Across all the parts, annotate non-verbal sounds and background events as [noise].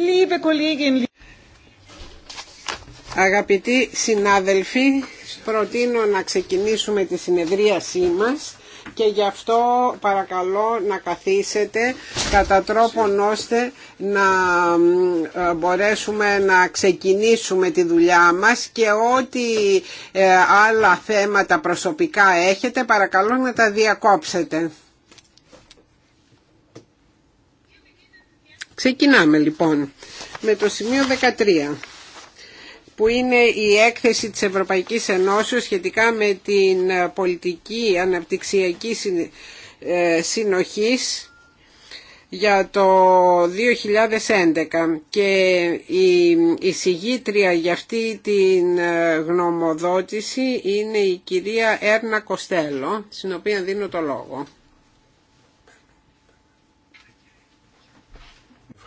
Liebe Kollegin, Αγαπητοί συνάδελφοι, προτείνω να ξεκινήσουμε τη συνεδρίασή μας και γι' αυτό παρακαλώ να καθίσετε κατά τρόπον ώστε να ε, μπορέσουμε να ξεκινήσουμε τη δουλειά μας και ό,τι ε, άλλα θέματα προσωπικά έχετε παρακαλώ να τα διακόψετε. Ξεκινάμε λοιπόν με το σημείο 13 που είναι η έκθεση της Ευρωπαϊκής Ενώσεως σχετικά με την πολιτική αναπτυξιακή ε, συνοχής για το 2011 και η, η για αυτή την ε, γνωμοδότηση είναι η κυρία Έρνα Κοστέλο, στην οποία δίνω το λόγο.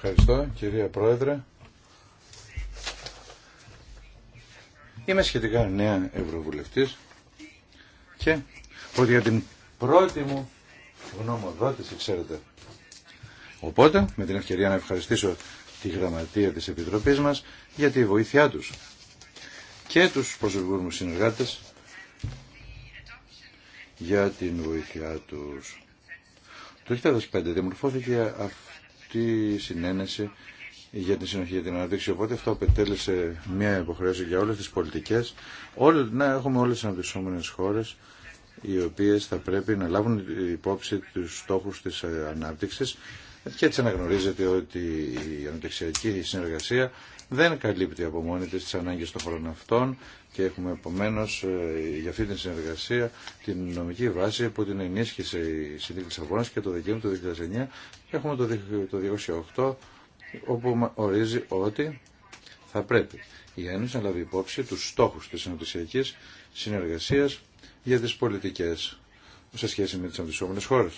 Ευχαριστώ, κυρία Πρόεδρε. Είμαι σχετικά νέα Ευρωβουλευτής και πρώτη για την πρώτη μου γνωμοδότηση, ξέρετε. Οπότε, με την ευκαιρία να ευχαριστήσω τη γραμματεία της Επιτροπής μας για τη βοήθειά τους και τους προσωπικούς μου συνεργάτες για την βοήθειά τους. Το 2005 αυτό σωστή συνένεση για την συνοχή για την ανάπτυξη Οπότε αυτό απαιτέλεσε μια υποχρέωση για όλες τις πολιτικές. Όλες, να έχουμε όλες τις αναπτυσσόμενες χώρες οι οποίες θα πρέπει να λάβουν υπόψη τους στόχους της ε, ανάπτυξης και έτσι αναγνωρίζεται ότι η αναπτυξιακή συνεργασία δεν καλύπτει από μόνη της τις ανάγκες των χωρών αυτών και έχουμε επομένως ε, για αυτή την συνεργασία την νομική βάση που την ενίσχυσε η Συνθήκη Λισαβόνας και το Δεκέμβριο του 2009 και έχουμε το 2008 όπου ορίζει ότι θα πρέπει η Ένωση να λάβει υπόψη τους στόχους της συνοδοσιακής συνεργασίας για τις πολιτικές σε σχέση με τις αντισώμενες χώρες.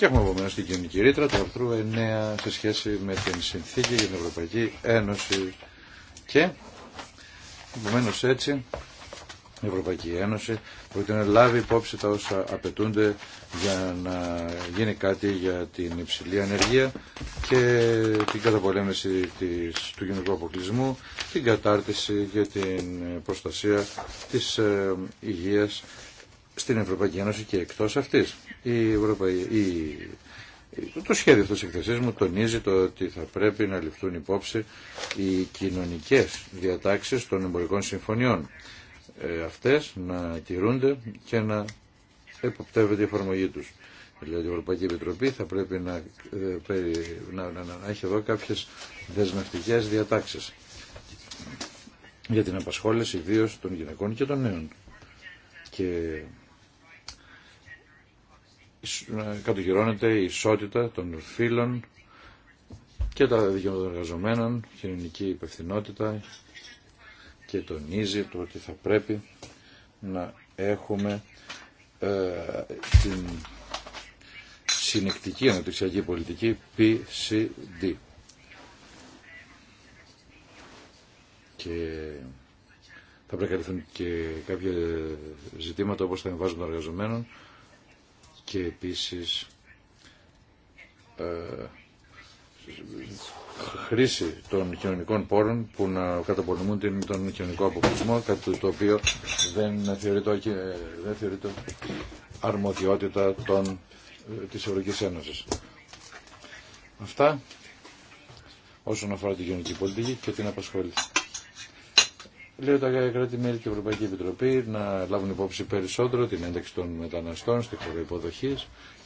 Και έχουμε επομένω την κοινωνική ρήτρα του αρθρού 9 σε σχέση με την συνθήκη για την Ευρωπαϊκή Ένωση. Και επομένω έτσι η Ευρωπαϊκή Ένωση πρόκειται να λάβει υπόψη τα όσα απαιτούνται για να γίνει κάτι για την υψηλή ανεργία και την καταπολέμηση της, του γενικού αποκλεισμού, την κατάρτιση και την προστασία της ε, υγείας στην Ευρωπαϊκή Ένωση και εκτός αυτής. Η η... Το σχέδιο αυτής της εκθεσής μου τονίζει το ότι θα πρέπει να ληφθούν υπόψη οι κοινωνικές διατάξεις των εμπορικών συμφωνιών. Ε, αυτές να τηρούνται και να εποπτεύεται η εφαρμογή τους. Δηλαδή η Ευρωπαϊκή Επιτροπή θα πρέπει να, ε, να, να, να έχει εδώ κάποιες δεσμευτικές διατάξεις για την απασχόληση ιδίω των γυναικών και των νέων. Και κατοχυρώνεται η ισότητα των φύλων και τα δικαιώματα των εργαζομένων, κοινωνική υπευθυνότητα και τονίζει το ότι θα πρέπει να έχουμε ε, την συνεκτική αναπτυξιακή πολιτική PCD. Και θα πρέπει να και κάποια ζητήματα όπως τα εμβάζουν των εργαζομένων και επίσης ε, χρήση των κοινωνικών πόρων που να καταπονημούν τον κοινωνικό αποκλεισμό, κάτι το οποίο δεν θεωρείται, δεν θεωρείται αρμοδιότητα των, ε, της Ευρωπαϊκής Ένωσης. Αυτά όσον αφορά την κοινωνική πολιτική και την απασχόληση. Λέω τα κράτη-μέλη και η Ευρωπαϊκή Επιτροπή να λάβουν υπόψη περισσότερο την ένταξη των μεταναστών στη χώρα υποδοχή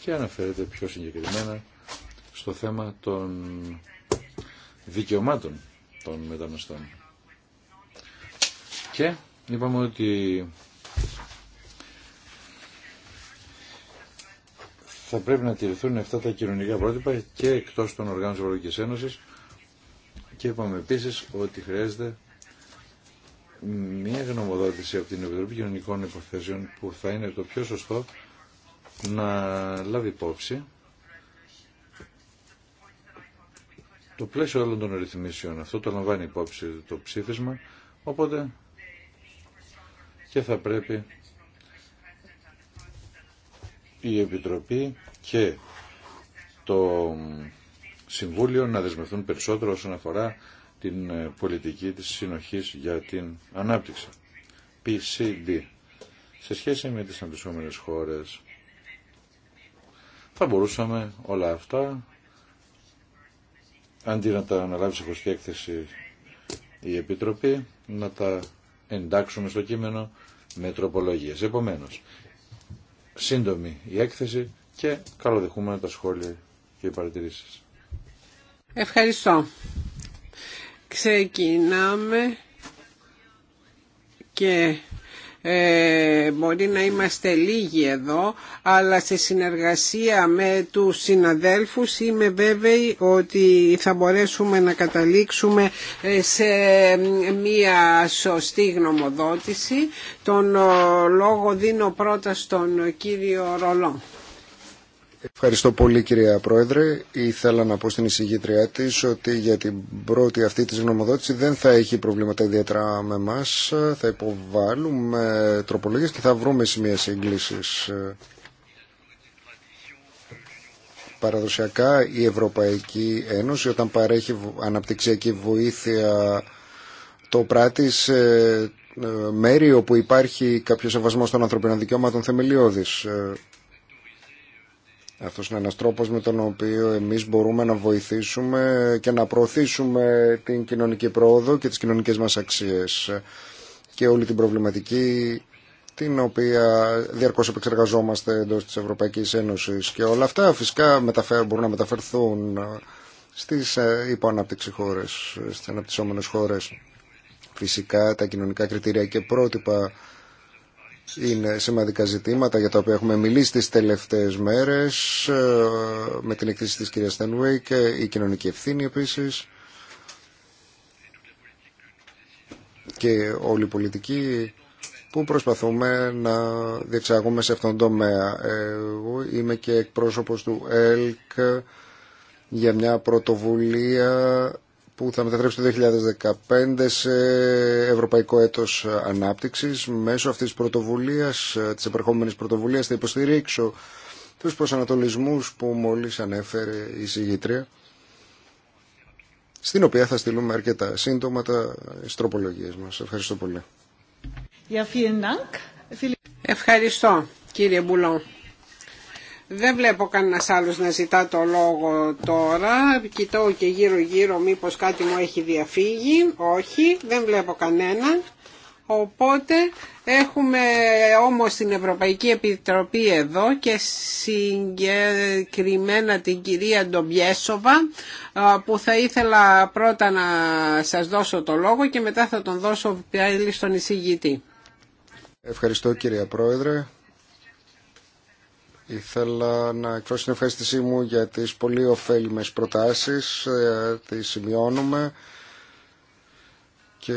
και αναφέρεται πιο συγκεκριμένα στο θέμα των δικαιωμάτων των μεταναστών. Και είπαμε ότι θα πρέπει να τηρηθούν αυτά τα κοινωνικά πρότυπα και εκτός των οργάνων της Ευρωπαϊκής Ένωσης και είπαμε επίσης ότι χρειάζεται μια γνωμοδότηση από την Επιτροπή Κοινωνικών Υποθέσεων που θα είναι το πιο σωστό να λάβει υπόψη το πλαίσιο όλων των ρυθμίσεων. Αυτό το λαμβάνει υπόψη το ψήφισμα, οπότε και θα πρέπει η Επιτροπή και το Συμβούλιο να δεσμευτούν περισσότερο όσον αφορά την ε, πολιτική της συνοχής για την ανάπτυξη. PCD. Σε σχέση με τις αντισώμενες χώρες θα μπορούσαμε όλα αυτά αντί να τα αναλάβει σε χωστή έκθεση η Επιτροπή να τα εντάξουμε στο κείμενο με τροπολογίες. Επομένως, σύντομη η έκθεση και καλοδεχούμενα τα σχόλια και οι παρατηρήσεις. Ευχαριστώ. Ξεκινάμε και ε, μπορεί να είμαστε λίγοι εδώ, αλλά σε συνεργασία με τους συναδέλφους είμαι βέβαιη ότι θα μπορέσουμε να καταλήξουμε ε, σε μία σωστή γνωμοδότηση. Τον ε, λόγο δίνω πρώτα στον κύριο Ρολό. Ευχαριστώ πολύ κυρία Πρόεδρε. Ήθελα να πω στην εισηγήτριά τη ότι για την πρώτη αυτή τη γνωμοδότηση δεν θα έχει προβλήματα ιδιαίτερα με εμά. Θα υποβάλουμε τροπολογίε και θα βρούμε σημεία σύγκληση. Παραδοσιακά η Ευρωπαϊκή Ένωση όταν παρέχει αναπτυξιακή βοήθεια το πράττει σε ε, μέρη όπου υπάρχει κάποιο σεβασμό των ανθρωπίνων δικαιωμάτων θεμελιώδης. Ε, αυτό είναι ένα τρόπο με τον οποίο εμείς μπορούμε να βοηθήσουμε και να προωθήσουμε την κοινωνική πρόοδο και τις κοινωνικές μα αξίες και όλη την προβληματική την οποία διαρκώς επεξεργαζόμαστε εντό της Ευρωπαϊκής Ένωσης και όλα αυτά φυσικά μπορούν να μεταφερθούν στις ε, υποανάπτυξη χώρε, στις αναπτυσσόμενες χώρες. Φυσικά τα κοινωνικά κριτήρια και πρότυπα είναι σημαντικά ζητήματα για τα οποία έχουμε μιλήσει τις τελευταίες μέρες ε, με την εκθέση της κυρίας Στανουέη και η κοινωνική ευθύνη επίσης και όλοι η πολιτική που προσπαθούμε να διεξάγουμε σε αυτόν τον τομέα. Εγώ είμαι και εκπρόσωπος του ΕΛΚ για μια πρωτοβουλία που θα μετατρέψει το 2015 σε Ευρωπαϊκό Έτος Ανάπτυξης. Μέσω αυτής της πρωτοβουλίας, της επερχόμενης πρωτοβουλίας, θα υποστηρίξω τους προσανατολισμούς που μόλις ανέφερε η συγγήτρια, στην οποία θα στείλουμε αρκετά σύντομα τα τροπολογίες μας. Ευχαριστώ πολύ. Ευχαριστώ κύριε Μπουλόν. Δεν βλέπω κανένα άλλο να ζητά το λόγο τώρα. Κοιτώ και γύρω γύρω μήπως κάτι μου έχει διαφύγει. Όχι, δεν βλέπω κανέναν. Οπότε έχουμε όμως την Ευρωπαϊκή Επιτροπή εδώ και συγκεκριμένα την κυρία Ντομπιέσοβα που θα ήθελα πρώτα να σας δώσω το λόγο και μετά θα τον δώσω πάλι στον εισηγητή. Ευχαριστώ κυρία Πρόεδρε. Ήθελα να εκφράσω την ευχαριστησή μου για τις πολύ ωφέλιμες προτάσεις, ε, τις σημειώνουμε και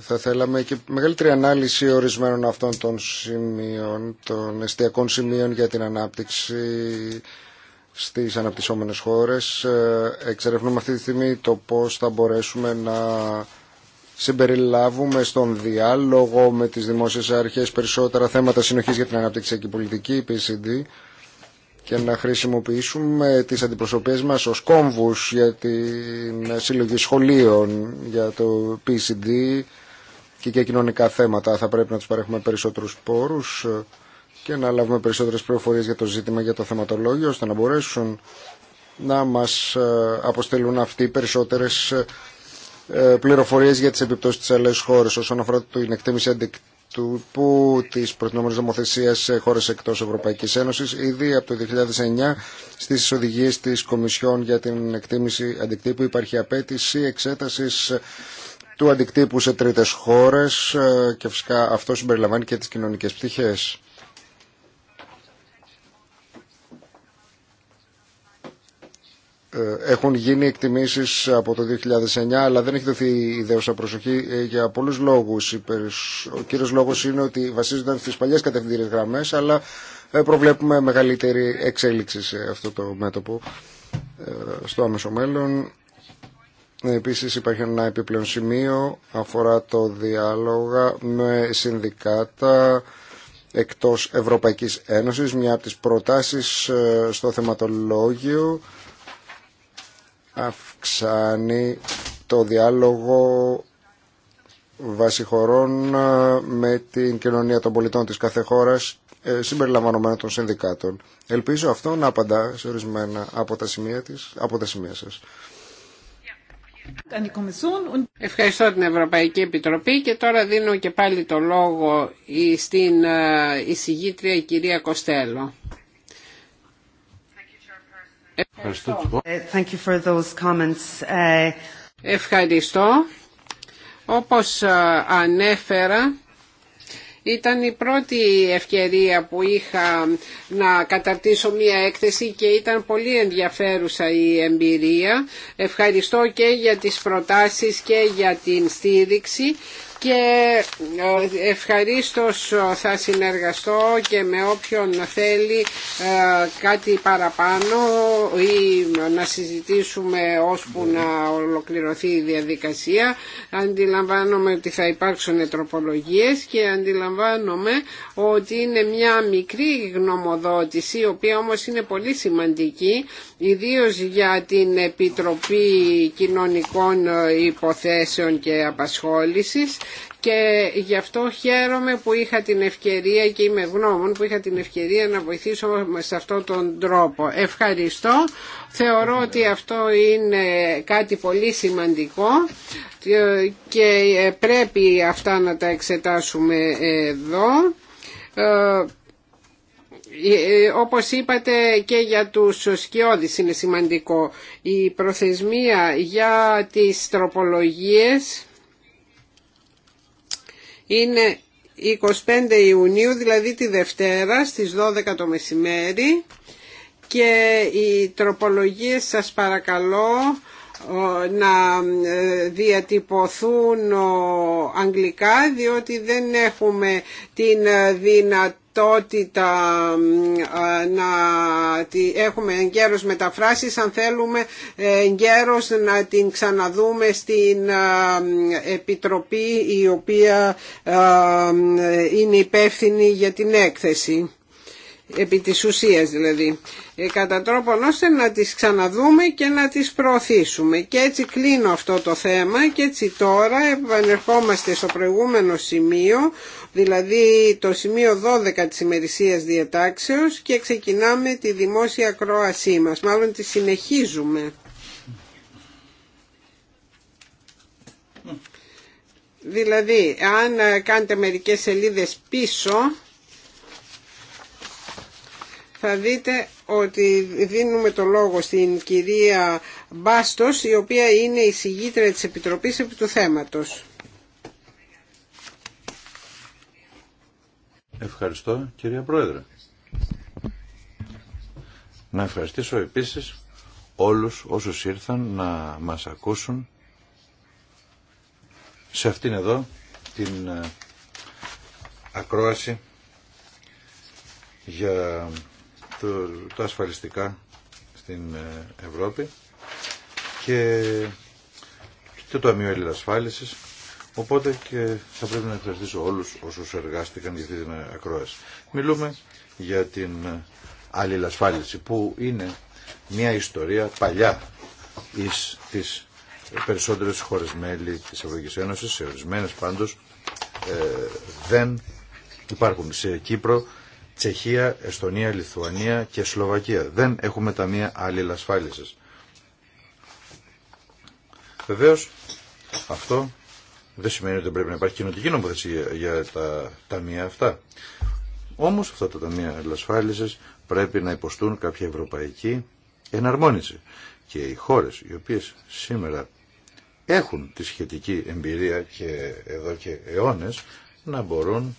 θα θέλαμε και μεγαλύτερη ανάλυση ορισμένων αυτών των σημείων, των εστιακών σημείων για την ανάπτυξη στις αναπτυσσόμενες χώρες. Ε, εξερευνούμε αυτή τη στιγμή το πώς θα μπορέσουμε να συμπεριλάβουμε στον διάλογο με τις δημόσιες αρχές περισσότερα θέματα συνοχής για την αναπτυξιακή πολιτική, PCD, και να χρησιμοποιήσουμε τις αντιπροσωπές μας ως κόμβους για την συλλογή σχολείων για το PCD και για κοινωνικά θέματα. Θα πρέπει να τους παρέχουμε περισσότερους πόρους και να λάβουμε περισσότερες πληροφορίες για το ζήτημα, για το θεματολόγιο, ώστε να μπορέσουν να μας αποστελούν αυτοί περισσότερες ε, πληροφορίες για τις επιπτώσεις της άλλες χώρες όσον αφορά την εκτίμηση αντικτύπου της προτινόμενης νομοθεσίας σε χώρες εκτός Ευρωπαϊκής Ένωσης ήδη από το 2009 στις οδηγίες της Κομισιόν για την εκτίμηση αντικτύπου υπάρχει απέτηση εξέτασης του αντικτύπου σε τρίτες χώρες ε, και φυσικά αυτό συμπεριλαμβάνει και τις κοινωνικές πτυχές. Ε, έχουν γίνει εκτιμήσεις από το 2009 αλλά δεν έχει δοθεί ιδέωσα προσοχή ε, για πολλούς λόγους. Ο κύριος λόγος είναι ότι βασίζονταν στις παλιές κατευθυντήριες γραμμές αλλά ε, προβλέπουμε μεγαλύτερη εξέλιξη σε αυτό το μέτωπο στο άμεσο μέλλον. Επίσης υπάρχει ένα επιπλέον σημείο αφορά το διάλογα με συνδικάτα εκτός Ευρωπαϊκής Ένωσης, μια από τις προτάσεις στο θεματολόγιο αυξάνει το διάλογο βασιχωρών ε, με την κοινωνία των πολιτών της κάθε χώρας ε, συμπεριλαμβανομένων των συνδικάτων. Ελπίζω αυτό να απαντά σε ορισμένα από τα σημεία, της, από τα σημεία σας. Ευχαριστώ την Ευρωπαϊκή Επιτροπή και τώρα δίνω και πάλι το λόγο στην ε, εισηγήτρια κυρία Κοστέλο. Ε, ε, Ευχαριστώ. Όπως ε, ανέφερα, ήταν η πρώτη ευκαιρία που είχα να καταρτήσω μία έκθεση και ήταν πολύ ενδιαφέρουσα η εμπειρία. Ευχαριστώ και για τις προτάσεις και για την στήριξη και ε, ευχαρίστως ε, θα συνεργαστώ και με όποιον θέλει ε, κάτι παραπάνω ή να συζητήσουμε ώσπου να ολοκληρωθεί η διαδικασία. Αντιλαμβάνομαι ότι θα υπάρξουν τροπολογίες και αντιλαμβάνομαι ότι είναι μια μικρή γνωμοδότηση η οποία όμως είναι πολύ σημαντική ιδίως για την Επιτροπή Κοινωνικών Υποθέσεων και Απασχόλησης και γι' αυτό χαίρομαι που είχα την ευκαιρία και είμαι γνώμων που είχα την ευκαιρία να βοηθήσω σε αυτόν τον τρόπο. Ευχαριστώ. Θεωρώ ότι αυτό είναι κάτι πολύ σημαντικό και πρέπει αυτά να τα εξετάσουμε εδώ ε, όπως είπατε και για τους σκιώδεις είναι σημαντικό η προθεσμία για τις τροπολογίες είναι 25 Ιουνίου, δηλαδή τη Δευτέρα στις 12 το μεσημέρι και οι τροπολογίες σας παρακαλώ να ε, διατυπωθούν αγγλικά διότι δεν έχουμε την ε, δυνατότητα δυνατότητα να έχουμε εγκαίρως μεταφράσεις αν θέλουμε εγκαίρως να την ξαναδούμε στην Επιτροπή η οποία είναι υπεύθυνη για την έκθεση επί της ουσίας δηλαδή, ε, κατά τρόπον ώστε να τις ξαναδούμε και να τις προωθήσουμε. Και έτσι κλείνω αυτό το θέμα και έτσι τώρα επανερχόμαστε στο προηγούμενο σημείο, δηλαδή το σημείο 12 της ημερησίας διατάξεως και ξεκινάμε τη δημόσια κρόασή μας, μάλλον τη συνεχίζουμε. Δηλαδή, αν κάνετε μερικές σελίδες πίσω, θα δείτε ότι δίνουμε το λόγο στην κυρία Μπάστος, η οποία είναι η συγγήτρια της Επιτροπής επί του θέματος. Ευχαριστώ κυρία Πρόεδρε. Να ευχαριστήσω επίσης όλους όσους ήρθαν να μας ακούσουν σε αυτήν εδώ την ε, ακρόαση για το, τα ασφαλιστικά στην ε, Ευρώπη και, και το Ταμείο Έλληνα Οπότε και θα πρέπει να ευχαριστήσω όλους όσους εργάστηκαν για αυτή την ακρόαση. Μιλούμε για την ε, αλληλασφάλιση που είναι μια ιστορία παλιά εις τις περισσότερες χώρες μέλη της Ευρωπαϊκής Ένωσης, σε ορισμένες πάντως ε, δεν υπάρχουν. Σε Κύπρο Τσεχία, Εστονία, Λιθουανία και Σλοβακία. Δεν έχουμε ταμεία αλληλασφάλισης. Βεβαίως, αυτό δεν σημαίνει ότι πρέπει να υπάρχει κοινωτική νομοθεσία για τα ταμεία αυτά. Όμως αυτά τα ταμεία αλληλασφάλισης πρέπει να υποστούν κάποια ευρωπαϊκή εναρμόνιση. Και οι χώρες οι οποίες σήμερα έχουν τη σχετική εμπειρία και εδώ και αιώνες να μπορούν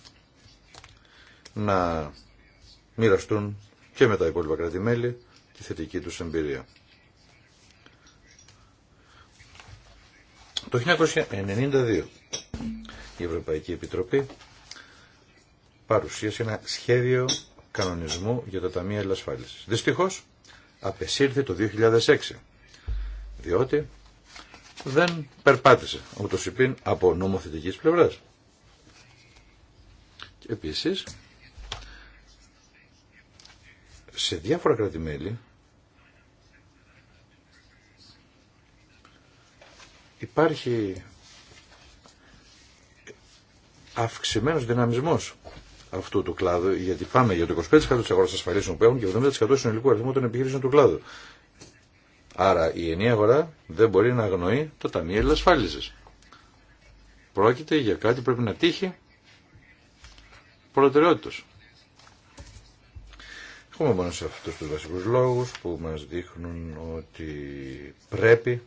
να μοιραστούν και με τα υπόλοιπα κράτη-μέλη τη θετική τους εμπειρία. Το 1992 η Ευρωπαϊκή Επιτροπή παρουσίασε ένα σχέδιο κανονισμού για τα Ταμεία Ελασφάλισης. Δυστυχώς απεσύρθη το 2006 διότι δεν περπάτησε ούτως υπήν από νομοθετικής πλευράς. Και επίσης σε διάφορα κράτη-μέλη υπάρχει αυξημένος δυναμισμός αυτού του κλάδου, γιατί πάμε για το 25% της αγοράς ασφαλίσεων που έχουν και 70% του συνολικού αριθμού των επιχειρήσεων του κλάδου. Άρα η ενιαία αγορά δεν μπορεί να αγνοεί το Ταμείο Ελασφάλισης. Πρόκειται για κάτι που πρέπει να τύχει προτεραιότητος. Έχουμε μόνο σε αυτούς τους βασικούς λόγους που μας δείχνουν ότι πρέπει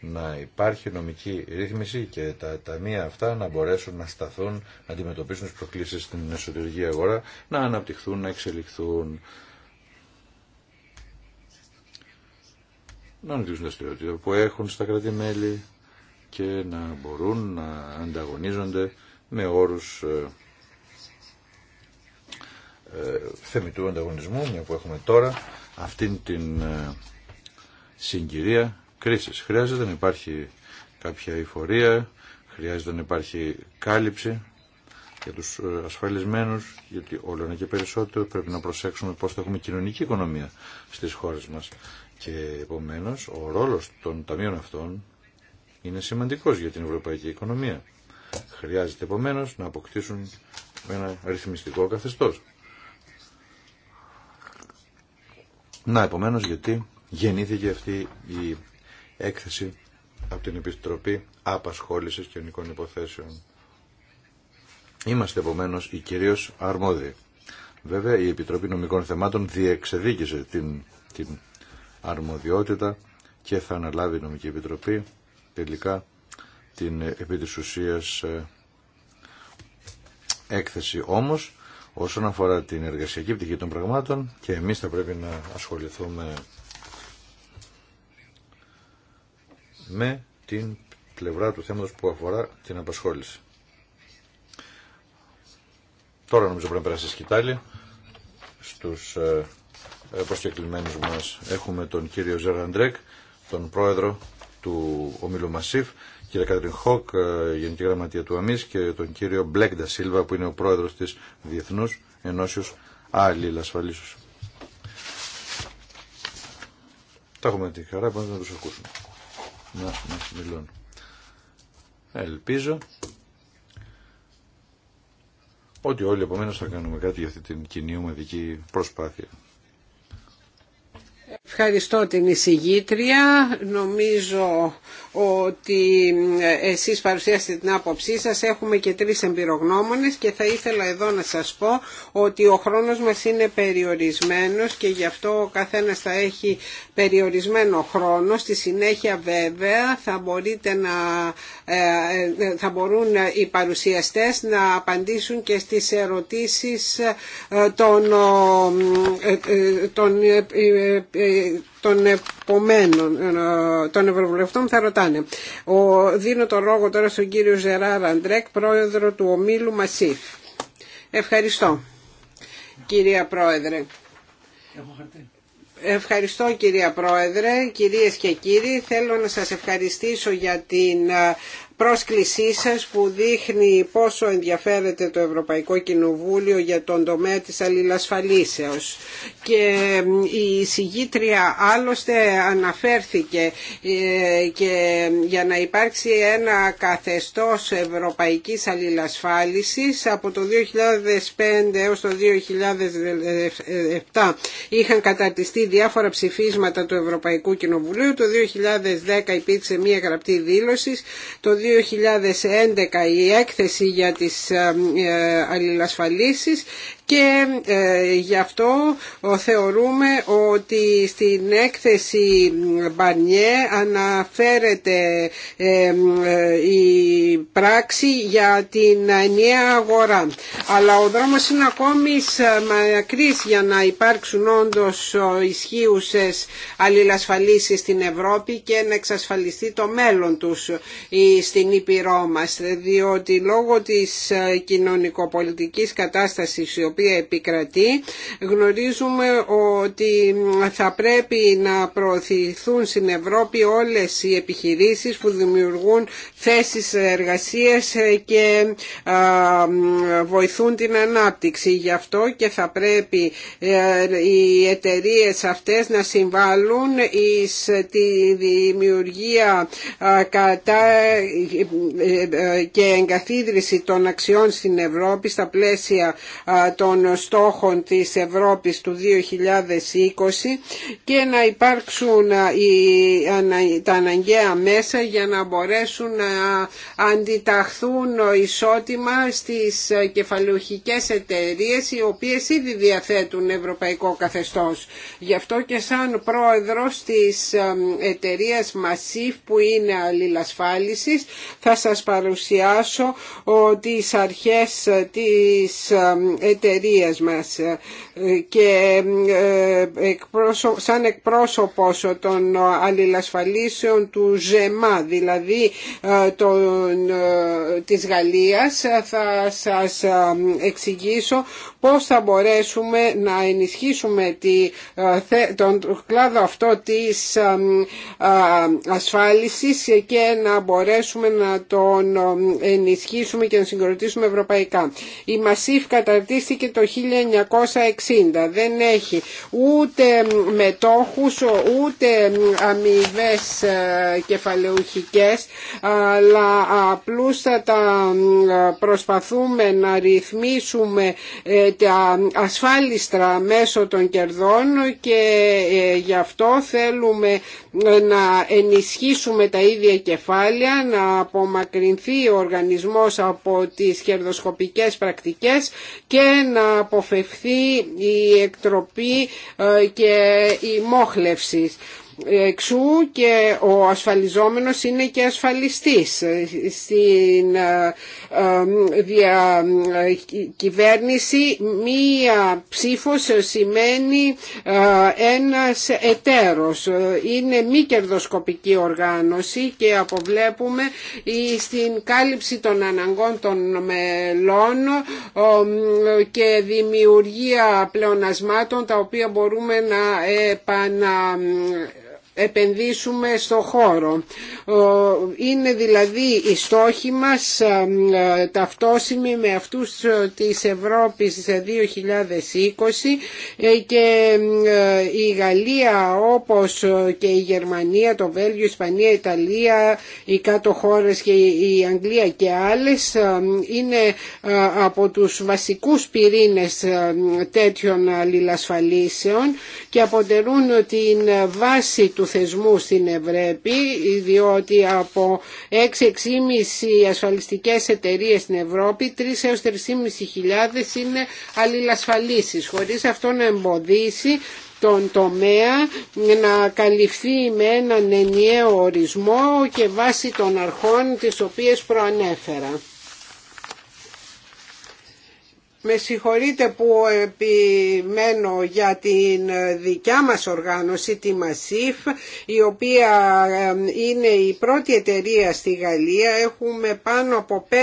να υπάρχει νομική ρύθμιση και τα ταμεία αυτά να μπορέσουν να σταθούν, να αντιμετωπίσουν τις προκλήσεις στην εσωτερική αγορά, να αναπτυχθούν, να εξελιχθούν, να αναπτύξουν τα στερεότυπα που έχουν στα κράτη-μέλη και να μπορούν να ανταγωνίζονται με όρους ε, ε, θεμητού ανταγωνισμού, μια που έχουμε τώρα αυτήν την ε, συγκυρία κρίση. Χρειάζεται να υπάρχει κάποια εφορία, χρειάζεται να υπάρχει κάλυψη για τους ε, ασφαλισμένους, γιατί όλο είναι και περισσότερο πρέπει να προσέξουμε πώς θα έχουμε κοινωνική οικονομία στις χώρες μας. Και επομένως ο ρόλος των ταμείων αυτών είναι σημαντικός για την ευρωπαϊκή οικονομία. Χρειάζεται επομένως να αποκτήσουν ένα ρυθμιστικό καθεστώς. Να, επομένως, γιατί γεννήθηκε αυτή η έκθεση από την Επιστροπή Απασχόλησης Κοινωνικών Υποθέσεων. Είμαστε, επομένως, οι κυρίως αρμόδιοι. Βέβαια, η Επιτροπή Νομικών Θεμάτων διεξεδίκησε την, την αρμοδιότητα και θα αναλάβει η Νομική Επιτροπή τελικά την επί της ουσίας, ε, έκθεση. Όμως, Όσον αφορά την εργασιακή πτυχή των πραγμάτων και εμείς θα πρέπει να ασχοληθούμε με την πλευρά του θέματος που αφορά την απασχόληση. Τώρα νομίζω πρέπει να περάσει σκητάλη στους ε, ε, προσκεκλημένους μας. Έχουμε τον κύριο Ζεραντρέκ, τον πρόεδρο του ομίλου Μασίφ, κύριε Κάτριν Χόκ, ε, Γενική Γραμματεία του ΑΜΙΣ και τον κύριο Μπλεκ Ντασίλβα που είναι ο πρόεδρος της Διεθνούς Ενώσεως Άλλη Τα έχουμε τη χαρά πάντα να τους ακούσουμε. Να να Ελπίζω ότι όλοι επομένως θα κάνουμε κάτι για αυτή την κοινή ομαδική προσπάθεια. Ευχαριστώ την εισηγήτρια. Νομίζω ότι εσείς παρουσιάσετε την άποψή σας. Έχουμε και τρεις εμπειρογνώμονες και θα ήθελα εδώ να σας πω ότι ο χρόνος μας είναι περιορισμένος και γι' αυτό ο καθένας θα έχει περιορισμένο χρόνο. Στη συνέχεια βέβαια θα, μπορείτε να, ε, ε, θα μπορούν οι παρουσιαστές να απαντήσουν και στις ερωτήσεις ε, των, των των επομένων ε, των Ευρωβουλευτών θα ρωτάνε. Ο, δίνω το λόγο τώρα στον κύριο Ζεράρ Αντρέκ, πρόεδρο του ομίλου Μασίφ. Ευχαριστώ, κυρία Πρόεδρε. Ευχαριστώ κυρία Πρόεδρε, κυρίες και κύριοι. Θέλω να σας ευχαριστήσω για την ε, πρόσκλησή σας που δείχνει πόσο ενδιαφέρεται το Ευρωπαϊκό Κοινοβούλιο για τον τομέα της αλληλασφαλίσεως. Και η συγγήτρια άλλωστε αναφέρθηκε ε, και για να υπάρξει ένα καθεστώς ευρωπαϊκής αλληλασφάλισης από το 2005 έως το 2007 είχαν καταρτιστεί διάφορα ψηφίσματα του Ευρωπαϊκού Κοινοβουλίου. Το 2010 υπήρξε μια γραπτή δήλωση. Το 2011 η έκθεση για τις ε, ε, αλληλασφαλίσεις και ε, γι' αυτό ε, θεωρούμε ότι στην έκθεση Μπανιέ αναφέρεται ε, η πράξη για την ενιαία αγορά. Αλλά ο δρόμος είναι ακόμη μακρύς για να υπάρξουν όντως ισχύουσες αλληλασφαλίσεις στην Ευρώπη και να εξασφαλιστεί το μέλλον τους στην Ήπειρό μας. Διότι λόγω της κοινωνικοπολιτικής κατάστασης οποία επικρατεί. Γνωρίζουμε ότι θα πρέπει να προωθηθούν στην Ευρώπη όλες οι επιχειρήσεις που δημιουργούν θέσεις εργασίας και βοηθούν την ανάπτυξη. Γι' αυτό και θα πρέπει ε, οι εταιρείε αυτές να συμβάλλουν εις τη δημιουργία κατά ε, ε, και εγκαθίδρυση των αξιών στην Ευρώπη στα πλαίσια των των στόχων της Ευρώπης του 2020 και να υπάρξουν τα αναγκαία μέσα για να μπορέσουν να αντιταχθούν ισότιμα στις κεφαλουχικές εταιρείες οι οποίες ήδη διαθέτουν ευρωπαϊκό καθεστώς. Γι' αυτό και σαν πρόεδρος της εταιρείας Massif που είναι αλληλασφάλισης θα σας παρουσιάσω τις αρχές της εταιρείας μας ε, και ε, σαν εκπρόσωπος των αλληλασφαλίσεων του ΖΕΜΑ, δηλαδή ε, των, της Γαλλίας, θα σας εξηγήσω πώς θα μπορέσουμε να ενισχύσουμε τη, τον κλάδο αυτό της ασφάλισης και να μπορέσουμε να τον ενισχύσουμε και να συγκροτήσουμε ευρωπαϊκά. Η Μασίφ καταρτίστηκε το 1960. Δεν έχει ούτε μετόχους, ούτε αμοιβέ ε, κεφαλαιουχικές, αλλά απλούστατα ε, προσπαθούμε να ρυθμίσουμε ε, τα ασφάλιστρα μέσω των κερδών και γι' αυτό θέλουμε να ενισχύσουμε τα ίδια κεφάλαια, να απομακρυνθεί ο οργανισμός από τις κερδοσκοπικές πρακτικές και να αποφευθεί η εκτροπή ε, και η μόχλευση. Εξού και ο ασφαλιζόμενος είναι και ασφαλιστής. Στην ε, ε, ε, κυβέρνηση μία ψήφος σημαίνει ένας εταίρος. Είναι μη κερδοσκοπική οργάνωση και αποβλέπουμε στην κάλυψη των αναγκών των μελών και δημιουργία πλεονασμάτων τα οποία μπορούμε να επανα επενδύσουμε στο χώρο. Είναι δηλαδή οι στόχοι μας ταυτόσιμοι με αυτούς της Ευρώπης 2020 ε, και ε, η Γαλλία όπως ε, και η Γερμανία, το Βέλγιο, η Ισπανία, η Ιταλία, οι κάτω χώρες και η Αγγλία και άλλες είναι από τους βασικούς πυρήνες τέτοιων αλληλασφαλίσεων και αποτελούν την βάση του θεσμού στην Ευρώπη διότι από 6-6,5 ασφαλιστικές εταιρείες στην Ευρώπη 3 3,5 χιλιάδες είναι αλληλασφαλίσεις χωρίς αυτό να εμποδίσει τον τομέα να καλυφθεί με έναν ενιαίο ορισμό και βάση των αρχών τις οποίες προανέφερα με συγχωρείτε που επιμένω για την δικιά μας οργάνωση, τη Μασίφ, η οποία είναι η πρώτη εταιρεία στη Γαλλία. Έχουμε πάνω από 5.000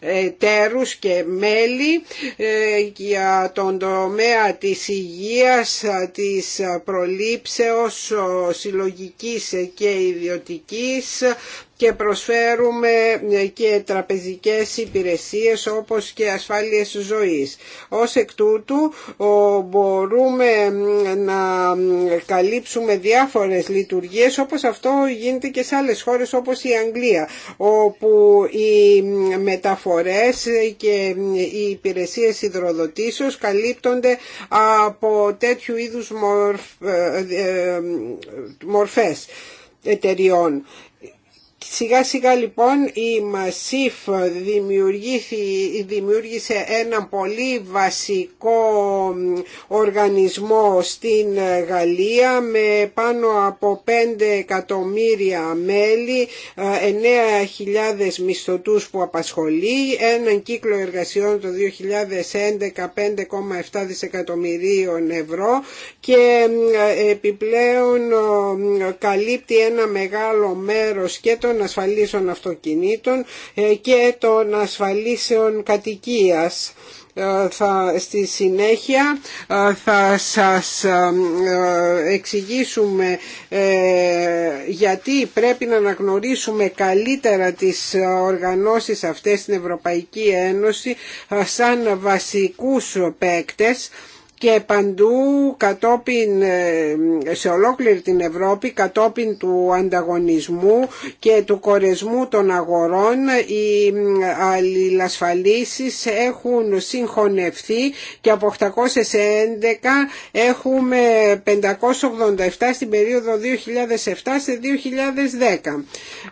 ε, τέρους και μέλη ε, για τον τομέα της υγείας, της προλήψεως συλλογικής και ιδιωτικής, και προσφέρουμε ε, και τραπεζικές υπηρεσίες όπως και ασφάλειες ζωής. Ως εκ τούτου μπορούμε να καλύψουμε διάφορες λειτουργίες όπως αυτό γίνεται και σε άλλες χώρες όπως η Αγγλία όπου οι μεταφορές και οι υπηρεσίες υδροδοτήσεως καλύπτονται από τέτοιου είδους ε, ε, μορφές εταιριών. Σιγά σιγά λοιπόν η Μασίφ δημιούργησε ένα πολύ βασικό οργανισμό στην Γαλλία με πάνω από 5 εκατομμύρια μέλη, 9.000 ε, μισθωτούς που απασχολεί, έναν κύκλο εργασιών το 2011 5,7 δισεκατομμυρίων ευρώ και επιπλέον καλύπτει ένα μεγάλο μέρος και των των ασφαλίσεων αυτοκινήτων ε, και των ασφαλίσεων κατοικίας ε, θα, στη συνέχεια ε, θα σας εξηγήσουμε γιατί πρέπει να αναγνωρίσουμε καλύτερα τις οργανώσεις αυτές στην Ευρωπαϊκή Ένωση σαν βασικούς παίκτες και παντού κατόπιν ε, σε ολόκληρη την Ευρώπη κατόπιν του ανταγωνισμού και του κορεσμού των αγορών οι αλληλασφαλίσεις έχουν συγχωνευθεί και από 811 έχουμε 587 στην περίοδο 2007 σε 2010.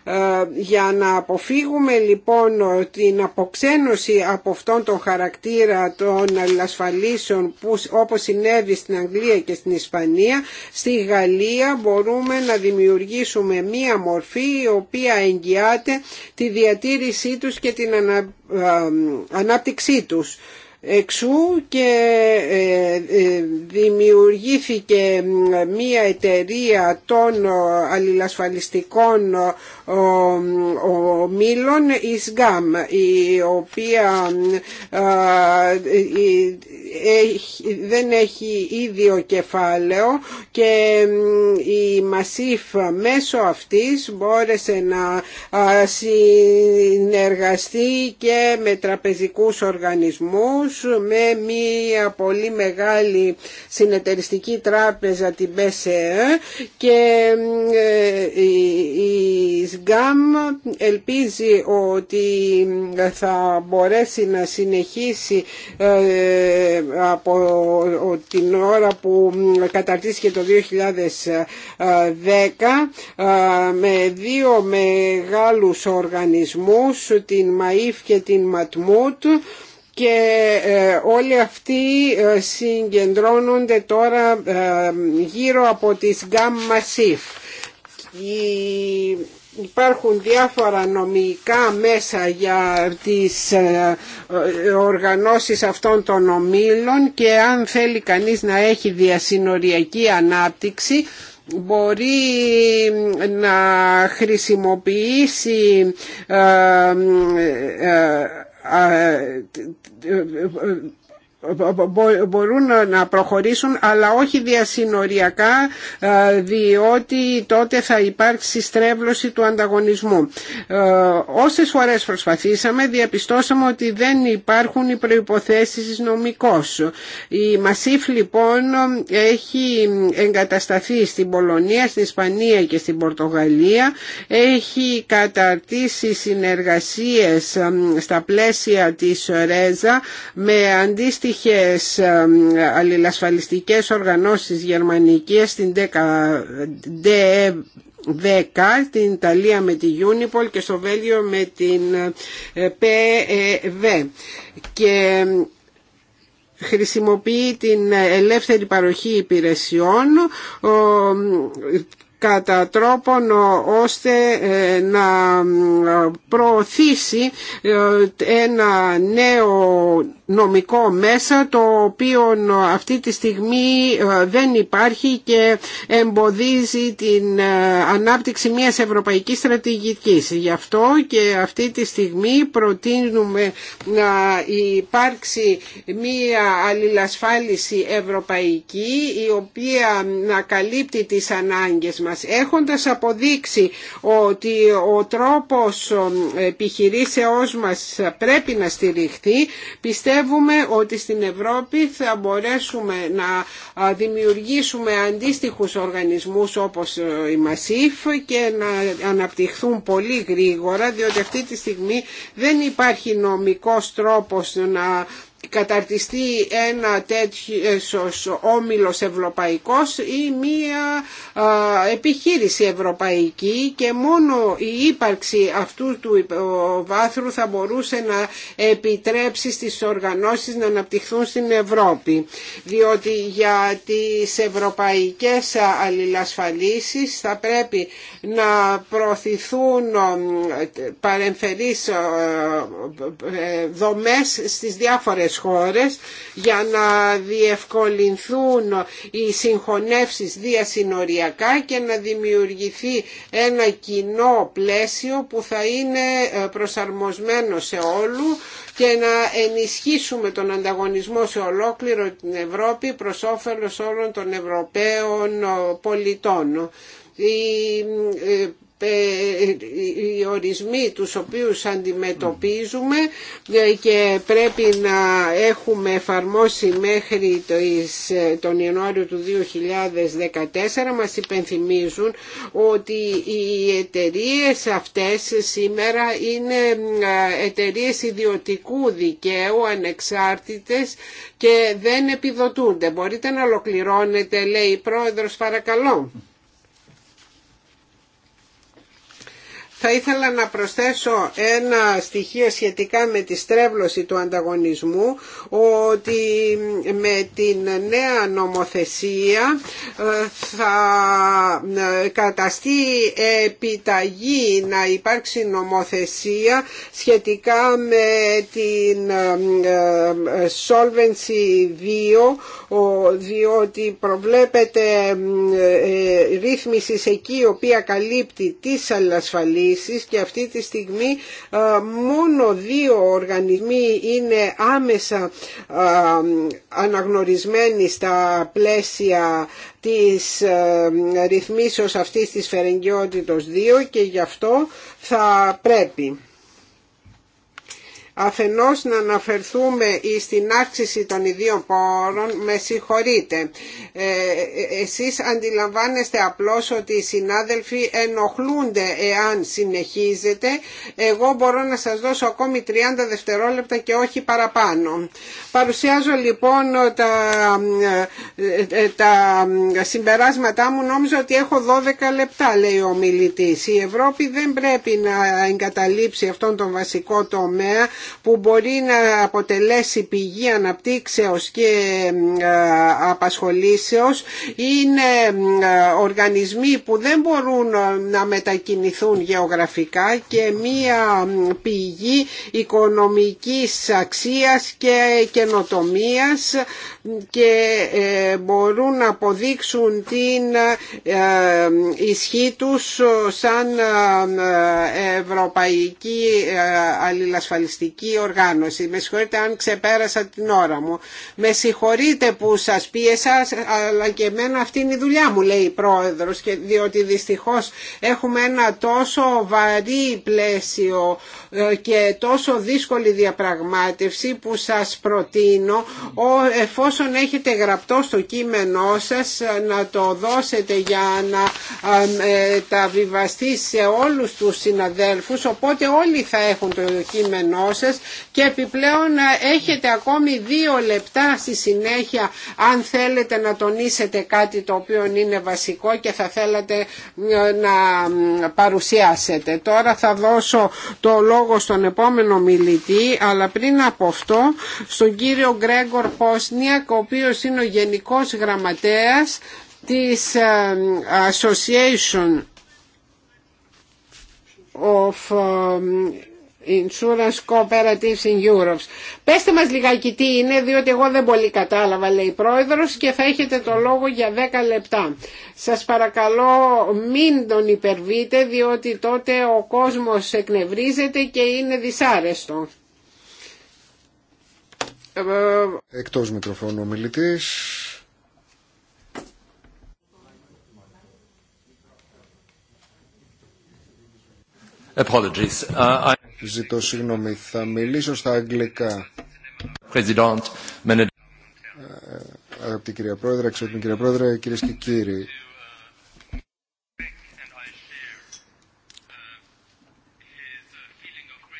Ε, για να αποφύγουμε λοιπόν την αποξένωση από αυτόν τον χαρακτήρα των αλληλασφαλίσεων που όπως συνέβη στην Αγγλία και στην Ισπανία, στη Γαλλία μπορούμε να δημιουργήσουμε μία μορφή η οποία εγγυάται τη διατήρησή τους και την ανάπτυξή τους. Εξού και ε, ε, δημιουργήθηκε μία εταιρεία των αλληλασφαλιστικών μήλων, η ΣΓΑΜ, η οποία ε, δεν έχει ίδιο κεφάλαιο και η Μασίφ μέσω αυτής μπόρεσε να συνεργαστεί και με τραπεζικούς οργανισμούς με μια πολύ μεγάλη συνεταιριστική τράπεζα την BCE ε, και ε, η ΣΓΑΜ ελπίζει ότι θα μπορέσει να συνεχίσει ε, από την ώρα που καταρτίστηκε το 2010 με δύο μεγάλους οργανισμούς την ΜΑΙΦ και την ΜΑΤΜΟΥΤ και ε, όλοι αυτοί ε, συγκεντρώνονται τώρα ε, γύρω από τις γκάμμα Μασίφ. Υπάρχουν διάφορα νομικά μέσα για τις οργανώσεις αυτών των ομίλων και αν θέλει κανείς να έχει διασυνοριακή ανάπτυξη μπορεί να χρησιμοποιήσει Α, τι, ε, τι, ε, ε μπορούν να προχωρήσουν αλλά όχι διασυνοριακά ε, διότι τότε θα υπάρξει στρέβλωση του ανταγωνισμού. Ε, όσες φορές προσπαθήσαμε διαπιστώσαμε ότι δεν υπάρχουν οι προϋποθέσεις νομικώς Η Μασίφ λοιπόν έχει εγκατασταθεί στην Πολωνία, στην Ισπανία και στην Πορτογαλία έχει καταρτήσει συνεργασίες ε, στα πλαίσια της Ρέζα με αντίστοιχη τύχες αλληλασφαλιστικές οργανώσεις γερμανικές στην 10 την στην Ιταλία με τη Unipol και στο Βέλγιο με την ε, ΠΕΒ ε και χρησιμοποιεί την ε, ελεύθερη παροχή υπηρεσιών κατά τρόπον ώστε ε, να προωθήσει ε, ένα νέο νομικό μέσα το οποίο ε, αυτή τη στιγμή δεν υπάρχει και εμποδίζει την ανάπτυξη μιας ευρωπαϊκής στρατηγικής. Γι' αυτό και αυτή τη στιγμή προτείνουμε να υπάρξει μια αλληλασφάλιση ευρωπαϊκή η οποία να καλύπτει τις ανάγκες μας μας έχοντας αποδείξει ότι ο τρόπος επιχειρήσεώς μας πρέπει να στηριχθεί πιστεύουμε ότι στην Ευρώπη θα μπορέσουμε να δημιουργήσουμε αντίστοιχους οργανισμούς όπως ε, η ΜΑΣΥΦ και να αναπτυχθούν πολύ γρήγορα διότι αυτή τη στιγμή δεν υπάρχει νομικός τρόπος να καταρτιστεί ένα τέτοιος όμιλος ευρωπαϊκός ή μία επιχείρηση ευρωπαϊκή και μόνο η ύπαρξη αυτού του βάθρου θα μπορούσε να επιτρέψει στις οργανώσεις να αναπτυχθούν στην Ευρώπη. Διότι για τις ευρωπαϊκές αλληλασφαλίσεις θα πρέπει να προωθηθούν παρεμφερείς δομές στις διάφορες χώρες για να διευκολυνθούν οι συγχωνεύσεις διασυνοριακά και να δημιουργηθεί ένα κοινό πλαίσιο που θα είναι ε, προσαρμοσμένο σε όλου και να ενισχύσουμε τον ανταγωνισμό σε ολόκληρο την Ευρώπη προς όφελος όλων των Ευρωπαίων ε, πολιτών. Ε, ε, ε, οι ορισμοί τους οποίους αντιμετωπίζουμε και πρέπει να έχουμε εφαρμόσει μέχρι τον Ιανουάριο του 2014 μας υπενθυμίζουν ότι οι εταιρείε αυτές σήμερα είναι ε, εταιρείε ιδιωτικού δικαίου ανεξάρτητες και δεν επιδοτούνται. Μπορείτε να ολοκληρώνετε λέει η πρόεδρος παρακαλώ. Θα ήθελα να προσθέσω ένα στοιχείο σχετικά με τη στρέβλωση του ανταγωνισμού ότι με την νέα νομοθεσία ε, θα ε, καταστεί επιταγή να υπάρξει νομοθεσία σχετικά με την ε, Solvency 2 διότι προβλέπεται ρύθμιση εκεί η οποία καλύπτει τις ασφαλίσεις και αυτή τη στιγμή ε, μόνο δύο οργανισμοί είναι άμεσα ε, αναγνωρισμένοι στα πλαίσια της ε, ρυθμίσεως αυτής της φερεγγιότητος 2 και γι' αυτό θα πρέπει Αφενός να αναφερθούμε στην αύξηση των ιδίων πόρων, με συγχωρείτε. Ε, εσείς αντιλαμβάνεστε απλώς ότι οι συνάδελφοι ενοχλούνται εάν συνεχίζετε. Εγώ μπορώ να σας δώσω ακόμη 30 δευτερόλεπτα και όχι παραπάνω. Παρουσιάζω λοιπόν τα, ε, ε, τα συμπεράσματά μου. Νόμιζα ότι έχω 12 λεπτά, λέει ο μιλητής. Η Ευρώπη δεν πρέπει να εγκαταλείψει αυτόν τον βασικό τομέα που μπορεί να αποτελέσει πηγή αναπτύξεως και ε, απασχολήσεως είναι ε, οργανισμοί που δεν μπορούν ε, να μετακινηθούν γεωγραφικά και μία πηγή οικονομικής αξίας και καινοτομίας και μπορούν να αποδείξουν την ισχύ τους σαν ευρωπαϊκή αλληλασφαλιστική οργάνωση. Με συγχωρείτε αν ξεπέρασα την ώρα μου. Με συγχωρείτε που σας πίεσα, αλλά και εμένα αυτή είναι η δουλειά μου, λέει η πρόεδρος, και διότι δυστυχώς έχουμε ένα τόσο βαρύ πλαίσιο ε, και τόσο δύσκολη διαπραγμάτευση που σας προτείνω, εφόσον έχετε γραπτό στο κείμενό σας, να το δώσετε για να ε, τα βιβαστεί σε όλους τους συναδέλφους, οπότε όλοι θα έχουν το κείμενό σας και επιπλέον ε, έχετε ακόμη δύο λεπτά στη συνέχεια αν θέλετε να τονίσετε κάτι το οποίο είναι βασικό και θα θέλατε ε, να παρουσιάσετε. Τώρα θα δώσω το λόγο στον επόμενο μιλητή αλλά πριν από αυτό στον κύριο Γκρέγκορ Πόσνιακ ο οποίος είναι ο Γενικός Γραμματέας της ε, Association of Insurance Cooperatives in Europe. Πέστε μας λιγάκι τι είναι, διότι εγώ δεν πολύ κατάλαβα, λέει η Πρόεδρος, και θα έχετε το λόγο για 10 λεπτά. Σας παρακαλώ μην τον υπερβείτε, διότι τότε ο κόσμος εκνευρίζεται και είναι δυσάρεστο. Εκτός μικροφώνου ο μιλητής. Uh, Ζητώ συγγνώμη, θα μιλήσω στα αγγλικά. Αγαπητή ε, κυρία Πρόεδρε, αξιότιμη κυρία Πρόεδρε, κυρίες και κύριοι.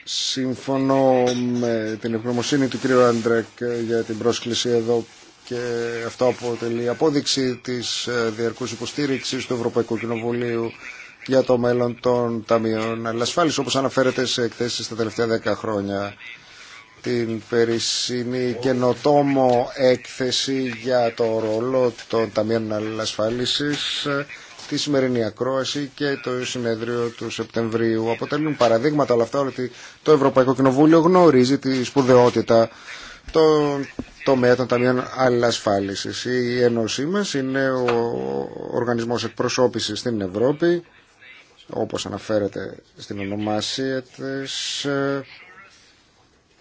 Συμφωνώ με την ευγνωμοσύνη του κύριου Άντρεκ για την πρόσκληση εδώ και αυτό αποτελεί απόδειξη της ε, διαρκούς υποστήριξης του Ευρωπαϊκού Κοινοβουλίου για το μέλλον των ταμείων αλληλασφάλισης, όπως αναφέρεται σε εκθέσεις τα τελευταία δέκα χρόνια. Την περσινή καινοτόμο έκθεση για το ρόλο των ταμείων αλληλασφάλισης, τη σημερινή ακρόαση και το συνέδριο του Σεπτεμβρίου. Αποτελούν παραδείγματα όλα αυτά ότι το Ευρωπαϊκό Κοινοβούλιο γνωρίζει τη σπουδαιότητα των τομέα των Ταμείων Αλληλασφάλισης. Η Ένωσή μας είναι ο οργανισμός εκπροσώπησης στην Ευρώπη όπως αναφέρεται στην ονομασία της ε,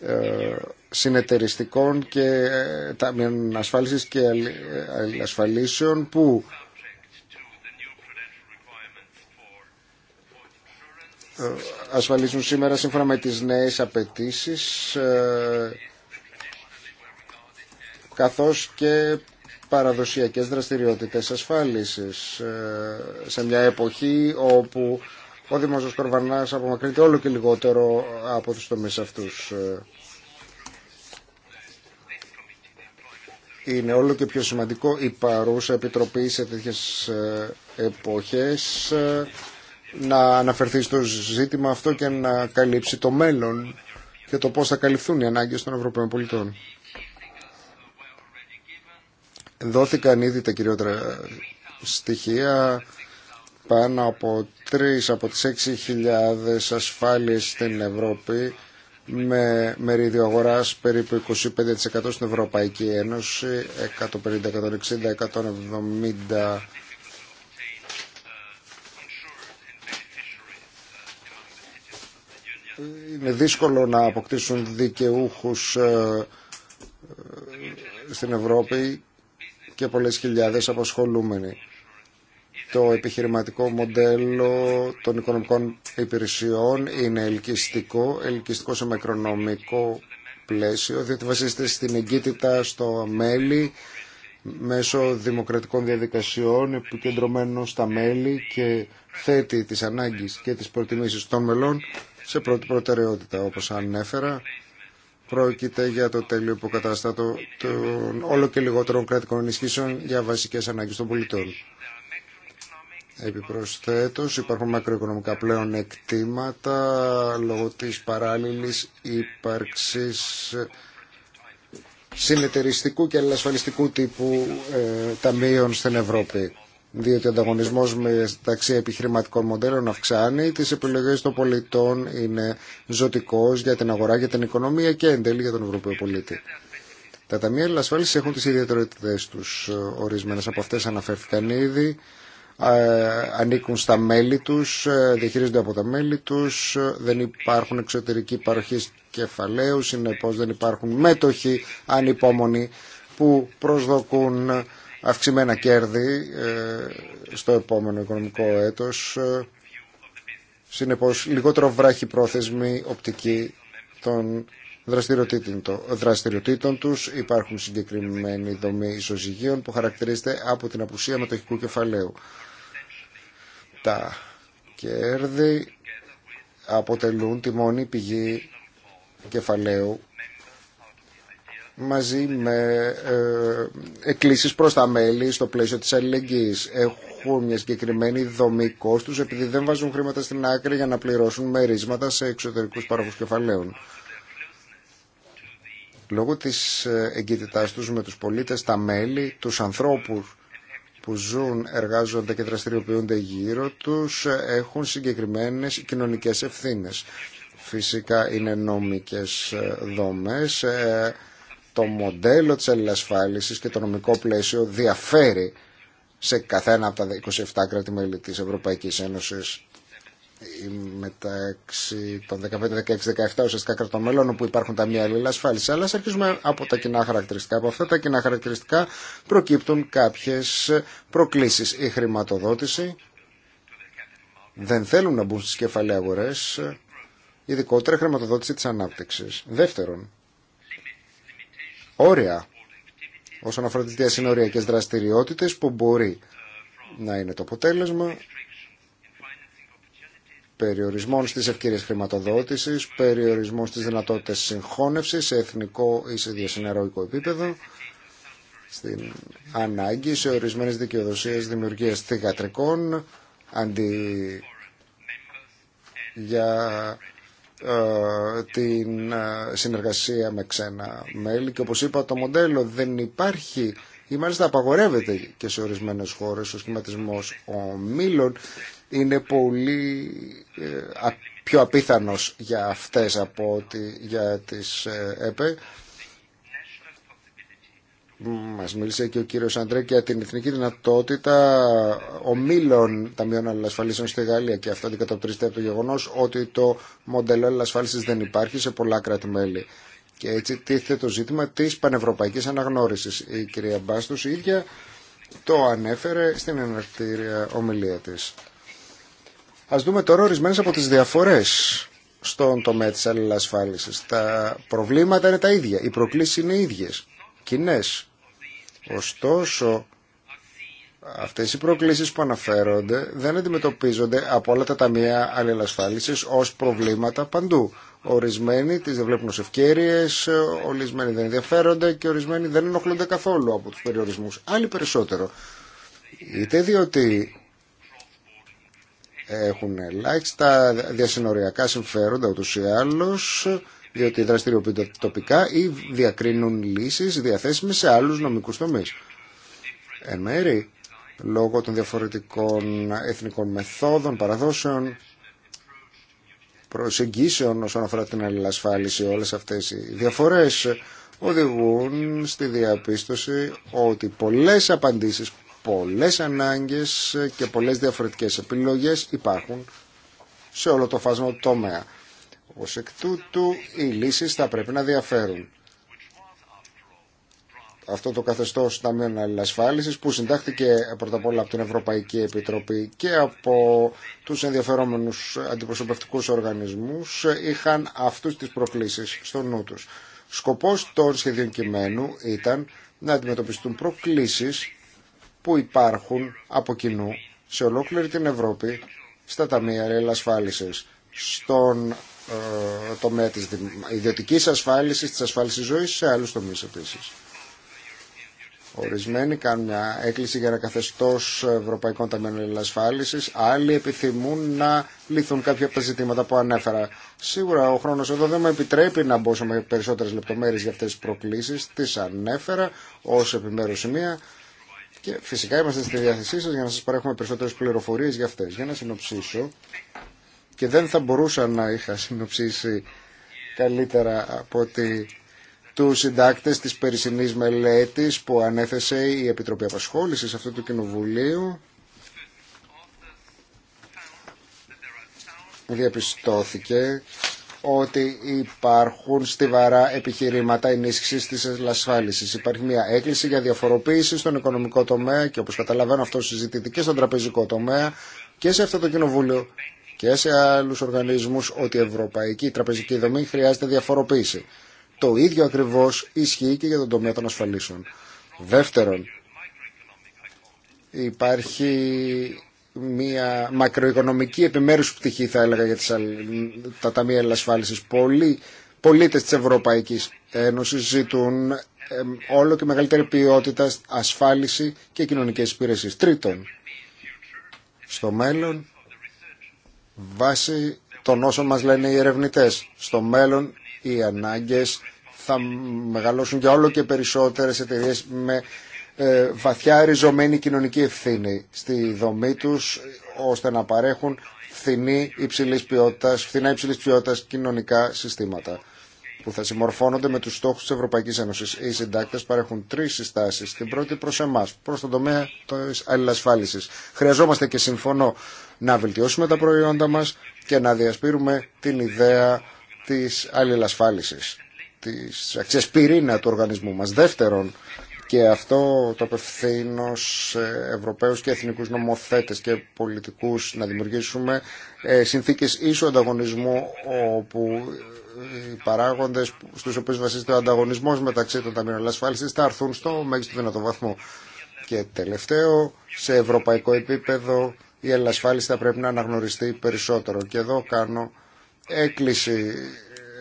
ε, συνεταιριστικών και ε, ταμιών ασφάλισης και ασφαλίσεων που ασφαλίζουν σήμερα σύμφωνα με τις νέες απαιτήσεις καθώς και παραδοσιακές δραστηριότητες ασφάλισης ε, σε μια εποχή όπου ο Δήμος Κορβανάς απομακρύνεται όλο και λιγότερο από τους τομείς αυτούς. Είναι όλο και πιο σημαντικό η παρούσα επιτροπή σε τέτοιες ε, εποχές ε, να αναφερθεί στο ζήτημα αυτό και να καλύψει το μέλλον και το πώς θα καλυφθούν οι ανάγκες των Ευρωπαίων πολιτών. Δόθηκαν ήδη τα κυριότερα στοιχεία πάνω από 3 από τις 6.000 ασφάλειες στην Ευρώπη με μερίδιο αγοράς περίπου 25% στην Ευρωπαϊκή Ένωση 150, 160, 170 είναι δύσκολο να αποκτήσουν δικαιούχους ε, ε, στην Ευρώπη και πολλές χιλιάδες απασχολούμενοι. Το επιχειρηματικό μοντέλο των οικονομικών υπηρεσιών είναι ελκυστικό, ελκυστικό σε μακρονομικό πλαίσιο, διότι βασίζεται στην εγκύτητα στο μέλη μέσω δημοκρατικών διαδικασιών επικεντρωμένο στα μέλη και θέτει τις ανάγκες και τις προτιμήσεις των μελών σε πρώτη προτεραιότητα όπως ανέφερα Πρόκειται για το τέλειο υποκατάστατο των όλο και λιγότερων κρατικών ενισχύσεων για βασικές ανάγκες των πολιτών. Επιπροσθέτως υπάρχουν μακροοικονομικά πλέον εκτίματα λόγω της παράλληλης ύπαρξης συνεταιριστικού και αλληλασφαλιστικού τύπου ε, ταμείων στην Ευρώπη διότι ο ανταγωνισμός μεταξύ επιχειρηματικών μοντέλων αυξάνει, τι επιλογέ των πολιτών είναι ζωτικό για την αγορά, για την οικονομία και εν τέλει για τον Ευρωπαίο πολίτη. Τα ταμεία ελασφάλιση έχουν τι ιδιαιτερότητέ του ε, ορισμένε από αυτέ, αναφέρθηκαν ήδη, ε, ανήκουν στα μέλη του, ε, διαχειρίζονται από τα μέλη του, δεν υπάρχουν εξωτερικοί παροχή κεφαλαίου, συνεπώ δεν υπάρχουν μέτοχοι ανυπόμονοι που προσδοκούν αυξημένα κέρδη ε, στο επόμενο οικονομικό έτος. Ε, συνεπώς, λιγότερο βράχη πρόθεσμη οπτική των δραστηριοτήτων τους. Υπάρχουν συγκεκριμένοι δομή ισοζυγίων που χαρακτηρίζεται από την απουσία μετοχικού κεφαλαίου. Τα κέρδη αποτελούν τη μόνη πηγή κεφαλαίου μαζί με ε, εκκλήσεις προς τα μέλη στο πλαίσιο της αλληλεγγύης. Έχουν μια συγκεκριμένη δομή κόστους επειδή δεν βάζουν χρήματα στην άκρη για να πληρώσουν μερίσματα σε εξωτερικούς παραγωγούς κεφαλαίων. Λόγω της ε, εγκύτητάς τους με τους πολίτες, τα μέλη, τους ανθρώπους που ζουν, εργάζονται και δραστηριοποιούνται γύρω τους ε, έχουν συγκεκριμένες κοινωνικές ευθύνες. Φυσικά είναι νόμικες ε, δομές, το μοντέλο της αλληλασφάλισης και το νομικό πλαίσιο διαφέρει σε καθένα από τα 27 κράτη-μέλη της Ευρωπαϊκής Ένωσης μεταξύ των 15, 16, 17 ουσιαστικά κρατών όπου υπάρχουν τα μία αλληλεασφάλιση. αλλά αρχίζουμε από τα κοινά χαρακτηριστικά από αυτά τα κοινά χαρακτηριστικά προκύπτουν κάποιες προκλήσεις η χρηματοδότηση δεν θέλουν να μπουν στις κεφαλαίες αγορές ειδικότερα χρηματοδότηση της ανάπτυξης δεύτερον όρια όσον αφορά τις διασυνοριακές δραστηριότητες που μπορεί να είναι το αποτέλεσμα περιορισμών στις ευκαιρίες χρηματοδότησης, περιορισμών στις δυνατότητες συγχώνευσης σε εθνικό ή σε διασυνεροϊκό επίπεδο, στην ανάγκη σε ορισμένες δικαιοδοσίες δημιουργίας θηγατρικών αντί για ε, την ε, συνεργασία με ξένα μέλη και όπως είπα το μοντέλο δεν υπάρχει ή μάλιστα απαγορεύεται και σε ορισμένες χώρες ο σχηματισμός ομίλων είναι πολύ ε, πιο απίθανος για αυτές από ότι για τις ΕΠΕ μας μίλησε και ο κύριος Αντρέ για την εθνική δυνατότητα ομίλων ταμείων αλληλασφαλίσεων στη Γαλλία και αυτό αντικατοπτρίζεται από το γεγονός ότι το μοντέλο αλληλασφάλισης δεν υπάρχει σε πολλά κράτη-μέλη. Και έτσι τίθεται το ζήτημα της πανευρωπαϊκής αναγνώρισης. Η κυρία Μπάστο ίδια το ανέφερε στην εναρκτήρια ομιλία της. Ας δούμε τώρα ορισμένες από τις διαφορές στον τομέα της αλληλασφάλισης. Τα προβλήματα είναι τα ίδια, οι προκλήσει είναι οι κοινέ. Ωστόσο, αυτές οι προκλήσεις που αναφέρονται δεν αντιμετωπίζονται από όλα τα ταμεία αλληλασφάλισης ως προβλήματα παντού. Ορισμένοι τις δεν βλέπουν ως ευκαιρίες, ορισμένοι δεν ενδιαφέρονται και ορισμένοι δεν ενοχλούνται καθόλου από τους περιορισμούς. Άλλοι περισσότερο. Είτε διότι έχουν ελάχιστα διασυνοριακά συμφέροντα ούτως ή άλλως, διότι δραστηριοποιούνται τοπικά ή διακρίνουν λύσεις διαθέσιμες σε άλλους νομικούς τομείς. Εν μέρη, λόγω των διαφορετικών εθνικών μεθόδων, παραδόσεων, προσεγγίσεων όσον αφορά την αλληλασφάλιση, όλες αυτές οι διαφορές οδηγούν στη διαπίστωση ότι πολλές απαντήσεις, πολλές ανάγκες και πολλές διαφορετικές επιλογές υπάρχουν σε όλο το φάσμα του τομέα. Ως εκ τούτου οι λύσεις θα πρέπει να διαφέρουν. Αυτό το καθεστώς ταμείων αλληλασφάλισης που συντάχθηκε πρώτα απ' όλα από την Ευρωπαϊκή Επιτροπή και από τους ενδιαφερόμενους αντιπροσωπευτικούς οργανισμούς είχαν αυτούς τις προκλήσεις στο νου τους. Σκοπός των σχεδίων κειμένου ήταν να αντιμετωπιστούν προκλήσεις που υπάρχουν από κοινού σε ολόκληρη την Ευρώπη στα ταμεία ελασφάλισης, στον ε, τομέα της ιδιωτικής ασφάλισης, της ασφάλισης ζωής, σε άλλους τομείς επίσης. Ορισμένοι κάνουν μια έκκληση για ένα καθεστώ Ευρωπαϊκών Ταμείων Ελασφάλιση. Άλλοι επιθυμούν να λυθούν κάποια από τα ζητήματα που ανέφερα. Σίγουρα ο χρόνο εδώ δεν με επιτρέπει να μπω σε περισσότερε λεπτομέρειε για αυτέ τι προκλήσει. Τι ανέφερα ω επιμέρου σημεία. Και φυσικά είμαστε στη διάθεσή σα για να σα παρέχουμε περισσότερε πληροφορίε για αυτέ. Για να συνοψίσω, και δεν θα μπορούσα να είχα συνοψίσει καλύτερα από ότι του συντάκτε τη περσινή μελέτη που ανέθεσε η Επιτροπή Απασχόληση αυτού του Κοινοβουλίου. Διαπιστώθηκε ότι υπάρχουν στιβαρά επιχειρήματα ενίσχυση τη ασφάλιση. Υπάρχει μια έκκληση για διαφοροποίηση στον οικονομικό τομέα και όπω καταλαβαίνω αυτό συζητείται και στον τραπεζικό τομέα και σε αυτό το κοινοβούλιο και σε άλλους οργανισμούς ότι η ευρωπαϊκή τραπεζική δομή χρειάζεται διαφοροποίηση. Το ίδιο ακριβώς ισχύει και για τον τομέα των ασφαλίσεων. Δεύτερον, υπάρχει μια μακροοικονομική επιμέρους πτυχή θα έλεγα για τις, τα ταμεία ελασφάλισης. Πολλοί πολίτες της Ευρωπαϊκής Ένωσης ζητούν όλο και μεγαλύτερη ποιότητα ασφάλιση και κοινωνικές υπηρεσίες. Τρίτον, στο μέλλον βάσει των όσων μας λένε οι ερευνητές. Στο μέλλον οι ανάγκες θα μεγαλώσουν για όλο και περισσότερες εταιρείες με ε, βαθιά ριζωμένη κοινωνική ευθύνη στη δομή τους ώστε να παρέχουν φθηνή υψηλής ποιότητας, φθηνά υψηλής ποιότητας κοινωνικά συστήματα που θα συμμορφώνονται με τους στόχους της Ευρωπαϊκής Ένωσης. Οι συντάκτες παρέχουν τρεις συστάσεις. Την πρώτη προς εμάς, προς τον τομέα της αλληλασφάλισης. Χρειαζόμαστε και συμφωνώ να βελτιώσουμε τα προϊόντα μας και να διασπείρουμε την ιδέα της αλληλασφάλισης, της αξίας πυρήνα του οργανισμού μας. Δεύτερον, και αυτό το απευθύνω σε Ευρωπαίους και εθνικούς νομοθέτες και πολιτικούς να δημιουργήσουμε ε, συνθήκες ίσου ανταγωνισμού όπου οι παράγοντες στους οποίους βασίζεται ο ανταγωνισμός μεταξύ των ταμείων θα έρθουν στο μέγιστο δυνατό βαθμό. Και τελευταίο, σε ευρωπαϊκό επίπεδο η αλληλασφάλιση θα πρέπει να αναγνωριστεί περισσότερο. Και εδώ κάνω έκκληση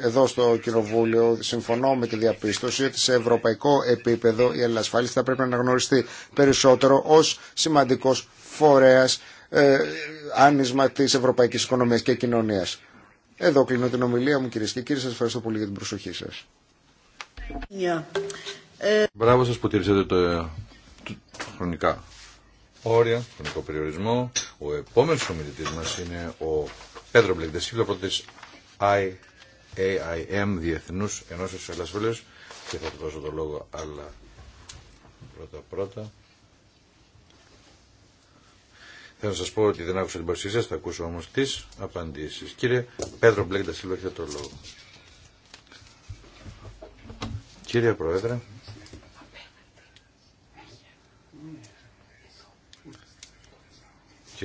εδώ στο Κοινοβούλιο, συμφωνώ με τη διαπίστωση ότι σε ευρωπαϊκό επίπεδο η αλληλασφάλιση θα πρέπει να αναγνωριστεί περισσότερο ως σημαντικός φορέας ε, άνισμα της ευρωπαϊκής οικονομίας και κοινωνίας. Εδώ κλείνω την ομιλία μου κυρίες και κύριοι. Σας ευχαριστώ πολύ για την προσοχή σας. Ε, Μπράβο σας που ε, το χρονικά όρια, τον περιορισμό. Ο επόμενο ομιλητή μα είναι ο Πέτρο Μπλεκδεσί, πρώτη IAIM, Διεθνού Ενώσεω Ελασφαλείας και θα του δώσω το λόγο, αλλά πρώτα-πρώτα. Θέλω να σα πω ότι δεν άκουσα την παρουσία σα, θα ακούσω όμω τι απαντήσει. Κύριε Πέτρο Μπλέκτα έχετε το λόγο. Κύριε Πρόεδρε,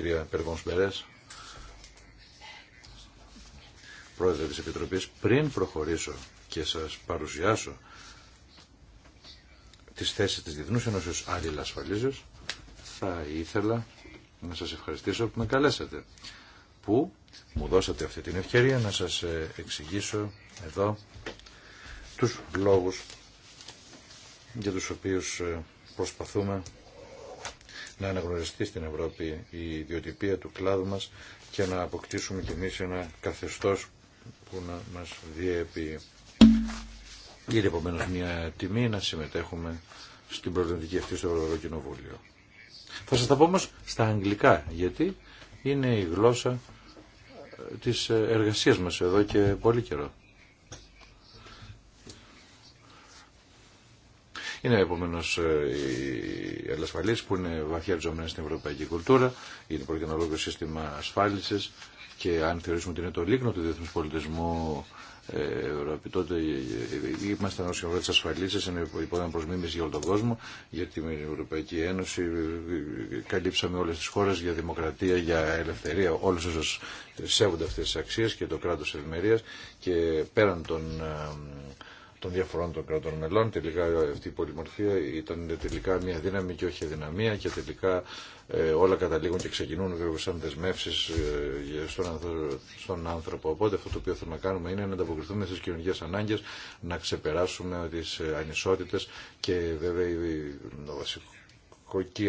κυρία Περβόν Μπερές, πρόεδρε της Επιτροπής. Πριν προχωρήσω και σας παρουσιάσω τις θέσεις της Διεθνούς Ένωσης Άλληλα Ασφαλίζεως, θα ήθελα να σας ευχαριστήσω που με καλέσατε, που μου δώσατε αυτή την ευκαιρία να σας ε, εξηγήσω εδώ τους λόγους για τους οποίους ε, προσπαθούμε να αναγνωριστεί στην Ευρώπη η ιδιοτυπία του κλάδου μας και να αποκτήσουμε κι εμείς ένα καθεστώς που να μας διέπει. Είναι επομένως μια τιμή να συμμετέχουμε στην προεδρική αυτή στο Ευρωπαϊκό Κοινοβούλιο. Θα σας τα πω όμως στα αγγλικά, γιατί είναι η γλώσσα ε, της ε, εργασίας μας εδώ και πολύ καιρό. Είναι επομένω οι ασφαλεί που είναι βαθιά ριζωμένε στην ευρωπαϊκή κουλτούρα, είναι πρόκειται ένα ολόκληρο σύστημα ασφάλιση και αν θεωρήσουμε ότι είναι το λίκνο του διεθνού πολιτισμού ε, Ευρώπη, τότε ήμασταν ε, ε, ω Ευρώπη τη Ασφαλίση, είναι υπόλοιπα προ μίμηση για όλο τον κόσμο, γιατί με την Ευρωπαϊκή Ένωση καλύψαμε όλε τι χώρε για δημοκρατία, για ελευθερία, όλου όσου σέβονται αυτέ τι αξίε και το κράτο ευημερία και πέραν των των διαφορών των κρατών μελών. Τελικά αυτή η πολυμορφία ήταν τελικά μια δύναμη και όχι αδυναμία και τελικά ε, όλα καταλήγουν και ξεκινούν βέβαια σαν δεσμεύσει ε, στον, στον άνθρωπο. Οπότε αυτό το οποίο θέλουμε να κάνουμε είναι να ανταποκριθούμε στι κοινωνικέ ανάγκε, να ξεπεράσουμε τι ε, ανισότητε και βέβαια το βασικό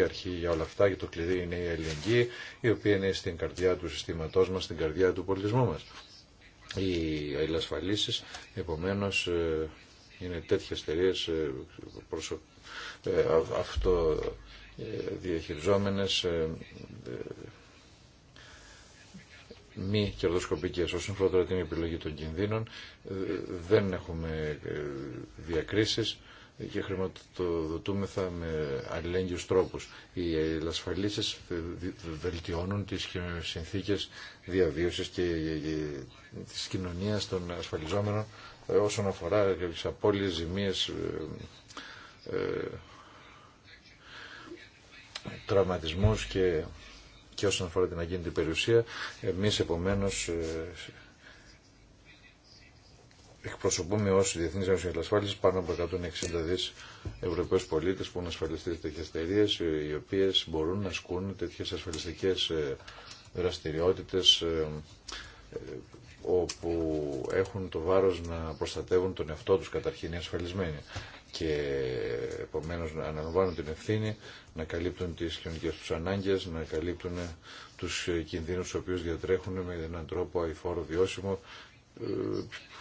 αρχή για όλα αυτά και το κλειδί είναι η ελληνική, η οποία είναι στην καρδιά του συστήματός μας, στην καρδιά του πολιτισμού μας οι αλληλασφαλίσεις, επομένως ε, είναι τέτοιες εταιρείε ε, προσω... Ε, αυτό μη κερδοσκοπικές, Όσον αφορά την επιλογή των κινδύνων, δεν έχουμε διακρίσεις και χρηματοδοτούμεθα με αλληλέγγυους τρόπους. Οι ασφαλίσεις βελτιώνουν τις συνθήκες διαβίωσης και της κοινωνίας των ασφαλιζόμενων ε, όσον αφορά τις απώλειες, ζημίες, ε, ε, τραυματισμούς και και όσον αφορά την ακίνητη περιουσία, εμείς επομένως εκπροσωπούμε ως Διεθνής Ένωση Ασφάλισης πάνω από 160 δις Ευρωπαίους πολίτες που είναι ασφαλιστές τέτοιες εταιρείε, οι οποίες μπορούν να ασκούν τέτοιες ασφαλιστικές ε, δραστηριότητες ε, ε, όπου έχουν το βάρος να προστατεύουν τον εαυτό τους καταρχήν οι ασφαλισμένοι και επομένως να αναλαμβάνουν την ευθύνη, να καλύπτουν τις κοινωνικές τους ανάγκες, να καλύπτουν τους κινδύνους τους οποίους διατρέχουν με έναν τρόπο αηφόρο βιώσιμο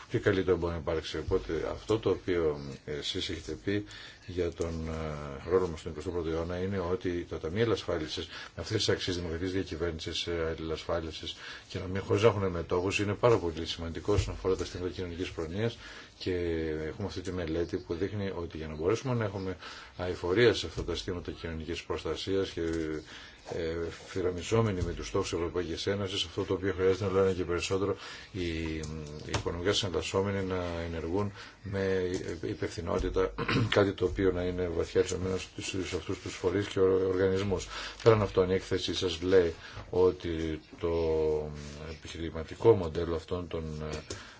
και καλύτερο μπορεί να υπάρξει. Οπότε αυτό το οποίο εσείς έχετε πει για τον ε, ρόλο μας στον 21ο αιώνα είναι ότι τα ταμεία ελασφάλισης με αυτές τις αξίες δημοκρατίας διακυβέρνησης ε, ελασφάλισης και να μην χωρί να έχουν μετόχους είναι πάρα πολύ σημαντικό όσον αφορά τα στήματα κοινωνικής προνοιάς και έχουμε αυτή τη μελέτη που δείχνει ότι για να μπορέσουμε να έχουμε αηφορία σε αυτά τα στήματα κοινωνικής προστασίας και φυραμιζόμενοι με του στόχου τη Ευρωπαϊκή Ένωση, αυτό το οποίο χρειάζεται να λένε και περισσότερο οι, οι οικονομικά να ενεργούν με υπευθυνότητα, [clears throat] κάτι το οποίο να είναι βαθιά ριζωμένο σε αυτούς τους φορείς και οργανισμούς. Πέραν αυτόν η έκθεση σας λέει ότι το επιχειρηματικό μοντέλο αυτών των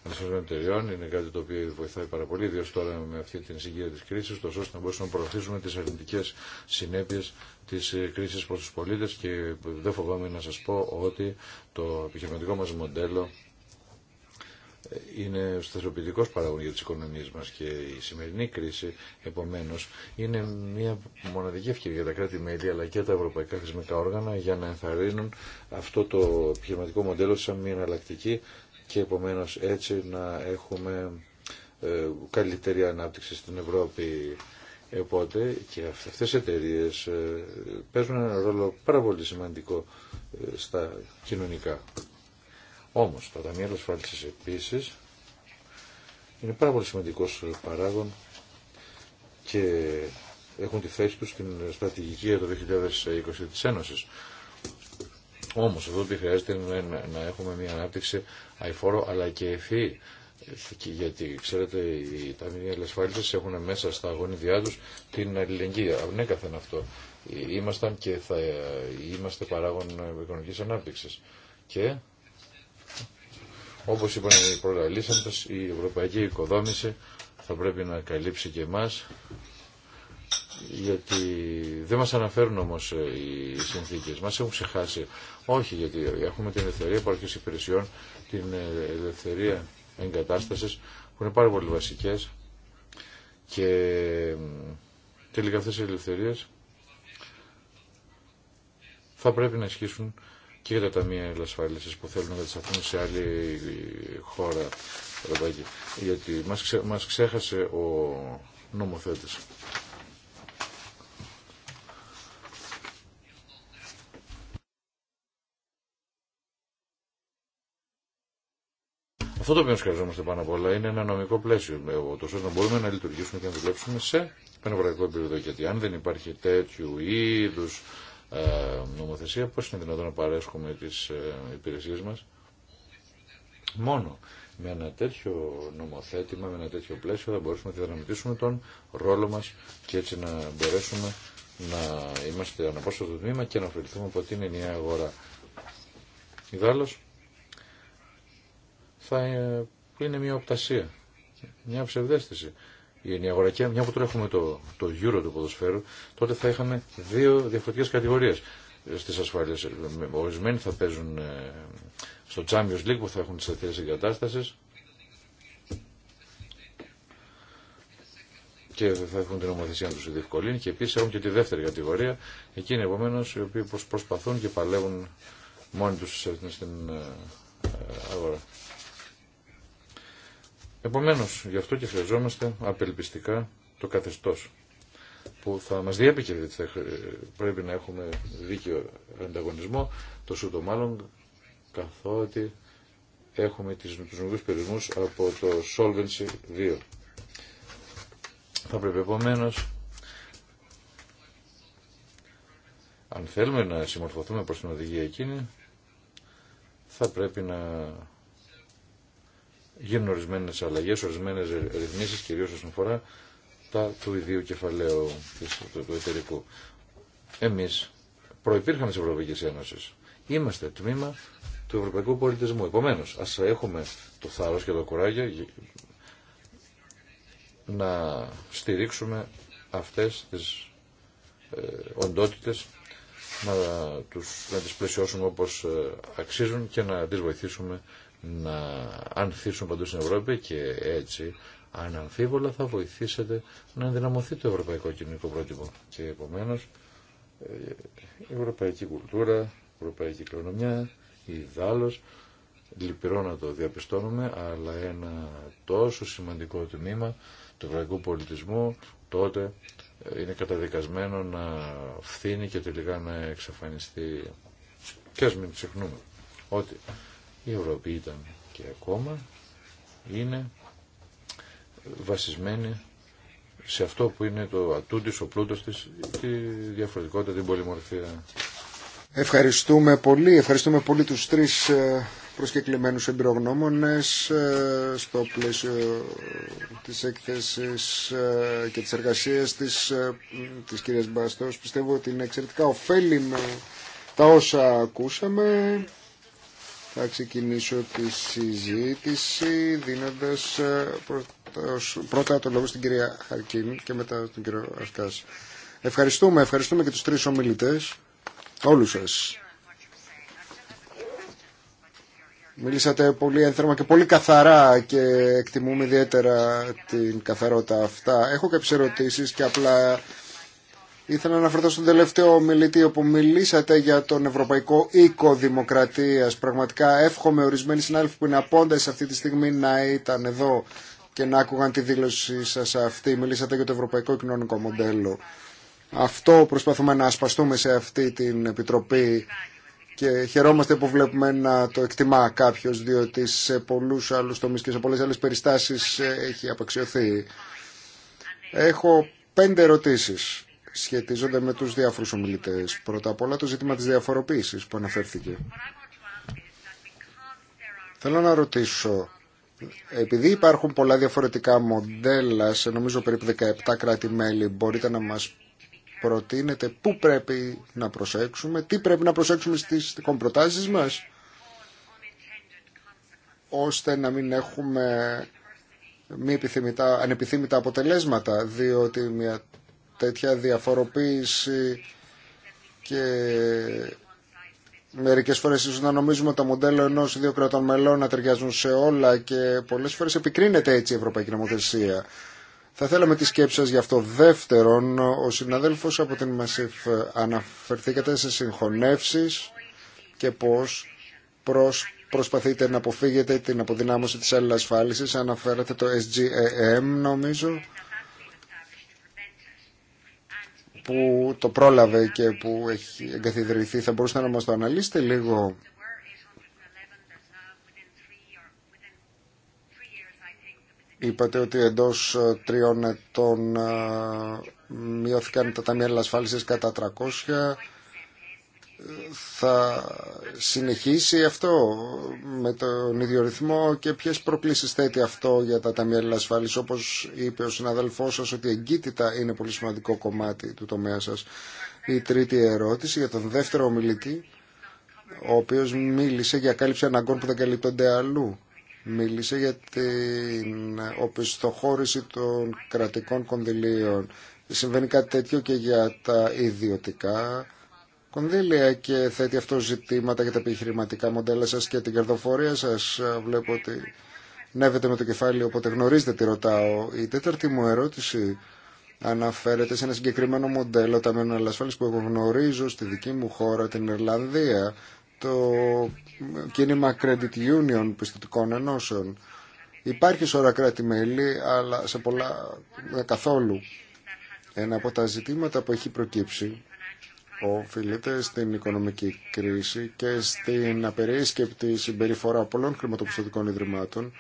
ανασφαλισμένων εταιριών είναι κάτι το οποίο βοηθάει πάρα πολύ, ιδίω τώρα με αυτή την συγκύρια τη κρίση, ώστε να μπορέσουμε να προωθήσουμε τι αρνητικέ συνέπειε τη ε, κρίση προ του πολίτε και δεν φοβάμαι να σα πω ότι το επιχειρηματικό μα μοντέλο ε, είναι σταθεροποιητικό παράγον για τι οικονομίε μα και η σημερινή κρίση, επομένω, είναι μια μοναδική ευκαιρία για τα κράτη-μέλη αλλά και τα ευρωπαϊκά θεσμικά όργανα για να ενθαρρύνουν αυτό το επιχειρηματικό μοντέλο σαν μια εναλλακτική και επομένως έτσι να έχουμε ε, καλύτερη ανάπτυξη στην Ευρώπη. Οπότε και αυτές οι εταιρείε ε, παίζουν ένα ρόλο πάρα πολύ σημαντικό ε, στα κοινωνικά. Όμως, το Ταμείο ασφάλισης επίσης είναι πάρα πολύ σημαντικός παράγον και έχουν τη θέση τους στην στρατηγική για το 2020 της Ένωσης. Όμως εδώ τι χρειάζεται είναι να έχουμε μια ανάπτυξη αϊφόρο αλλά και ευφύ. Γιατί ξέρετε οι ταμείες ασφάλισης έχουν μέσα στα αγωνίδια τους την αλληλεγγύη. Ανέκαθεν αυτό. Ε, ήμασταν και θα ε, είμαστε παράγον οικονομικής ανάπτυξης. Και όπως είπαν οι προλαλήσαντες η ευρωπαϊκή οικοδόμηση θα πρέπει να καλύψει και εμάς γιατί δεν μας αναφέρουν όμως ε, οι συνθήκες, μας έχουν ξεχάσει. Όχι, γιατί έχουμε την ελευθερία υπαρχής υπηρεσιών, την ε, ελευθερία εγκατάστασης, που είναι πάρα πολύ βασικές και τελικά αυτές οι ελευθερίες θα πρέπει να ισχύσουν και για τα ταμεία ασφάλισης που θέλουν να αφήνουν σε άλλη ε, χώρα. Γιατί μας, μας ξέχασε ο νομοθέτης. Αυτό το οποίο σκέφτομαστε πάνω απ' όλα είναι ένα νομικό πλαίσιο, τόσο να μπορούμε να λειτουργήσουμε και να δουλέψουμε σε πνευματικό επίπεδο. Γιατί αν δεν υπάρχει τέτοιου είδου ε, νομοθεσία, πώ είναι δυνατόν να παρέσχουμε τι ε, υπηρεσίε μα. Μόνο με ένα τέτοιο νομοθέτημα, με ένα τέτοιο πλαίσιο θα μπορέσουμε να διδραματίσουμε τον ρόλο μα και έτσι να μπορέσουμε να είμαστε αναπόσπαστο τμήμα και να ωφεληθούμε από την ενιαία αγορά. Ιδάλλως, θα ε, είναι μια οπτασία, μια ψευδέστηση. Η αγορά και μια που τώρα έχουμε το, το γύρο του ποδοσφαίρου, τότε θα είχαμε δύο διαφορετικέ κατηγορίε στι ασφάλειες. Ορισμένοι θα παίζουν ε, στο Champions League που θα έχουν τι αθλητέ εγκατάσταση. και θα έχουν την ομοθεσία να τους διευκολύνει και επίση έχουν και τη δεύτερη κατηγορία εκείνοι επομένω οι οποίοι προσπαθούν και παλεύουν μόνοι του στην ε, αγορά. Επομένως, γι' αυτό και χρειαζόμαστε απελπιστικά το καθεστώς που θα μας διέπηκε, γιατί θα πρέπει να έχουμε δίκαιο ανταγωνισμό, το σούτο μάλλον, καθότι έχουμε τις, τους νομικούς από το Solvency 2. Θα πρέπει επομένω, αν θέλουμε να συμμορφωθούμε προς την οδηγία εκείνη, θα πρέπει να γίνουν ορισμένε αλλαγέ, ορισμένε ρυθμίσει, κυρίω όσον αφορά τα του ιδίου κεφαλαίου του, του εταιρικού. Εμεί προπήρχαμε τη Ευρωπαϊκή Ένωση. Είμαστε τμήμα του ευρωπαϊκού πολιτισμού. Επομένω, α έχουμε το θάρρο και το κουράγιο να στηρίξουμε αυτές τις ε, οντότητες να, τους, να τις πλαισιώσουμε όπως ε, αξίζουν και να τις βοηθήσουμε να ανθίσουν παντού στην Ευρώπη και έτσι αμφίβολα θα βοηθήσετε να ενδυναμωθεί το ευρωπαϊκό κοινωνικό πρότυπο. Και επομένως ε, η ευρωπαϊκή κουλτούρα, η ευρωπαϊκή κληρονομιά, η δάλος, λυπηρό να το διαπιστώνουμε, αλλά ένα τόσο σημαντικό τμήμα του ευρωπαϊκού πολιτισμού τότε ε, είναι καταδικασμένο να φθήνει και τελικά να εξαφανιστεί. Και ας μην ξεχνούμε ότι η Ευρώπη ήταν και ακόμα είναι βασισμένη σε αυτό που είναι το ατού της, ο πλούτος της, τη διαφορετικότητα, την πολυμορφία. Ευχαριστούμε πολύ. Ευχαριστούμε πολύ τους τρεις ε, προσκεκλημένους εμπειρογνώμονες ε, στο πλαίσιο της έκθεσης ε, και της εργασίας της, της κυρίας Μπαστός. Πιστεύω ότι είναι εξαιρετικά ωφέλιμα τα όσα ακούσαμε. Θα ξεκινήσω τη συζήτηση δίνοντας ε, πρώτα το λόγο στην κυρία Χαρκίνη και μετά τον κύριο Αρκάς. Ευχαριστούμε, ευχαριστούμε και τους τρεις ομιλητές, όλους σας. Μιλήσατε πολύ ένθερμα και πολύ καθαρά και εκτιμούμε ιδιαίτερα την καθαρότητα αυτά. Έχω κάποιες ερωτήσεις και απλά Ήθελα να αναφερθώ στον τελευταίο ομιλητή όπου μιλήσατε για τον Ευρωπαϊκό Οίκο Δημοκρατία, Πραγματικά εύχομαι ορισμένοι συνάδελφοι που είναι απόντε αυτή τη στιγμή να ήταν εδώ και να άκουγαν τη δήλωσή σα αυτή. Μιλήσατε για το Ευρωπαϊκό Κοινωνικό Μοντέλο. Αυτό προσπαθούμε να ασπαστούμε σε αυτή την Επιτροπή και χαιρόμαστε που βλέπουμε να το εκτιμά κάποιο διότι σε πολλού άλλου τομεί και σε πολλέ άλλε περιστάσει έχει απαξιωθεί. Έχω πέντε ερωτήσεις σχετίζονται με τους διάφορους ομιλητές. Πρώτα απ' όλα το ζήτημα της διαφοροποίησης που αναφέρθηκε. Θέλω να ρωτήσω, επειδή υπάρχουν πολλά διαφορετικά μοντέλα σε νομίζω περίπου 17 κράτη-μέλη, μπορείτε να μας προτείνετε πού πρέπει να προσέξουμε, τι πρέπει να προσέξουμε στις προτάσεις μας, ώστε να μην έχουμε μη ανεπιθύμητα αποτελέσματα, διότι μια τέτοια διαφοροποίηση και μερικές φορές ίσως να νομίζουμε το μοντέλο ενός δύο κρατών μελών να ταιριάζουν σε όλα και πολλές φορές επικρίνεται έτσι η Ευρωπαϊκή Νομοθεσία. Θα θέλαμε τη σκέψη σας γι' αυτό. Δεύτερον, ο συναδέλφος από την ΜΑΣΥΦ αναφερθήκατε σε συγχωνεύσεις και πώς προσπαθείτε να αποφύγετε την αποδυνάμωση της άλλης αναφέρατε το SGAM νομίζω που το πρόλαβε και που έχει εγκαθιδρυθεί. Θα μπορούσατε να μας το αναλύσετε λίγο. Είπατε ότι εντός ε, τριών ετών ε, μειώθηκαν τα ταμεία ασφάλισης κατά 300 θα συνεχίσει αυτό με τον ίδιο ρυθμό και ποιες προκλήσεις θέτει αυτό για τα ταμεία ασφάλισης όπως είπε ο συναδελφός σας ότι η εγκύτητα είναι πολύ σημαντικό κομμάτι του τομέα σας η τρίτη ερώτηση για τον δεύτερο ομιλητή ο οποίος μίλησε για κάλυψη αναγκών που δεν καλύπτονται αλλού μίλησε για την οπισθοχώρηση των κρατικών κονδυλίων συμβαίνει κάτι τέτοιο και για τα ιδιωτικά κονδύλια και θέτει αυτό ζητήματα για τα επιχειρηματικά μοντέλα σας και την κερδοφορία σας. Βλέπω ότι νεύετε με το κεφάλι, οπότε γνωρίζετε τι ρωτάω. Η τέταρτη μου ερώτηση αναφέρεται σε ένα συγκεκριμένο μοντέλο ταμείων αλλασφάλισης που εγώ γνωρίζω στη δική μου χώρα, την Ιρλανδία, το κίνημα Credit Union πιστοτικών ενώσεων. Υπάρχει σώρα κράτη-μέλη, αλλά σε πολλά καθόλου. Ένα από τα ζητήματα που έχει προκύψει οφείλεται στην οικονομική κρίση και στην απερίσκεπτη συμπεριφορά πολλών χρηματοπιστωτικών ιδρυμάτων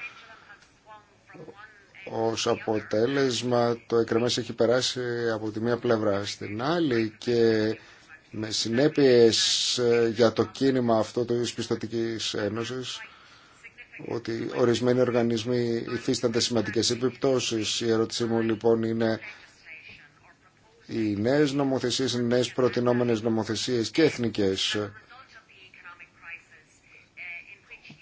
ως αποτέλεσμα το εκκρεμές έχει περάσει από τη μία πλευρά στην άλλη και με συνέπειες ε, για το κίνημα αυτό της πιστοτικής ένωσης ότι ορισμένοι οργανισμοί υφίστανται σημαντικές επιπτώσεις. Η ερώτησή μου λοιπόν είναι οι νέες νομοθεσίες, οι νέες προτινόμενες νομοθεσίες και εθνικές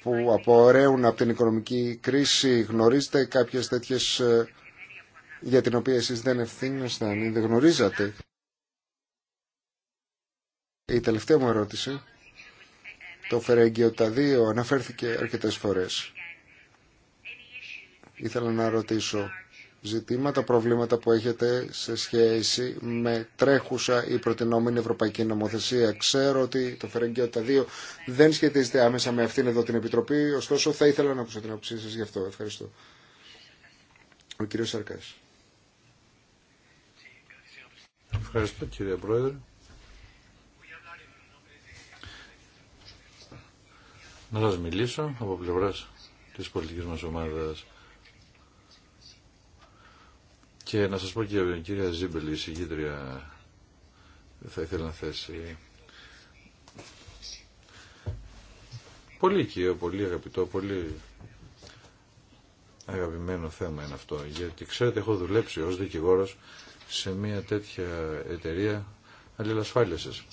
που απορρέουν από την οικονομική κρίση. Γνωρίζετε κάποιες τέτοιες ε, για την οποία εσείς δεν ευθύνεσταν ή δεν γνωρίζατε. Η τελευταία μου ερώτηση, το Φερέγγιο τα δύο αναφέρθηκε αρκετές φορές. Ήθελα να ρωτήσω ζητήματα, προβλήματα που έχετε σε σχέση με τρέχουσα ή προτινόμενη ευρωπαϊκή νομοθεσία. Ξέρω ότι το τα 2 δεν σχετίζεται άμεσα με αυτήν εδώ την Επιτροπή, ωστόσο θα ήθελα να ακούσω την άποψή σας γι' αυτό. Ευχαριστώ. Ο κύριος Σαρκάς. Ευχαριστώ κύριε Πρόεδρε. Να σας μιλήσω από πλευράς της πολιτικής μας ομάδας και να σας πω και η κυρία Ζίμπελη, η συγκίτρια, θα ήθελα να θέσει. Πολύ οικείο, πολύ αγαπητό, πολύ αγαπημένο θέμα είναι αυτό. Γιατί ξέρετε, έχω δουλέψει ως δικηγόρος σε μια τέτοια εταιρεία αλληλασφάλισης.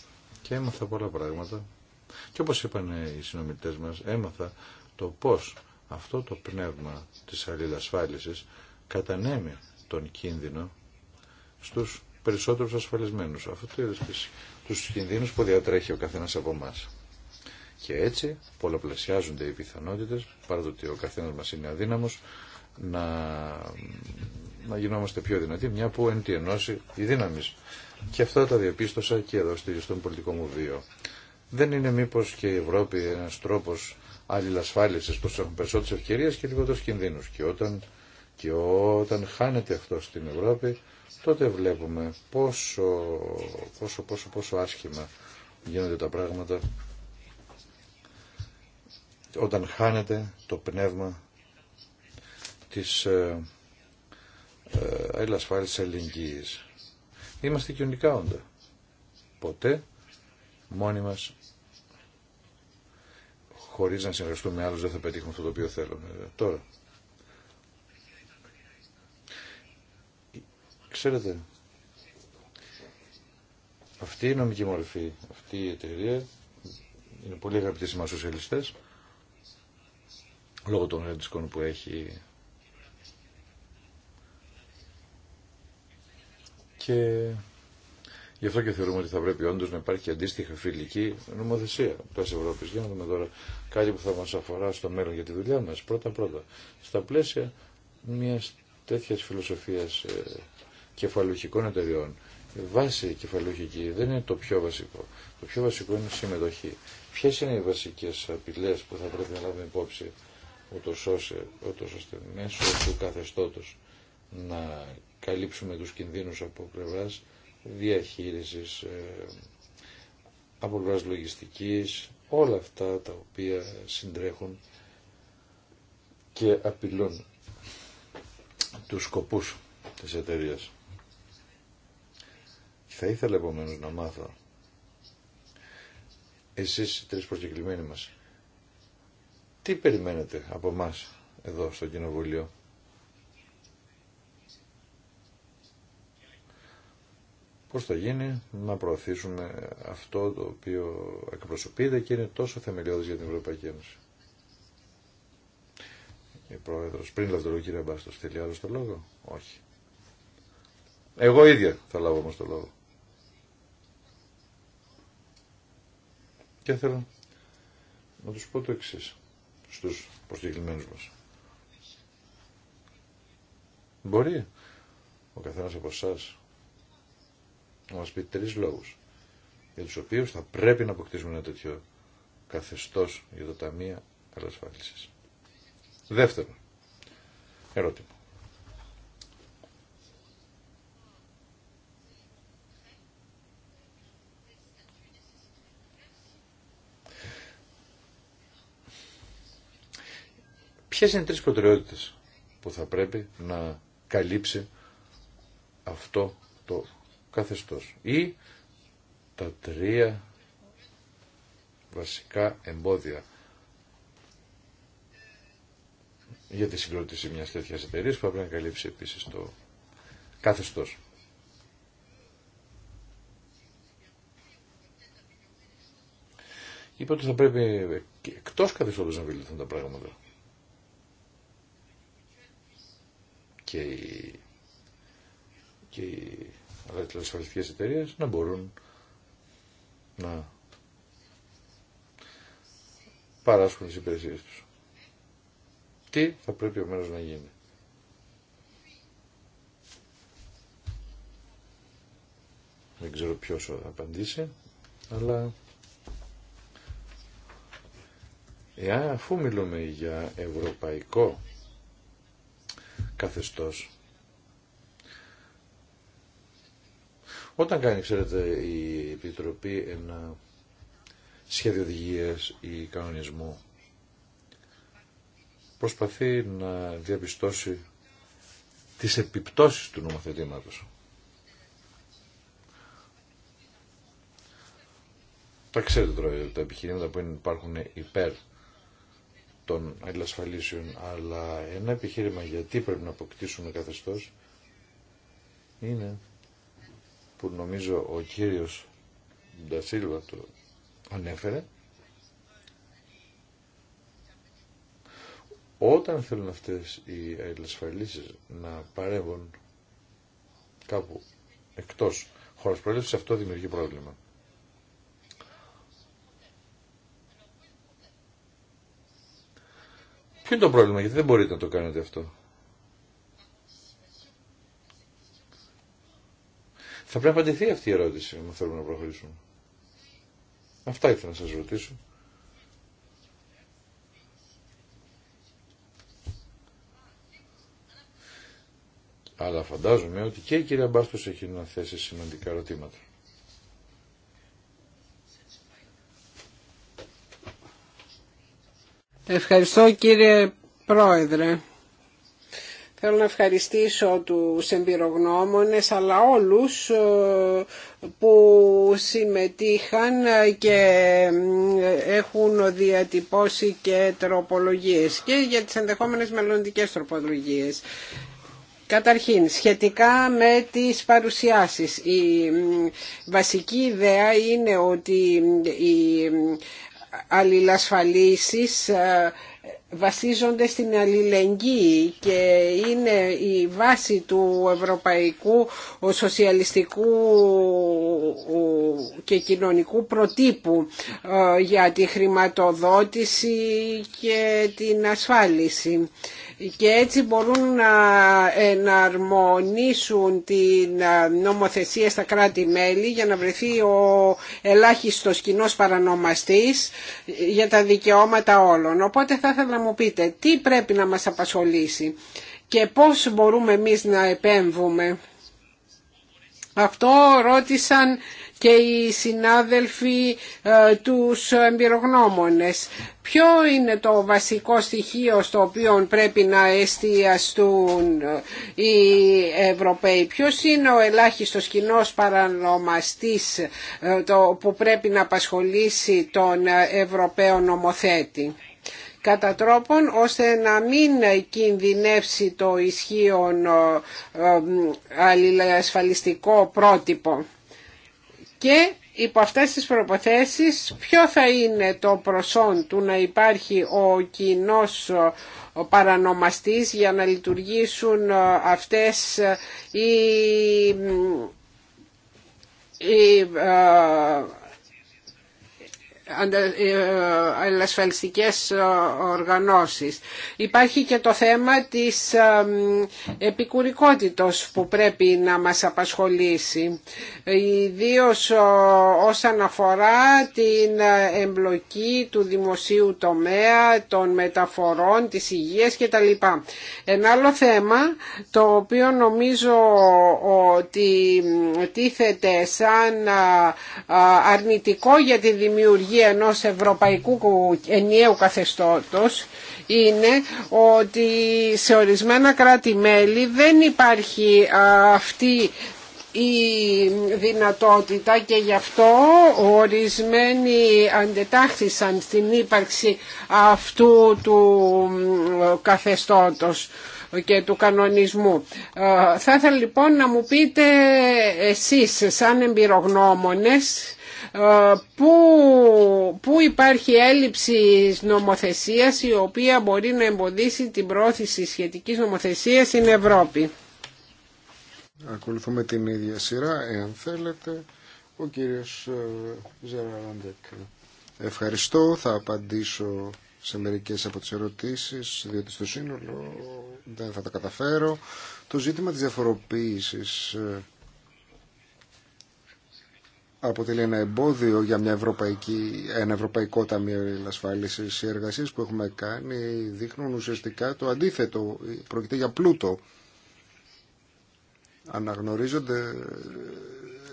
Και έμαθα πολλά πράγματα. Και όπως είπαν οι συνομιλητές μας, έμαθα το πώς αυτό το πνεύμα της αλληλασφάλισης κατανέμει τον κίνδυνο στους περισσότερους ασφαλισμένους. Αυτό το είδος τους κινδύνους που διατρέχει ο καθένας από εμά. Και έτσι πολλαπλασιάζονται οι πιθανότητες, παρά το ότι ο καθένας μας είναι αδύναμος, να, να γινόμαστε πιο δυνατοί, μια που εν τη ενώση η δύναμη. Και αυτά τα διαπίστωσα και εδώ στον πολιτικό μου βίο. Δεν είναι μήπω και η Ευρώπη ένα τρόπο αλληλασφάλιση, που έχουν περισσότερε ευκαιρίε και λιγότερου κινδύνου. Και όταν και όταν χάνεται αυτό στην Ευρώπη, τότε βλέπουμε πόσο, πόσο, πόσο, πόσο άσχημα γίνονται τα πράγματα όταν χάνεται το πνεύμα της ε, ε, ελληνικής. Είμαστε κοινωνικά όντα. Ποτέ μόνοι μας χωρίς να συνεργαστούμε με άλλους δεν θα πετύχουμε αυτό το οποίο θέλουμε. Τώρα, Ξέρετε, αυτή η νομική μορφή, αυτή η εταιρεία είναι πολύ αγαπητή σε σοσιαλιστές λόγω των ρεντισκών που έχει και γι' αυτό και θεωρούμε ότι θα πρέπει όντως να υπάρχει αντίστοιχα φιλική νομοθεσία της Ευρώπης. Για να δούμε τώρα κάτι που θα μας αφορά στο μέλλον για τη δουλειά μας. Πρώτα πρώτα, στα πλαίσια μιας τέτοιας φιλοσοφίας ε, κεφαλουχικών εταιριών. Βάση κεφαλουχική δεν είναι το πιο βασικό. Το πιο βασικό είναι η συμμετοχή. Ποιε είναι οι βασικέ απειλέ που θα πρέπει να λάβουμε υπόψη, ούτω ώστε μέσω του καθεστώτο να καλύψουμε τους κινδύνους από πλευρά διαχείρισης, ε, από πλευρά λογιστική, όλα αυτά τα οποία συντρέχουν και απειλούν τους σκοπούς της εταιρείας θα ήθελα επομένω να μάθω εσείς οι τρεις προσκεκλημένοι μας τι περιμένετε από μας εδώ στο Κοινοβούλιο. Πώς θα γίνει να προωθήσουμε αυτό το οποίο εκπροσωπείται και είναι τόσο θεμελιώδης για την Ευρωπαϊκή Ένωση. Η ε, Πρόεδρος, πριν λάβει το λόγο κύριε Μπάστος, θέλει άλλο το λόγο. Όχι. Εγώ ίδια θα λάβω όμως το λόγο. Και θέλω να τους πω το εξή στους προσκεκλημένους μας. Μπορεί ο καθένας από εσά να μας πει τρεις λόγους για τους οποίους θα πρέπει να αποκτήσουμε ένα τέτοιο καθεστώς για το Ταμείο Δεύτερο ερώτημα. Ποιες είναι οι τρεις προτεραιότητες που θα πρέπει να καλύψει αυτό το καθεστώς ή τα τρία βασικά εμπόδια για τη συγκρότηση μιας τέτοιας εταιρείας που πρέπει να καλύψει επίσης το καθεστώς. Είπα ότι θα πρέπει εκτός καθεστώτος να βιληθούν τα πράγματα. και οι, και οι ασφαλιστικές εταιρείες να μπορούν να παράσχουν τις υπηρεσίες τους. Τι θα πρέπει ο μέρος να γίνει. Δεν ξέρω ποιος θα απαντήσει, αλλά εάν αφού μιλούμε για ευρωπαϊκό καθεστώς. Όταν κάνει, ξέρετε, η Επιτροπή ένα σχέδιο οδηγίας ή κανονισμού, προσπαθεί να διαπιστώσει τις επιπτώσεις του νομοθετήματος. Τα ξέρετε τώρα τα επιχειρήματα που υπάρχουν υπέρ των ελασφαλίσεων, αλλά ένα επιχείρημα γιατί πρέπει να αποκτήσουμε καθεστώς είναι που νομίζω ο κύριος Ντασίλβα το ανέφερε όταν θέλουν αυτές οι ελασφαλίσεις να παρεύουν κάπου εκτός χώρας προέλευσης αυτό δημιουργεί πρόβλημα. Ποιο είναι το πρόβλημα, γιατί δεν μπορείτε να το κάνετε αυτό. Θα πρέπει να απαντηθεί αυτή η ερώτηση, αν θέλουμε να προχωρήσουμε. Αυτά ήθελα να σας ρωτήσω. Αλλά φαντάζομαι ότι και η κυρία Μπάστος έχει να θέσει σημαντικά ερωτήματα. Ευχαριστώ κύριε Πρόεδρε. Θέλω να ευχαριστήσω τους εμπειρογνώμονες αλλά όλους ε, που συμμετείχαν και ε, έχουν διατυπώσει και τροπολογίες και για τις ενδεχόμενες μελλοντικές τροπολογίες. Καταρχήν, σχετικά με τις παρουσιάσεις, η ε, βασική ιδέα είναι ότι η αλληλασφαλίσεις ε, βασίζονται στην αλληλεγγύη και είναι η βάση του ευρωπαϊκού σοσιαλιστικού και κοινωνικού προτύπου ε, για τη χρηματοδότηση και την ασφάλιση και έτσι μπορούν να εναρμονίσουν την νομοθεσία στα κράτη-μέλη για να βρεθεί ο ελάχιστος κοινό παρανομαστής για τα δικαιώματα όλων. Οπότε θα ήθελα να μου πείτε τι πρέπει να μας απασχολήσει και πώς μπορούμε εμείς να επέμβουμε. Αυτό ρώτησαν και οι συνάδελφοι ε, τους εμπειρογνώμονες. Ποιο είναι το βασικό στοιχείο στο οποίο πρέπει να εστιαστούν οι Ευρωπαίοι. Ποιος είναι ο ελάχιστος κοινό παρανομαστής ε, το, που πρέπει να απασχολήσει τον Ευρωπαίο νομοθέτη κατά τρόπον ώστε να μην κινδυνεύσει το ισχύον ε, ασφαλιστικό πρότυπο και υπό αυτές τις προποθέσεις ποιο θα είναι το προσόν του να υπάρχει ο κοινός ο παρανομαστής για να λειτουργήσουν αυτές οι ε, ε, ασφαλιστικές ε, οργανώσεις. Υπάρχει και το θέμα της ε, επικουρικότητος που πρέπει να μας απασχολήσει, ιδίω όσον αφορά την εμπλοκή του δημοσίου τομέα, των μεταφορών, της υγείας κτλ. Ένα άλλο θέμα το οποίο νομίζω ότι τίθεται σαν αρνητικό για τη δημιουργία Ενό ενός ευρωπαϊκού ενιαίου καθεστώτος είναι ότι σε ορισμένα κράτη-μέλη δεν υπάρχει αυτή η δυνατότητα και γι' αυτό ορισμένοι αντετάχθησαν στην ύπαρξη αυτού του καθεστώτος και του κανονισμού. Ε, θα ήθελα λοιπόν να μου πείτε εσείς σαν εμπειρογνώμονες που, ε, που υπάρχει έλλειψη νομοθεσίας η οποία μπορεί να εμποδίσει την πρόθεση σχετικής νομοθεσίας στην Ευρώπη. Ακολουθούμε την ίδια σειρά, εάν θέλετε. Ο κύριος ε, Ζεραλάντεκ. Ευχαριστώ. Θα απαντήσω σε μερικές από τις ερωτήσεις, διότι στο σύνολο δεν θα τα καταφέρω. Το ζήτημα της διαφοροποίησης ε, αποτελεί ένα εμπόδιο για μια ευρωπαϊκή, ένα ευρωπαϊκό ταμείο ασφάλισης. Οι εργασίε που έχουμε κάνει δείχνουν ουσιαστικά το αντίθετο. Πρόκειται για πλούτο. Αναγνωρίζονται,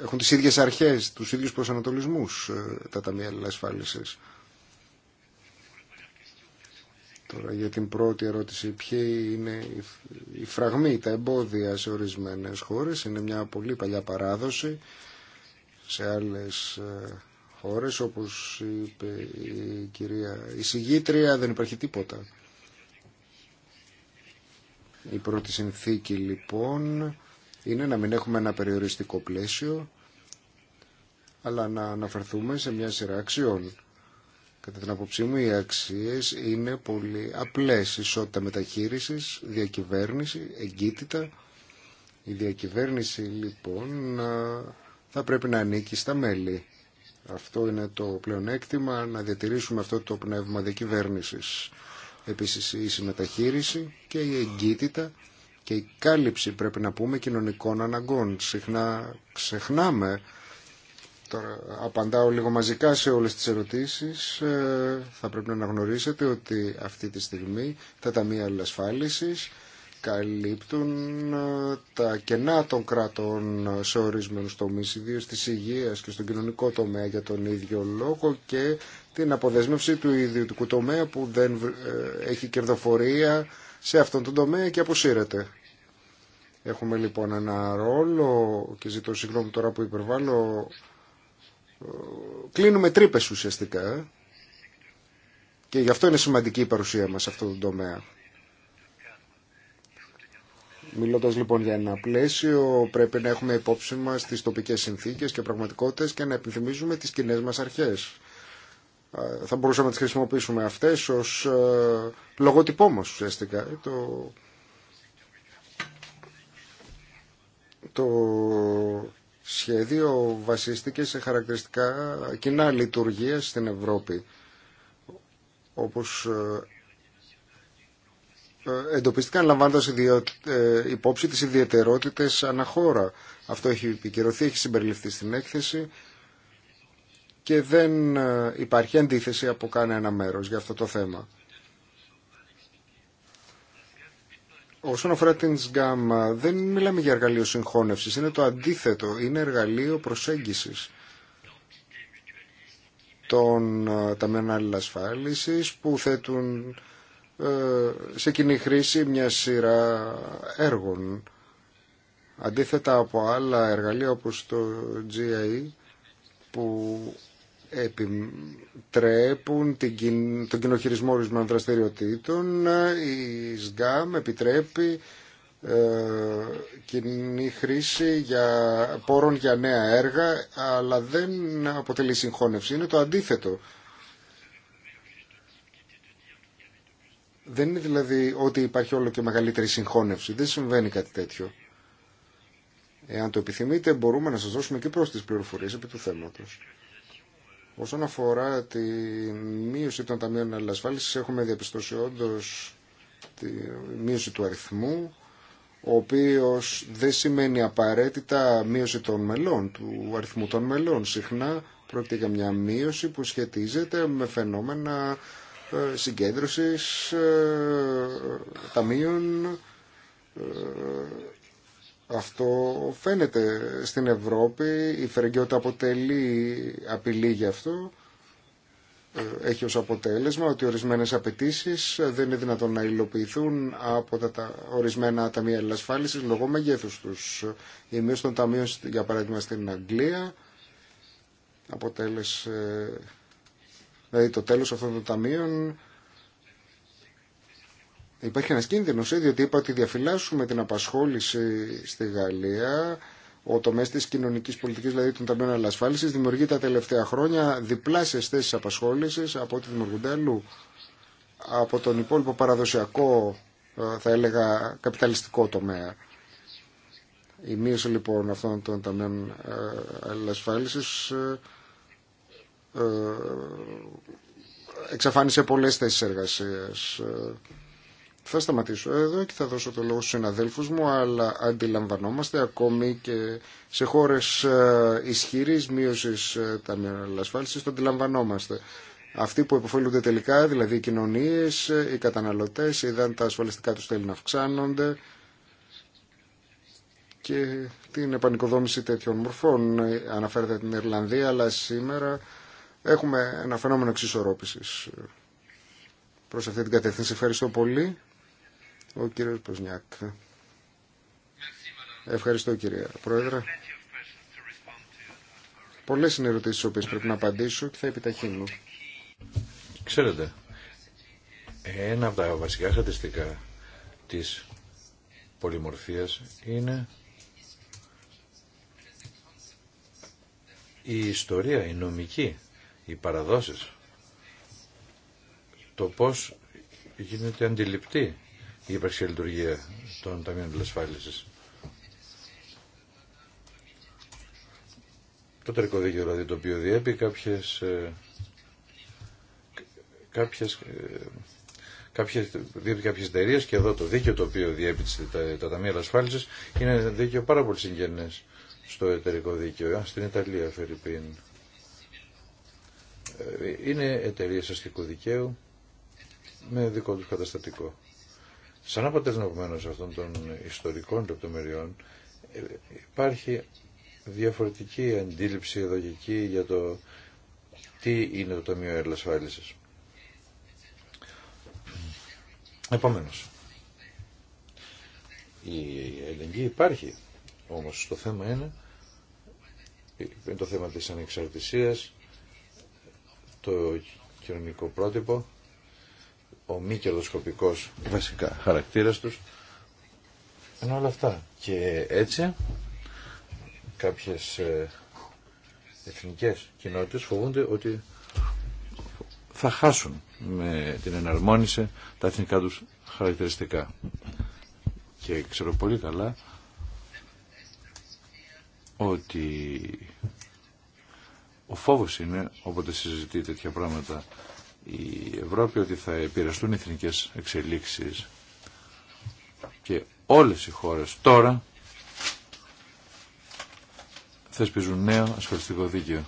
έχουν τις ίδιες αρχές, τους ίδιους προσανατολισμούς ε, τα ταμεία ασφάλισης. Τώρα για την πρώτη ερώτηση, ποιοι είναι οι φραγμοί, τα εμπόδια σε ορισμένες χώρες. Είναι μια πολύ παλιά παράδοση σε άλλες ε, χώρες όπως είπε η κυρία η δεν υπάρχει τίποτα η πρώτη συνθήκη λοιπόν είναι να μην έχουμε ένα περιοριστικό πλαίσιο αλλά να αναφερθούμε σε μια σειρά αξιών κατά την απόψή μου οι αξίες είναι πολύ απλές ισότητα μεταχείρισης, διακυβέρνηση, εγκύτητα η διακυβέρνηση λοιπόν θα πρέπει να ανήκει στα μέλη. Αυτό είναι το πλεονέκτημα, να διατηρήσουμε αυτό το πνεύμα διακυβέρνηση. Επίσης η συμμεταχείριση και η εγκύτητα και η κάλυψη πρέπει να πούμε κοινωνικών αναγκών. Συχνά ξεχνάμε, τώρα απαντάω λίγο μαζικά σε όλες τις ερωτήσεις, ε, θα πρέπει να αναγνωρίσετε ότι αυτή τη στιγμή τα Ταμεία Αλληλασφάλισης καλύπτουν ε, τα κενά των κρατών ε, σε ορισμένους τομείς, ιδίως της υγείας και στον κοινωνικό τομέα για τον ίδιο λόγο και την αποδέσμευση του ιδιωτικού τομέα που δεν ε, έχει κερδοφορία σε αυτόν τον τομέα και αποσύρεται. Έχουμε λοιπόν ένα ρόλο και ζητώ συγγνώμη τώρα που υπερβάλλω κλείνουμε τρύπες ουσιαστικά και γι' αυτό είναι σημαντική η παρουσία μας σε αυτόν τον τομέα. Μιλώντα λοιπόν για ένα πλαίσιο, πρέπει να έχουμε υπόψη μα τις τοπικές συνθήκες και πραγματικότητες και να επιθυμίζουμε τις κοινέ μας αρχές. Ε, θα μπορούσαμε να τι χρησιμοποιήσουμε αυτές ως ε, λογοτυπό μα ουσιαστικά. Ε, το, το σχέδιο βασίστηκε σε χαρακτηριστικά κοινά λειτουργία στην Ευρώπη όπως ε, εντοπίστηκαν λαμβάνοντας ε, υπόψη τις ιδιαιτερότητες αναχώρα. Αυτό έχει επικυρωθεί, έχει συμπεριληφθεί στην έκθεση και δεν ε, υπάρχει αντίθεση από κανένα μέρος για αυτό το θέμα. Όσον αφορά την ΣΓΑΜ, δεν μιλάμε για εργαλείο συγχώνευσης, είναι το αντίθετο, είναι εργαλείο προσέγγισης των ταμείων αλληλασφάλισης που θέτουν ε, σε κοινή χρήση μια σειρά έργων. Αντίθετα από άλλα εργαλεία όπως το GIE που επιτρέπουν την, τον κοινοχειρισμό ορισμένων δραστηριοτήτων, η ΣΓΑΜ επιτρέπει ε, κοινή χρήση για πόρων για νέα έργα, αλλά δεν αποτελεί συγχώνευση. Είναι το αντίθετο Δεν είναι δηλαδή ότι υπάρχει όλο και μεγαλύτερη συγχώνευση. Δεν συμβαίνει κάτι τέτοιο. Εάν το επιθυμείτε μπορούμε να σας δώσουμε και προς τις πληροφορίες επί του θέματος. Όσον αφορά τη μείωση των ταμείων αλληλασφάλισης έχουμε διαπιστώσει όντω τη μείωση του αριθμού ο οποίος δεν σημαίνει απαραίτητα μείωση των μελών, του αριθμού των μελών. Συχνά πρόκειται για μια μείωση που σχετίζεται με φαινόμενα ε, συγκέντρωσης ε, ταμείων. Ε, αυτό φαίνεται στην Ευρώπη. Η Φερεγγιώτα αποτελεί απειλή γι' αυτό. Έχει ως αποτέλεσμα ότι ορισμένες απαιτήσει δεν είναι δυνατόν να υλοποιηθούν από τα, ορισμένα ταμεία ελασφάλισης λόγω μεγέθους τους. Η μείωση των ταμείων, για παράδειγμα, στην Αγγλία αποτέλεσε δηλαδή το τέλος αυτών των ταμείων υπάρχει ένας κίνδυνος ε, διότι είπα ότι διαφυλάσσουμε την απασχόληση στη Γαλλία ο τομέα τη κοινωνική πολιτική, δηλαδή των ταμείων αλλασφάλιση, δημιουργεί τα τελευταία χρόνια διπλάσιε θέσει απασχόληση από ό,τι δημιουργούνται αλλού. Από τον υπόλοιπο παραδοσιακό, ε, θα έλεγα, καπιταλιστικό τομέα. Η μείωση λοιπόν αυτών των ταμείων ε, αλλασφάλιση ε, εξαφάνισε πολλές θέσεις εργασίας. Ε, θα σταματήσω εδώ και θα δώσω το λόγο στους συναδέλφους μου, αλλά αντιλαμβανόμαστε ακόμη και σε χώρες ε, ισχυρής μείωσης τα ασφάλισης, το αντιλαμβανόμαστε. Αυτοί που υποφελούνται τελικά, δηλαδή οι κοινωνίες, οι καταναλωτές, είδαν τα ασφαλιστικά τους θέλουν να αυξάνονται και την επανικοδόμηση τέτοιων μορφών. Αναφέρεται την Ιρλανδία, αλλά σήμερα έχουμε ένα φαινόμενο εξισορρόπησης προς αυτή την κατεύθυνση. Ευχαριστώ πολύ. Ο κύριος Προσνιάκ. Ευχαριστώ κύριε Πρόεδρε. Πολλές είναι ερωτήσεις πρέπει να απαντήσω και θα επιταχύνω. Ξέρετε, ένα από τα βασικά χαρακτηριστικά της πολυμορφίας είναι η ιστορία, η νομική οι παραδόσεις, το πώς γίνεται αντιληπτή η υπαρξία λειτουργία των ταμείων ασφάλισης. Το τερικό δίκαιο δηλαδή το οποίο διέπει κάποιες, ε, κάποιες ε, κάποιες, κάποιες εταιρείε και εδώ το δίκαιο το οποίο διέπει τα, τα ταμεία ασφάλισης είναι δίκαιο πάρα πολύ συγγενές στο εταιρικό δίκαιο. Ε, στην Ιταλία, Φερρυπίν, ε, είναι εταιρείε αστικού δικαίου με δικό του καταστατικό. Σαν να αυτών των ιστορικών λεπτομεριών ε, υπάρχει διαφορετική αντίληψη εκεί για το τι είναι το Ταμείο Ελλασφάλισης. Επομένως, η ελεγγύη υπάρχει, όμως το θέμα είναι, είναι το θέμα της ανεξαρτησίας, το κοινωνικό πρότυπο, ο μη κερδοσκοπικό βασικά χαρακτήρα τους, ενώ όλα αυτά. Και έτσι κάποιες ε, εθνικέ κοινότητε φοβούνται ότι θα χάσουν με την εναρμόνιση τα εθνικά τους χαρακτηριστικά. Και ξέρω πολύ καλά ότι ο φόβος είναι, όποτε συζητεί τέτοια πράγματα η Ευρώπη, ότι θα επηρεαστούν οι εξελίξεις και όλες οι χώρες τώρα θεσπίζουν νέο ασφαλιστικό δίκαιο.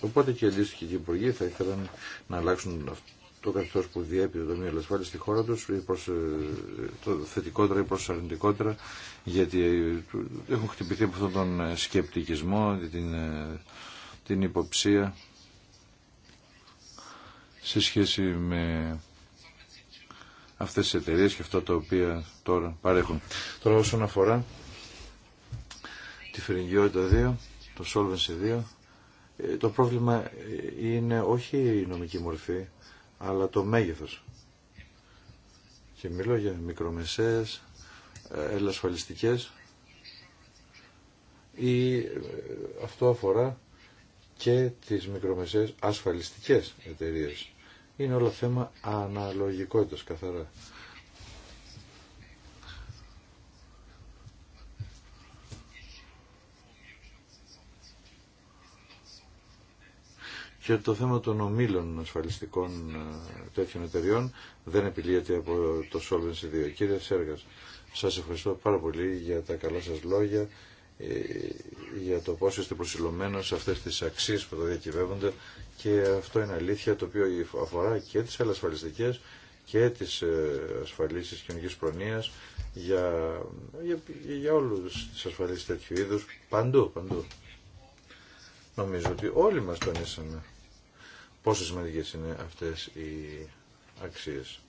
Οπότε και οι αντίστοιχοι υπουργοί θα ήθελαν να αλλάξουν το καθεστώ που διέπει το Ταμείο Ασφάλεια στη χώρα του, ε, το θετικότερα ή προς αρνητικότερα, γιατί ε, έχουν χτυπηθεί από αυτόν τον ε, σκεπτικισμό, την, την υποψία σε σχέση με αυτές τις εταιρείες και αυτά τα οποία τώρα παρέχουν. Τώρα όσον αφορά τη φερεγγιότητα 2, το Solvency 2, το πρόβλημα είναι όχι η νομική μορφή, αλλά το μέγεθος. Και μιλώ για μικρομεσαίες, ελασφαλιστικές ή ε, αυτό αφορά και τις μικρομεσαίες ασφαλιστικές εταιρείες. Είναι όλο θέμα αναλογικότητας καθαρά. και το θέμα των ομίλων ασφαλιστικών ε, τέτοιων εταιριών δεν επιλύεται από το Solvency 2. Κύριε Σέργα, σα ευχαριστώ πάρα πολύ για τα καλά σα λόγια, ε, για το πόσο είστε προσιλωμένος σε αυτές τις αξίες που τα διακυβεύονται και αυτό είναι αλήθεια το οποίο αφορά και τις ασφαλιστικές και τις ε, ασφαλίσεις κοινωνικής προνοίας για, για, για όλους τις ασφαλίσεις τέτοιου είδους παντού, παντού. Νομίζω ότι όλοι μας τονίσαμε πόσο σημαντικές είναι αυτές οι αξίες.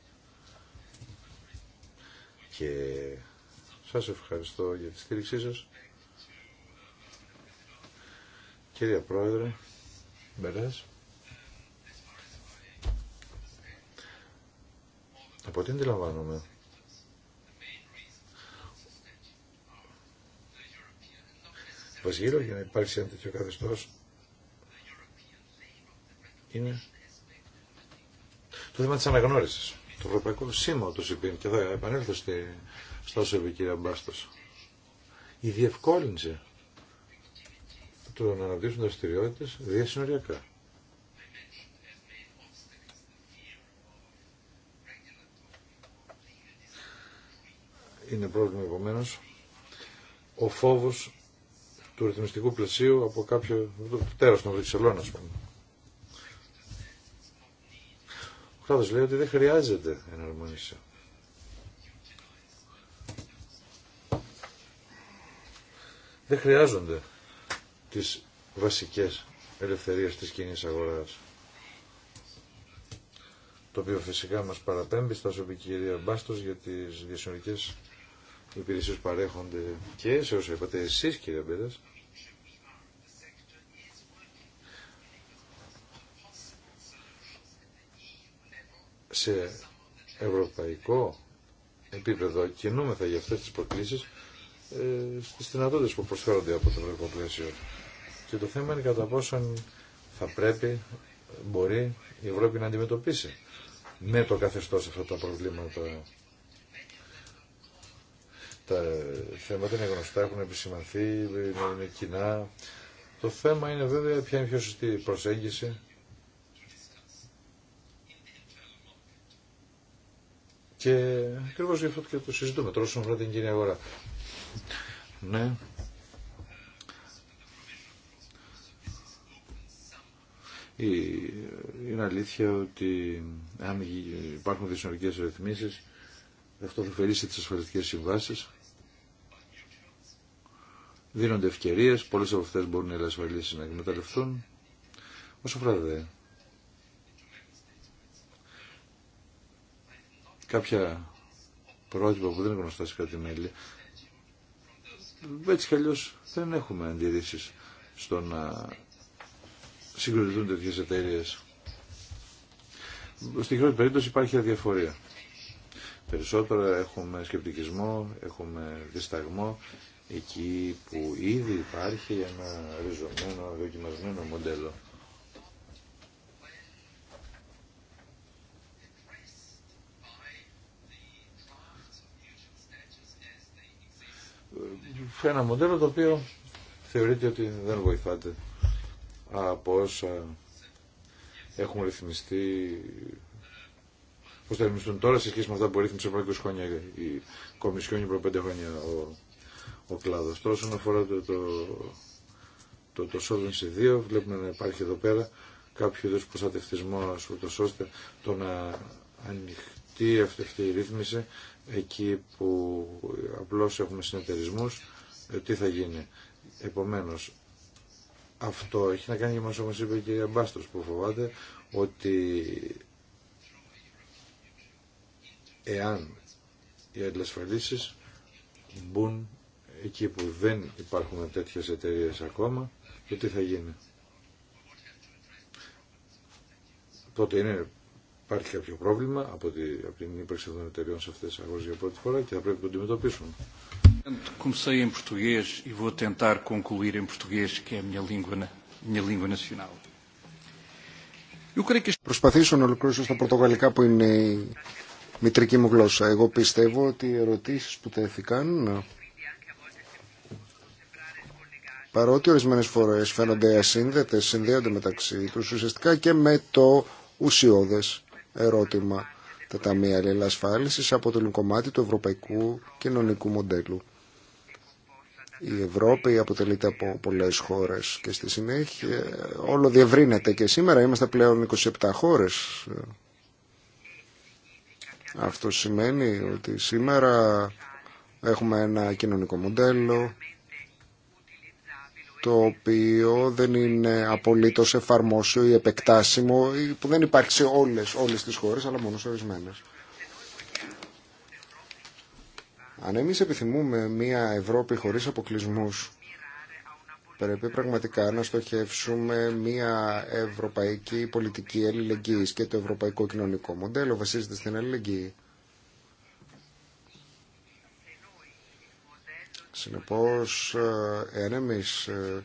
Και σας ευχαριστώ για τη στήριξή σας. Κύριε Πρόεδρε, Μπερές. Από τι αντιλαμβάνομαι. Βασίλειο για να υπάρξει ένα τέτοιο καθεστώς είναι το θέμα της αναγνώρισης. Το Ευρωπαϊκό Σήμα του ΣΥΠΗΝ και εδώ επανέλθω στη, στα όσα είπε η κυρία Μπάστος. Η διευκόλυνση του να αναπτύσσουν δραστηριότητε διασυνοριακά. Είναι πρόβλημα επομένω ο φόβος του ρυθμιστικού πλαισίου από κάποιο τέρας των Βρυξελών, α πούμε. Πάντως λέει ότι δεν χρειάζεται εναρμόνιση. Δεν χρειάζονται τις βασικές ελευθερίες της κοινή αγοράς. Το οποίο φυσικά μας παραπέμπει στα σωπή κυρία Μπάστος για τις διασυνορικές υπηρεσίες παρέχονται και σε όσο είπατε εσείς κύριε Μπέτας σε ευρωπαϊκό επίπεδο κινούμεθα για αυτές τις προκλήσεις ε, στις δυνατότητες που προσφέρονται από το ευρωπαϊκό πλαίσιο. Και το θέμα είναι κατά πόσον θα πρέπει, μπορεί η Ευρώπη να αντιμετωπίσει με το καθεστώς αυτά τα προβλήματα. Τα θέματα είναι γνωστά, έχουν επισημανθεί, είναι κοινά. Το θέμα είναι βέβαια ποια είναι η πιο σωστή προσέγγιση Και ακριβώ γι' αυτό και το συζητούμε τώρα όσον αφορά την κοινή αγορά. Ναι. Είναι αλήθεια ότι αν υπάρχουν δυσνορικές ρυθμίσει, αυτό θα ωφελήσει τι ασφαλιστικέ συμβάσει. Δίνονται ευκαιρίε, πολλέ από αυτέ μπορούν οι ασφαλίσει να εκμεταλλευτούν. Όσο αφορά κάποια πρότυπα που δεν είναι γνωστά σε κάτι μέλη. Έτσι κι αλλιώς δεν έχουμε αντιρρήσεις στο να συγκροτηθούν τέτοιες εταιρείε. Στην πρώτη περίπτωση υπάρχει αδιαφορία. Περισσότερο έχουμε σκεπτικισμό, έχουμε δισταγμό εκεί που ήδη υπάρχει ένα ριζωμένο, δοκιμασμένο μοντέλο. σε ένα μοντέλο το οποίο θεωρείται ότι δεν βοηθάται από όσα έχουν ρυθμιστεί πώς θα ρυθμιστούν τώρα σε σχέση με αυτά που ρύθμισε πριν 20 χρόνια η Κομισιόν πριν 5 χρόνια ο, ο κλάδος. Τώρα όσον αφορά το, το, το, το Solvency 2 βλέπουμε να υπάρχει εδώ πέρα κάποιο είδους προστατευτισμό ούτως ώστε το να ανοιχτεί αυτή, αυτή η ρύθμιση εκεί που απλώς έχουμε συνεταιρισμούς ε, τι θα γίνει. Επομένως, αυτό έχει να κάνει και μας όπως είπε η κυρία Μπάστος που φοβάται ότι εάν οι αντιλασφαλίσεις μπουν εκεί που δεν υπάρχουν τέτοιες εταιρείες ακόμα, το τι θα γίνει. Τότε είναι, υπάρχει κάποιο πρόβλημα από, την ύπαρξη των εταιρείων σε αυτές τις αγορές για πρώτη φορά και θα πρέπει να το αντιμετωπίσουν. Comecei em Προσπαθήσω να ολοκληρώσω στα πορτογαλικά που είναι η μητρική μου γλώσσα. Εγώ πιστεύω ότι οι ερωτήσεις που τέθηκαν, παρότι ορισμένες φορές φαίνονται ασύνδετες, συνδέονται μεταξύ τους ουσιαστικά και με το ουσιώδες ερώτημα τα ταμεία αλληλασφάλισης από το κομμάτι του ευρωπαϊκού κοινωνικού μοντέλου. Η Ευρώπη αποτελείται από πολλές χώρες και στη συνέχεια όλο διευρύνεται και σήμερα είμαστε πλέον 27 χώρες. Αυτό σημαίνει ότι σήμερα έχουμε ένα κοινωνικό μοντέλο το οποίο δεν είναι απολύτως εφαρμόσιο ή επεκτάσιμο που δεν υπάρχει σε όλες, όλες τις χώρες αλλά μόνο σε ορισμένες. Αν εμείς επιθυμούμε μια Ευρώπη χωρίς αποκλεισμούς, πρέπει πραγματικά να στοχεύσουμε μια ευρωπαϊκή πολιτική αλληλεγγύης και το ευρωπαϊκό κοινωνικό μοντέλο βασίζεται στην αλληλεγγύη. Συνεπώς, εάν εμείς ε,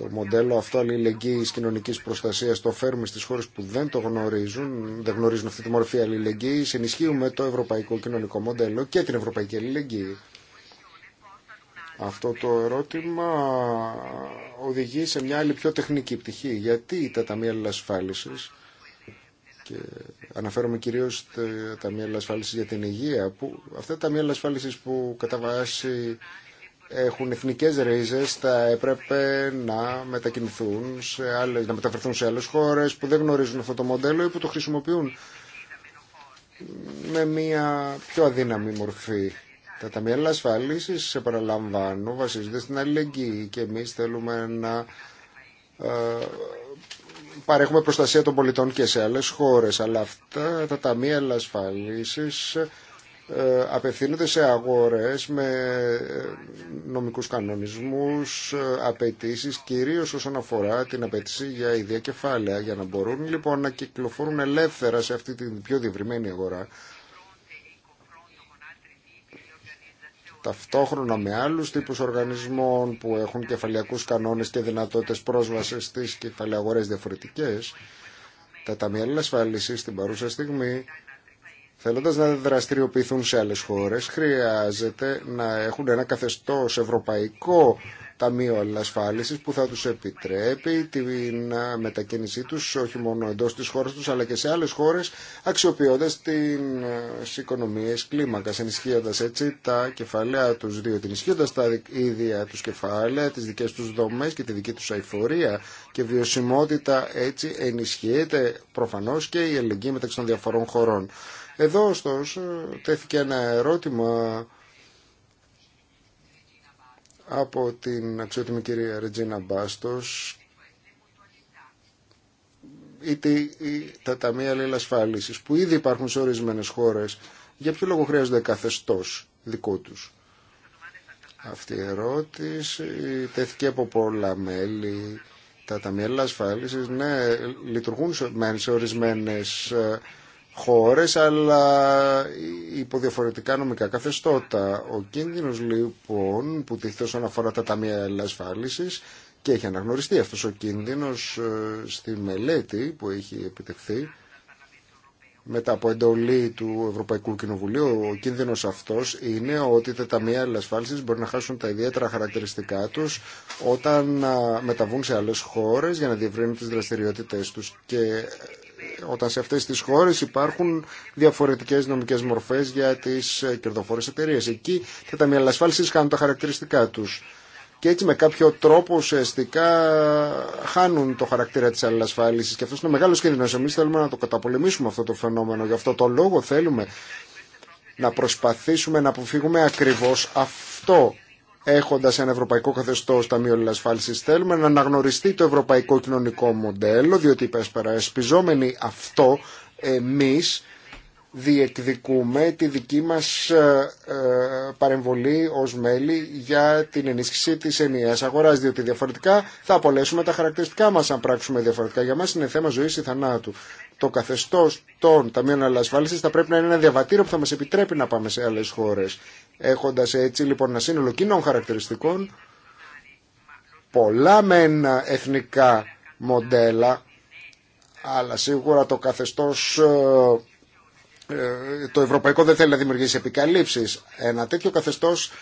το μοντέλο αυτό αλληλεγγύη κοινωνική προστασίας το φέρουμε στις χώρες που δεν το γνωρίζουν, δεν γνωρίζουν αυτή τη μορφή αλληλεγγύης. Ενισχύουμε το ευρωπαϊκό κοινωνικό μοντέλο και την ευρωπαϊκή αλληλεγγύη. Αυτό το ερώτημα οδηγεί σε μια άλλη πιο τεχνική πτυχή. Γιατί τα ταμεία ασφάλιση και αναφέρομαι κυρίως τα ταμεία ασφάλιση για την υγεία που αυτά τα ταμεία ασφάλιση που κατά βάση έχουν εθνικές ρίζες θα έπρεπε να μετακινηθούν σε άλλες, να μεταφερθούν σε άλλες χώρες που δεν γνωρίζουν αυτό το μοντέλο ή που το χρησιμοποιούν με μια πιο αδύναμη μορφή. Τα ταμεία ασφάλιση, σε παραλαμβάνω, βασίζονται στην αλληλεγγύη και εμεί θέλουμε να ε, παρέχουμε προστασία των πολιτών και σε άλλε χώρε, Αλλά αυτά τα ταμεία ασφάλισης ε, απευθύνονται σε αγορές με ε, νομικούς κανονισμούς, ε, απαιτήσεις, κυρίως όσον αφορά την απαιτήση για ίδια κεφάλαια, για να μπορούν λοιπόν να κυκλοφορούν ελεύθερα σε αυτή την πιο διευρυμένη αγορά. Ταυτόχρονα με άλλους τύπους οργανισμών που έχουν κεφαλαιακούς κανόνες και δυνατότητες πρόσβασης στις κεφαλαίες διαφορετικές, τα Ταμεία Ασφάλισης στην παρούσα στιγμή Θέλοντας να δραστηριοποιηθούν σε άλλες χώρες, χρειάζεται να έχουν ένα καθεστώς ευρωπαϊκό Ταμείο Ασφάλισης που θα τους επιτρέπει την μετακίνησή τους όχι μόνο εντός της χώρας τους αλλά και σε άλλες χώρες αξιοποιώντας τις ε, οικονομίες κλίμακας, ενισχύοντας έτσι τα κεφάλαια τους δύο, την ενισχύοντας τα ίδια τους κεφάλαια, τις δικές τους δομές και τη δική τους αηφορία και βιωσιμότητα έτσι ενισχύεται προφανώς και η ελληνική μεταξύ των διαφορών χωρών. Εδώ ωστόσο τέθηκε ένα ερώτημα από την αξιότιμη κυρία Ρετζίνα Μπάστος είτε τα ταμεία αλληλασφάλισης που ήδη υπάρχουν σε ορισμένες χώρες για ποιο λόγο χρειάζονται καθεστώς δικό τους. Αυτή η ερώτηση τέθηκε από πολλά μέλη. Τα ταμεία ασφάλισης, ναι, λειτουργούν σε ορισμένες ε, χώρες αλλά υπό διαφορετικά νομικά καθεστώτα. Ο κίνδυνος λοιπόν που τίθεται όσον αφορά τα ταμεία ασφάλισης και έχει αναγνωριστεί αυτός ο κίνδυνος ε, στη μελέτη που έχει επιτευχθεί μετά από εντολή του Ευρωπαϊκού Κοινοβουλίου, ο κίνδυνος αυτός είναι ότι τα ταμεία ασφάλιση μπορεί να χάσουν τα ιδιαίτερα χαρακτηριστικά τους όταν ε, μεταβούν σε άλλε χώρες για να διευρύνουν τι δραστηριότητε του όταν σε αυτές τις χώρες υπάρχουν διαφορετικές νομικές μορφές για τις ε, κερδοφόρες εταιρείες. Εκεί τα ταμεία ασφάλιση χάνουν τα χαρακτηριστικά τους. Και έτσι με κάποιο τρόπο ουσιαστικά χάνουν το χαρακτήρα της αλληλασφάλισης. Και αυτό είναι ο μεγάλος κίνδυνος. Εμείς θέλουμε να το καταπολεμήσουμε αυτό το φαινόμενο. Γι' αυτό το λόγο θέλουμε να προσπαθήσουμε να αποφύγουμε ακριβώς αυτό έχοντας ένα ευρωπαϊκό καθεστώς Ταμείο ασφάλισης θέλουμε να αναγνωριστεί το ευρωπαϊκό κοινωνικό μοντέλο διότι εσπιζόμενοι αυτό εμείς διεκδικούμε τη δική μας ε, ε, παρεμβολή ως μέλη για την ενίσχυση της ενιαίας αγοράς διότι διαφορετικά θα απολέσουμε τα χαρακτηριστικά μας αν πράξουμε διαφορετικά για μας είναι θέμα ζωής ή θανάτου το καθεστώς των ταμείων αλλασφάλισης θα πρέπει να είναι ένα διαβατήριο που θα μα επιτρέπει να πάμε σε άλλες χώρες. Έχοντας έτσι λοιπόν ένα σύνολο κοινών χαρακτηριστικών, πολλά μεν εθνικά μοντέλα, αλλά σίγουρα το καθεστώς ε, ε, το ευρωπαϊκό δεν θέλει να δημιουργήσει επικαλύψεις. Ένα τέτοιο καθεστώς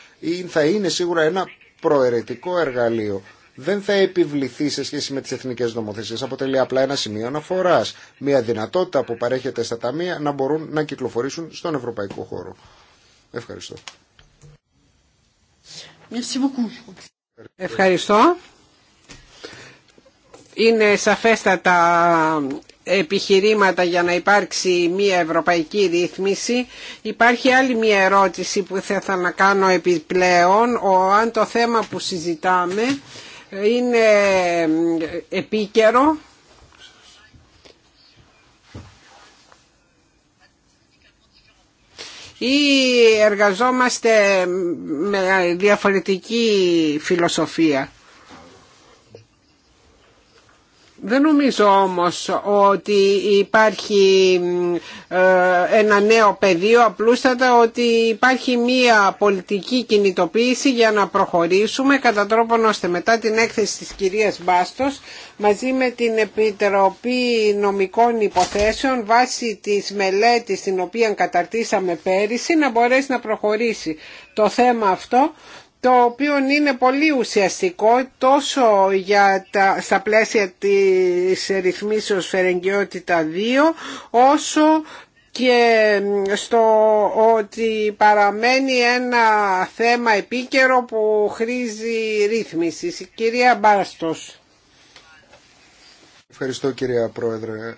θα είναι σίγουρα ένα προαιρετικό εργαλείο δεν θα επιβληθεί σε σχέση με τις εθνικές νομοθεσίες. Αποτελεί απλά ένα σημείο αναφοράς, μια δυνατότητα που παρέχεται στα ταμεία να μπορούν να κυκλοφορήσουν στον ευρωπαϊκό χώρο. Ευχαριστώ. Ευχαριστώ. Είναι σαφέστατα επιχειρήματα για να υπάρξει μια ευρωπαϊκή ρύθμιση. Υπάρχει άλλη μια ερώτηση που θα ήθελα να κάνω επιπλέον, ο, αν το θέμα που συζητάμε είναι επίκαιρο. ή εργαζόμαστε με διαφορετική φιλοσοφία. Δεν νομίζω όμως ότι υπάρχει ε, ένα νέο πεδίο, απλούστατα ότι υπάρχει μία πολιτική κινητοποίηση για να προχωρήσουμε κατά τρόπον ώστε μετά την έκθεση της κυρίας Μπάστος μαζί με την Επιτροπή Νομικών Υποθέσεων βάσει της μελέτης την οποία καταρτήσαμε πέρυσι να μπορέσει να προχωρήσει το θέμα αυτό το οποίο είναι πολύ ουσιαστικό τόσο για τα, στα πλαίσια της ρυθμίσεως φερεγγιότητα 2 όσο και στο ότι παραμένει ένα θέμα επίκαιρο που χρήζει ρύθμιση. κυρία Μπάστος. Ευχαριστώ κυρία Πρόεδρε.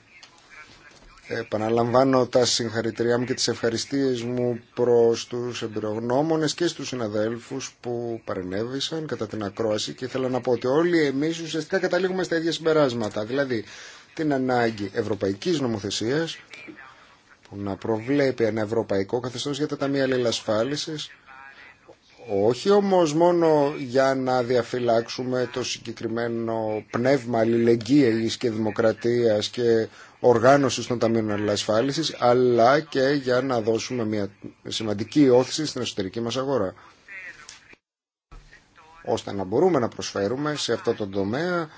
Επαναλαμβάνω τα συγχαρητήριά μου και τις ευχαριστίες μου προς τους εμπειρογνώμονες και στους συναδέλφους που παρενέβησαν κατά την ακρόαση και ήθελα να πω ότι όλοι εμείς ουσιαστικά καταλήγουμε στα ίδια συμπεράσματα, δηλαδή την ανάγκη ευρωπαϊκής νομοθεσίας που να προβλέπει ένα ευρωπαϊκό καθεστώς για τα ταμεία αλληλασφάλισης όχι όμως μόνο για να διαφυλάξουμε το συγκεκριμένο πνεύμα αλληλεγγύης και δημοκρατίας και οργάνωσης των Ταμείων Αλληλασφάλισης αλλά και για να δώσουμε μια σημαντική όθηση στην εσωτερική μας αγορά ώστε να μπορούμε να προσφέρουμε σε αυτό το τομέα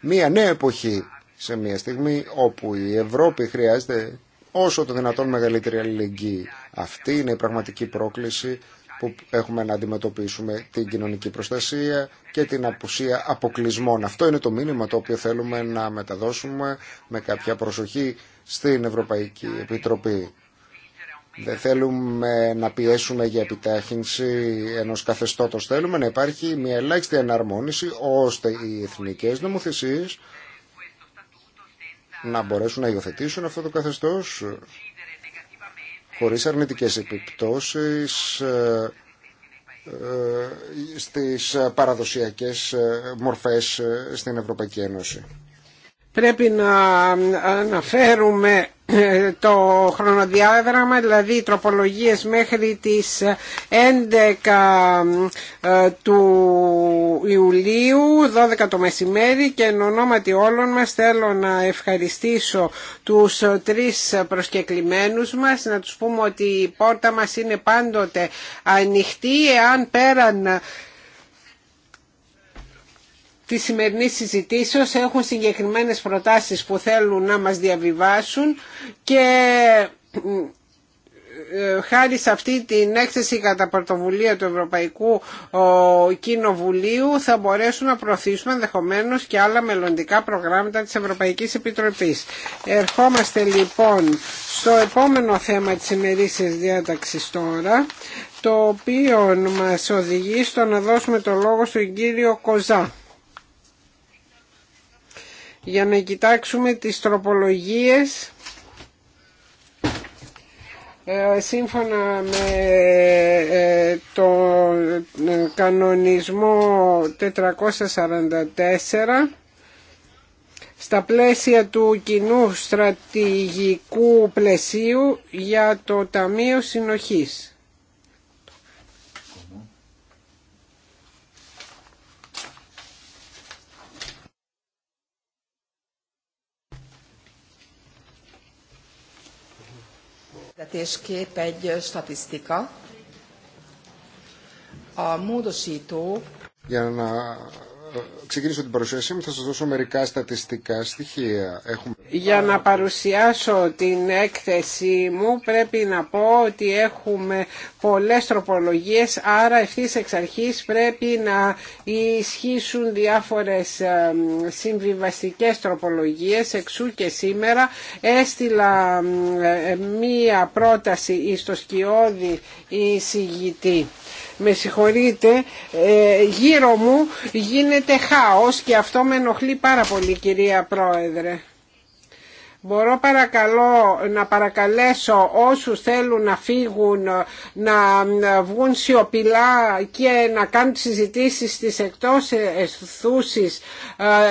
μια νέα εποχή σε μια στιγμή όπου η Ευρώπη χρειάζεται όσο το δυνατόν μεγαλύτερη αλληλεγγύη. Αυτή είναι η πραγματική πρόκληση που έχουμε να αντιμετωπίσουμε την κοινωνική προστασία και την απουσία αποκλεισμών. Αυτό είναι το μήνυμα το οποίο θέλουμε να μεταδώσουμε με κάποια προσοχή στην Ευρωπαϊκή Επιτροπή. Δεν θέλουμε να πιέσουμε για επιτάχυνση ενός καθεστώτος. Θέλουμε να υπάρχει μια ελάχιστη εναρμόνιση ώστε οι εθνικές νομοθεσίες να μπορέσουν να υιοθετήσουν αυτό το καθεστώς χωρίς αρνητικές επιπτώσεις ε, ε, στις παραδοσιακές ε, μορφές στην Ευρωπαϊκή Ένωση πρέπει να αναφέρουμε ε, το χρονοδιάγραμμα, δηλαδή οι τροπολογίες μέχρι τις 11 ε, του Ιουλίου, 12 το μεσημέρι και εν ονόματι όλων μας θέλω να ευχαριστήσω τους τρεις προσκεκλημένους μας, να τους πούμε ότι η πόρτα μας είναι πάντοτε ανοιχτή, εάν πέραν τη σημερινή συζητήσεω έχουν συγκεκριμένες προτάσεις που θέλουν να μας διαβιβάσουν και ε, χάρη σε αυτή την έκθεση κατά πρωτοβουλία του Ευρωπαϊκού Κοινοβουλίου θα μπορέσουν να προωθήσουμε ενδεχομένω και άλλα μελλοντικά προγράμματα της Ευρωπαϊκής Επιτροπής. Ερχόμαστε λοιπόν στο επόμενο θέμα της ημερήσιας διάταξης τώρα το οποίο μας οδηγεί στο να δώσουμε το λόγο στον κύριο Κοζά για να κοιτάξουμε τις τροπολογίες ε, σύμφωνα με ε, το ε, κανονισμό 444 στα πλαίσια του κοινού στρατηγικού πλαισίου για το Ταμείο Συνοχής. vezetéskép egy statisztika. A módosító... Igen, a ξεκινήσω την παρουσίασή μου, θα σας δώσω μερικά στατιστικά στοιχεία. Έχουμε... Για να παρουσιάσω την έκθεσή μου πρέπει να πω ότι έχουμε πολλές τροπολογίες, άρα ευθύς εξ αρχής πρέπει να ισχύσουν διάφορες ε, συμβιβαστικές τροπολογίες. Εξού και σήμερα έστειλα ε, ε, μία πρόταση στο σκιώδη εισηγητή με συγχωρείτε, ε, γύρω μου γίνεται χάος και αυτό με ενοχλεί πάρα πολύ κυρία Πρόεδρε. Μπορώ παρακαλώ να παρακαλέσω όσους θέλουν να φύγουν να βγουν σιωπηλά και να κάνουν συζητήσεις στις εκτός αισθούσεις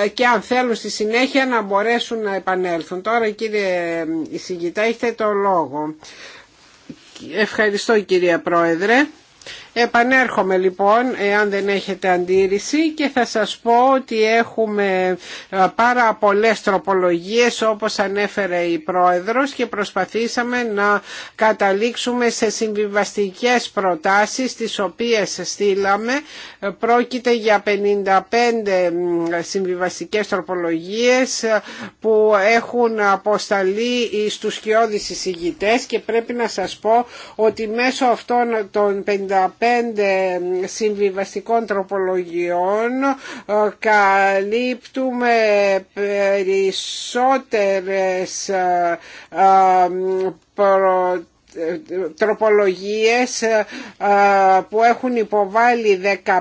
ε, και αν θέλουν στη συνέχεια να μπορέσουν να επανέλθουν. Τώρα κύριε εισηγητά έχετε το λόγο. Ευχαριστώ κυρία Πρόεδρε. Επανέρχομαι λοιπόν, εάν δεν έχετε αντίρρηση και θα σας πω ότι έχουμε ε, πάρα πολλές τροπολογίες όπως ανέφερε η Πρόεδρος και προσπαθήσαμε να καταλήξουμε σε συμβιβαστικές προτάσεις τις οποίες στείλαμε. Πρόκειται για 55 συμβιβαστικές τροπολογίες ε, που έχουν αποσταλεί στους κοιόδης εισηγητές και πρέπει να σας πω ότι μέσω αυτών των συμβιβαστικών τροπολογιών ε, καλύπτουμε περισσότερες ε, ε, προ τροπολογίες που έχουν υποβάλει 15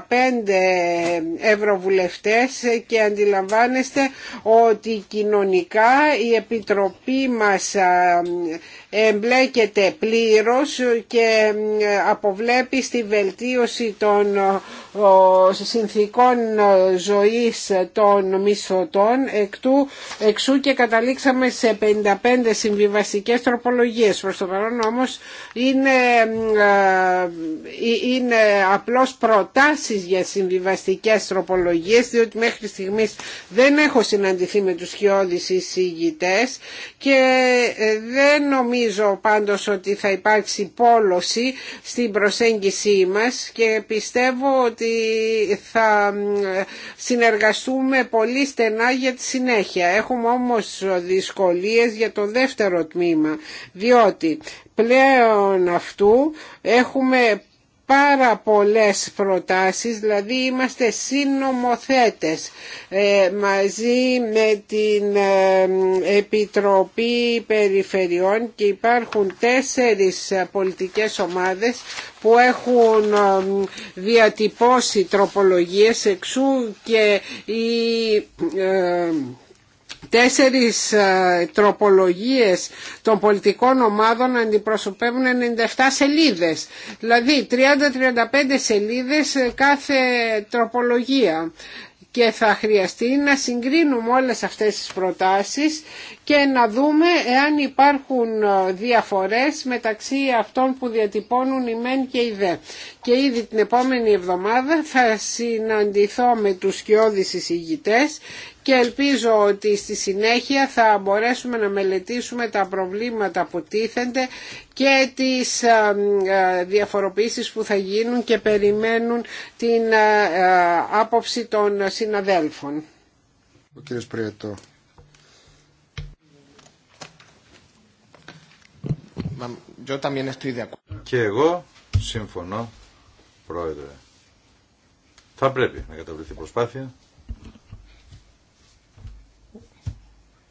ευρωβουλευτές και αντιλαμβάνεστε ότι κοινωνικά η Επιτροπή μας εμπλέκεται πλήρως και αποβλέπει στη βελτίωση των συνθήκων ζωής των μισθωτών εκτού, εξού και καταλήξαμε σε 55 συμβιβαστικές τροπολογίες προς το παρόν όμως είναι, ε, είναι απλώς προτάσεις για συμβιβαστικές τροπολογίες διότι μέχρι στιγμής δεν έχω συναντηθεί με τους χιώδεις εισηγητές και ε, δεν νομίζω Νομίζω πάντως ότι θα υπάρξει πόλωση στην προσέγγιση μας και πιστεύω ότι θα συνεργαστούμε πολύ στενά για τη συνέχεια. Έχουμε όμως δυσκολίες για το δεύτερο τμήμα, διότι πλέον αυτού έχουμε πάρα πολλές προτάσεις, δηλαδή είμαστε συνομοθέτες ε, μαζί με την ε, Επιτροπή Περιφερειών και υπάρχουν τέσσερις ε, πολιτικές ομάδες που έχουν διατυπώσει τροπολογίες εξού και οι τέσσερις ε, τροπολογίες των πολιτικών ομάδων αντιπροσωπεύουν 97 σελίδες. Δηλαδή 30-35 σελίδες κάθε τροπολογία και θα χρειαστεί να συγκρίνουμε όλες αυτές τις προτάσεις και να δούμε εάν υπάρχουν ε, διαφορές μεταξύ αυτών που διατυπώνουν η μεν και η δε. Και ήδη την επόμενη εβδομάδα θα συναντηθώ με τους σκιώδεις εισηγητές και ελπίζω ότι στη συνέχεια θα μπορέσουμε να μελετήσουμε τα προβλήματα που τίθενται και τις ε, ε, διαφοροποίησεις που θα γίνουν και περιμένουν την ε, άποψη των συναδέλφων. Ο κύριος Και εγώ συμφωνώ, πρόεδρε. Θα πρέπει να καταβληθεί προσπάθεια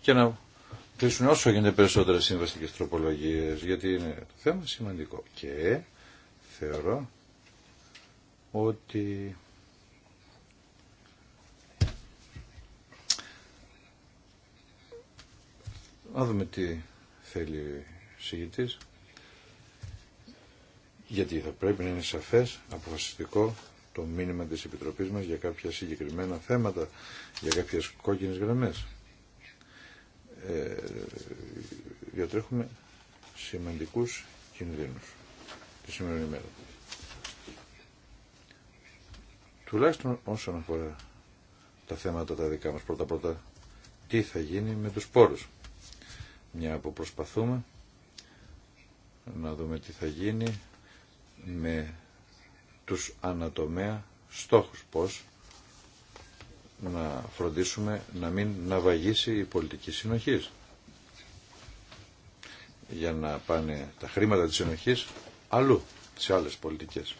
και να κλείσουν όσο γίνεται περισσότερες συμβαστικές τροπολογίες, γιατί είναι το θέμα σημαντικό. Και θεωρώ ότι να δούμε τι θέλει ο συγητής. Γιατί θα πρέπει να είναι σαφές, αποφασιστικό το μήνυμα της Επιτροπής μας για κάποια συγκεκριμένα θέματα, για κάποιες κόκκινες γραμμές ε, διατρέχουμε σημαντικούς κινδύνους τη σημερινή μέρα. Τουλάχιστον όσον αφορά τα θέματα τα δικά μας πρώτα-πρώτα, τι θα γίνει με τους πόρους. Μια που προσπαθούμε να δούμε τι θα γίνει με τους ανατομέα στόχους, πώς να φροντίσουμε να μην ναυαγίσει η πολιτική συνοχής για να πάνε τα χρήματα της συνοχής αλλού, σε άλλες πολιτικές.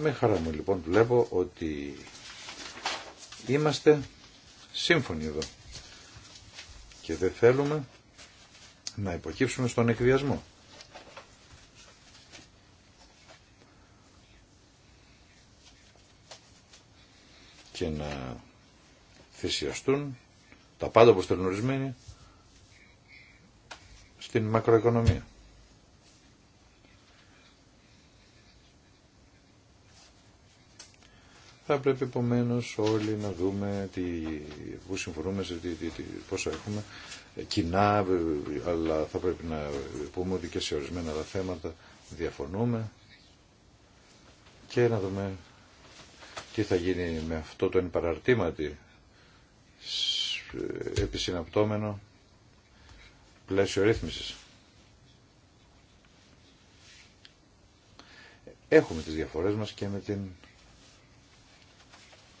Με χαρά μου λοιπόν βλέπω ότι είμαστε σύμφωνοι εδώ και δεν θέλουμε να υποκύψουμε στον εκβιασμό. και να θυσιαστούν τα πάντα όπως θέλουν ορισμένοι στην μακροοικονομία. Θα πρέπει επομένω όλοι να δούμε τι, που συμφωνούμε, σε τι, τι, έχουμε κοινά, αλλά θα πρέπει να πούμε ότι και σε ορισμένα τα θέματα διαφωνούμε και να δούμε τι θα γίνει με αυτό το εν ε, επισυναπτώμενο πλαίσιο ρύθμισης. Έχουμε τις διαφορές μας και με την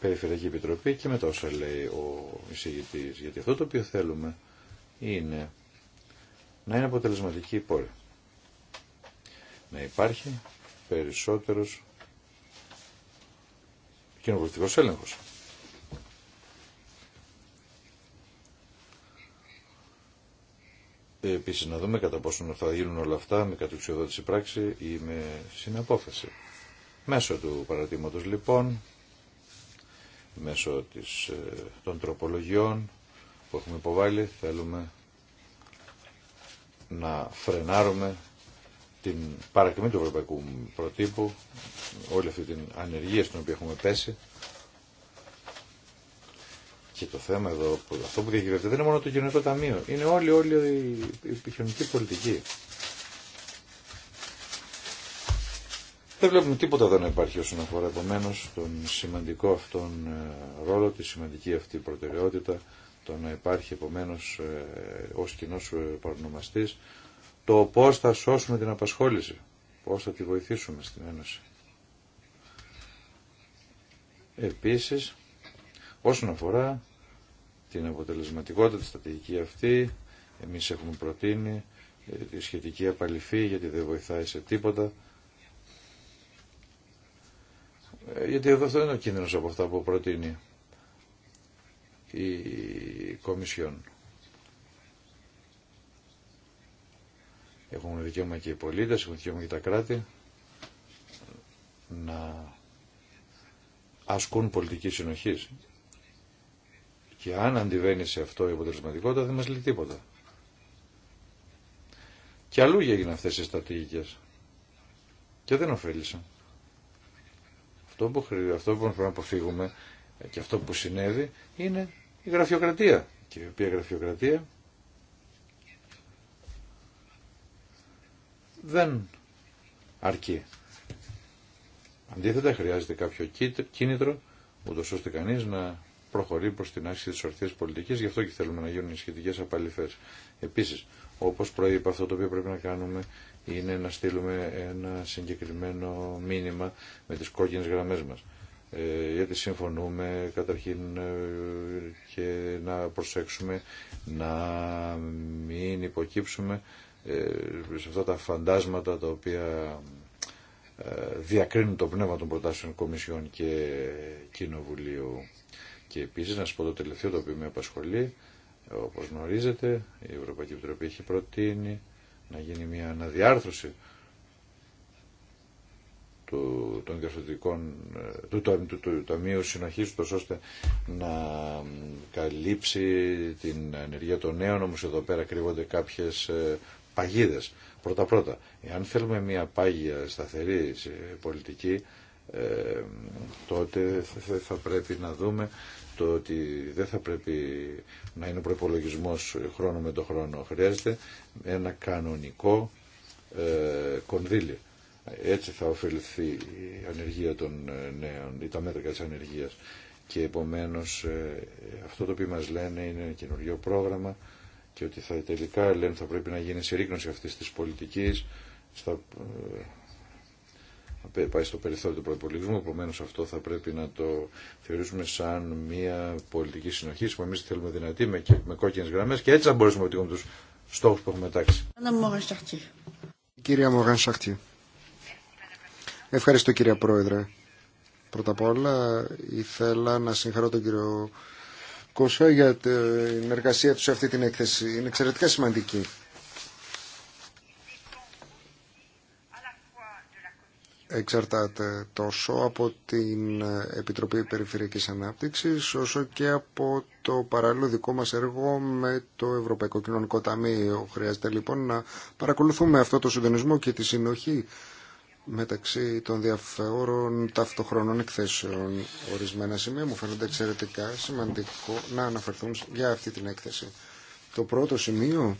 Περιφερειακή Επιτροπή και με τα όσα λέει ο εισηγητής. Γιατί αυτό το οποίο θέλουμε είναι να είναι αποτελεσματική η πόλη. Να υπάρχει περισσότερος κοινοβουλευτικός έλεγχος. Ε, Επίση να δούμε κατά πόσο θα γίνουν όλα αυτά με κατουξιοδότηση πράξη ή με συναπόφαση. Μέσω του παρατήματος λοιπόν, μέσω ε, των τροπολογιών που έχουμε υποβάλει, θέλουμε να φρενάρουμε την παρακμή του ευρωπαϊκού προτύπου, όλη αυτή την ανεργία στην οποία έχουμε πέσει και το θέμα εδώ, αυτό που διακυβεύεται δεν είναι μόνο το κοινωνικό ταμείο, είναι όλη, όλη η επιχειρηματική πολιτική. Δεν βλέπουμε τίποτα εδώ να υπάρχει όσον αφορά επομένω τον σημαντικό αυτόν ε, ρόλο, τη σημαντική αυτή προτεραιότητα, το να υπάρχει επομένω ε, ω κοινό ε, παρονομαστή, το πώ θα σώσουμε την απασχόληση, πώ θα τη βοηθήσουμε στην Ένωση. Επίσης, όσον αφορά την αποτελεσματικότητα τη στρατηγική αυτή. Εμείς έχουμε προτείνει ε, τη σχετική απαλήφη γιατί δεν βοηθάει σε τίποτα. Ε, γιατί εδώ αυτό είναι ο κίνδυνος από αυτά που προτείνει η Κομισιόν. Έχουμε δικαίωμα και οι πολίτες, έχουν δικαίωμα και τα κράτη να ασκούν πολιτική συνοχή. Και αν αντιβαίνει σε αυτό η αποτελεσματικότητα δεν μας λέει τίποτα. Και αλλού έγιναν αυτές οι στρατηγικές. Και δεν ωφέλησαν. Αυτό που, αυτό που πρέπει να αποφύγουμε και αυτό που συνέβη είναι η γραφειοκρατία. Και η οποία γραφειοκρατία δεν αρκεί. Αντίθετα χρειάζεται κάποιο κίνητρο ούτως ώστε κανείς να προχωρεί προ την άσκηση τη ορθία πολιτική γι' αυτό και θέλουμε να γίνουν οι σχετικέ απαλήφες. Επίση, όπω προείπα, αυτό το οποίο πρέπει να κάνουμε είναι να στείλουμε ένα συγκεκριμένο μήνυμα με τι κόκκινε γραμμέ μα, Ε, γιατί συμφωνούμε καταρχήν ε, και να προσέξουμε να μην υποκύψουμε ε, σε αυτά τα φαντάσματα τα οποία ε, διακρίνουν το πνεύμα των προτάσεων Κομισιών και Κοινοβουλίου. Και επίσης να σας πω το τελευταίο το οποίο με απασχολεί, όπως γνωρίζετε, η Ευρωπαϊκή Επιτροπή έχει προτείνει να γίνει μια αναδιάρθρωση του, των διορθωτικών ε, του, του, του, του Ταμείου Συνοχή, ώστε να καλύψει την ενεργεία των νέων όμως εδώ πέρα κρύβονται κάποιες ε, παγίδες πρώτα πρώτα εάν θέλουμε μια πάγια σταθερή πολιτική ε, τότε θα πρέπει να δούμε το ότι δεν θα πρέπει να είναι προπολογισμό χρόνο με το χρόνο. Χρειάζεται ένα κανονικό ε, κονδύλι. Έτσι θα ωφεληθεί η ανεργία των ε, νέων ή τα μέτρα της ανεργίας. Και επομένως ε, αυτό το οποίο μας λένε είναι ένα καινούριο πρόγραμμα και ότι θα τελικά λένε θα πρέπει να γίνει συρρήκνωση αυτής της πολιτικής στα πάει στο περιθώριο του προπολογισμού. Επομένω, αυτό θα πρέπει να το θεωρήσουμε σαν μια πολιτική συνοχή που εμεί θέλουμε δυνατή με, με κόκκινε γραμμέ και έτσι θα μπορέσουμε να πετύχουμε του στόχου που έχουμε τάξει. Κυρία Σαχτή. Ευχαριστώ κύριε Πρόεδρε. Πρώτα απ' όλα ήθελα να συγχαρώ τον κύριο Κωσό για την εργασία του σε αυτή την έκθεση. Είναι εξαιρετικά σημαντική. εξαρτάται τόσο από την Επιτροπή Περιφερειακής Ανάπτυξης όσο και από το παράλληλο δικό μας έργο με το Ευρωπαϊκό Κοινωνικό Ταμείο. Χρειάζεται λοιπόν να παρακολουθούμε αυτό το συντονισμό και τη συνοχή μεταξύ των διαφόρων ταυτοχρονών εκθέσεων. Ορισμένα σημεία μου φαίνονται εξαιρετικά σημαντικό να αναφερθούν για αυτή την έκθεση. Το πρώτο σημείο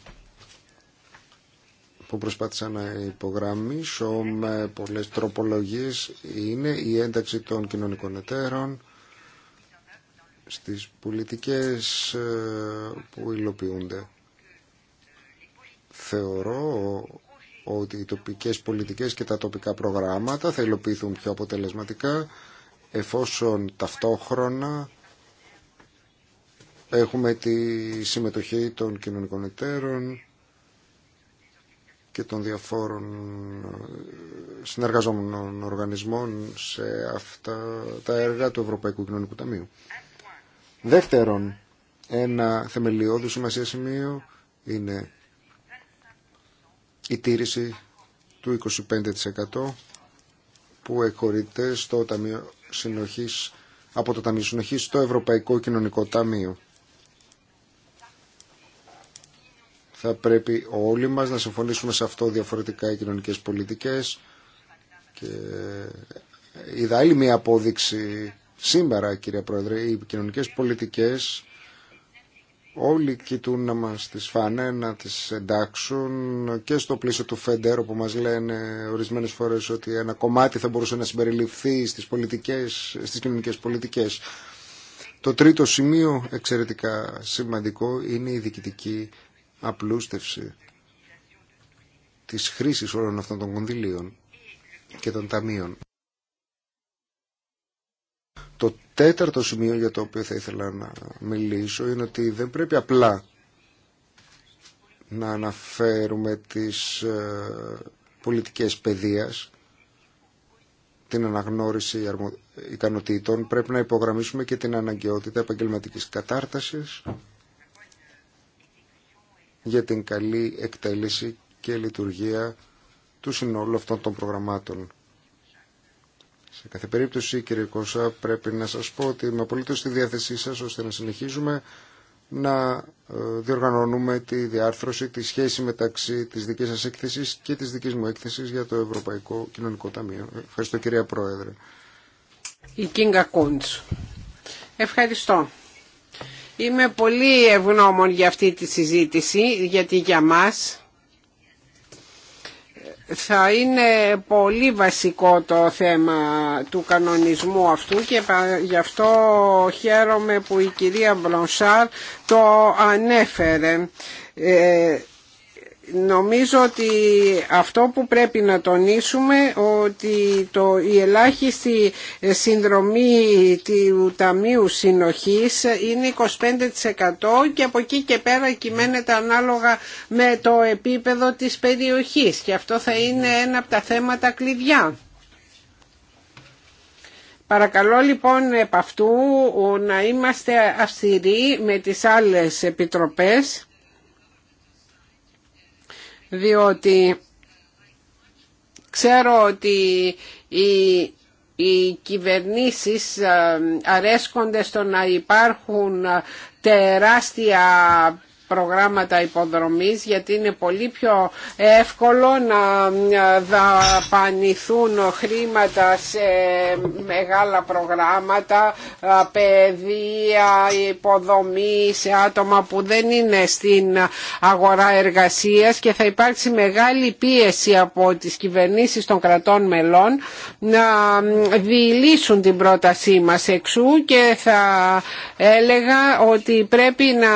που προσπάθησα να υπογραμμίσω με πολλές τροπολογίες είναι η ένταξη των κοινωνικών εταίρων στις πολιτικές ε, που υλοποιούνται. Θεωρώ ότι οι τοπικές πολιτικές και τα τοπικά προγράμματα θα υλοποιηθούν πιο αποτελεσματικά εφόσον ταυτόχρονα έχουμε τη συμμετοχή των κοινωνικών εταίρων και των διαφόρων ε, συνεργαζόμενων οργανισμών σε αυτά τα έργα του Ευρωπαϊκού Κοινωνικού Ταμείου. Δεύτερον, ένα θεμελιώδη σημασία σημείο είναι η τήρηση του 25% που εκχωρείται στο Ταμείο Συνοχής, από το Ταμείο Συνοχής στο Ευρωπαϊκό Κοινωνικό Ταμείο. Θα πρέπει όλοι μας να συμφωνήσουμε σε αυτό διαφορετικά οι κοινωνικές πολιτικές και είδα άλλη μια απόδειξη σήμερα κύριε Πρόεδρε οι κοινωνικές πολιτικές όλοι κοιτούν να μας τις φάνε, να τις εντάξουν και στο πλήσιο του ΦΕΝΤΕΡ που μας λένε ορισμένες φορές ότι ένα κομμάτι θα μπορούσε να συμπεριληφθεί στις, πολιτικές, στις κοινωνικές πολιτικές. Το τρίτο σημείο εξαιρετικά σημαντικό είναι η διοικητική απλούστευση της χρήσης όλων αυτών των κονδυλίων και των ταμείων. Το τέταρτο σημείο για το οποίο θα ήθελα να μιλήσω είναι ότι δεν πρέπει απλά να αναφέρουμε τις ε, πολιτικές παιδείας, την αναγνώριση ικανοτήτων, πρέπει να υπογραμμίσουμε και την αναγκαιότητα επαγγελματικής κατάρτασης, για την καλή εκτέλεση και λειτουργία του συνόλου αυτών των προγραμμάτων. Σε κάθε περίπτωση, κύριε Κώσα, πρέπει να σας πω ότι είμαι απολύτω στη διάθεσή σας ώστε να συνεχίζουμε να ε, διοργανώνουμε τη διάρθρωση, τη σχέση μεταξύ της δικής σας έκθεσης και της δικής μου έκθεσης για το Ευρωπαϊκό Κοινωνικό Ταμείο. Ευχαριστώ κυρία Πρόεδρε. Η Κίνγκα Ευχαριστώ. Είμαι πολύ ευγνώμων για αυτή τη συζήτηση, γιατί για μας θα είναι πολύ βασικό το θέμα του κανονισμού αυτού και γι' αυτό χαίρομαι που η κυρία Μπλονσάρ το ανέφερε. Ε, Νομίζω ότι αυτό που πρέπει να τονίσουμε ότι το, η ελάχιστη συνδρομή του Ταμείου Συνοχής είναι 25% και από εκεί και πέρα κυμαίνεται ανάλογα με το επίπεδο της περιοχής και αυτό θα είναι ένα από τα θέματα κλειδιά. Παρακαλώ λοιπόν επ' αυτού να είμαστε αυστηροί με τις άλλες επιτροπές διότι ξέρω ότι η οι κυβερνήσεις ε, αρέσκονται στο να υπάρχουν ε, τεράστια προγράμματα υποδρομής γιατί είναι πολύ πιο εύκολο να δαπανηθούν χρήματα σε μεγάλα προγράμματα παιδεία, υποδομή σε άτομα που δεν είναι στην αγορά εργασίας και θα υπάρξει μεγάλη πίεση από τις κυβερνήσεις των κρατών μελών να διηλήσουν την πρότασή μας εξού και θα έλεγα ότι πρέπει να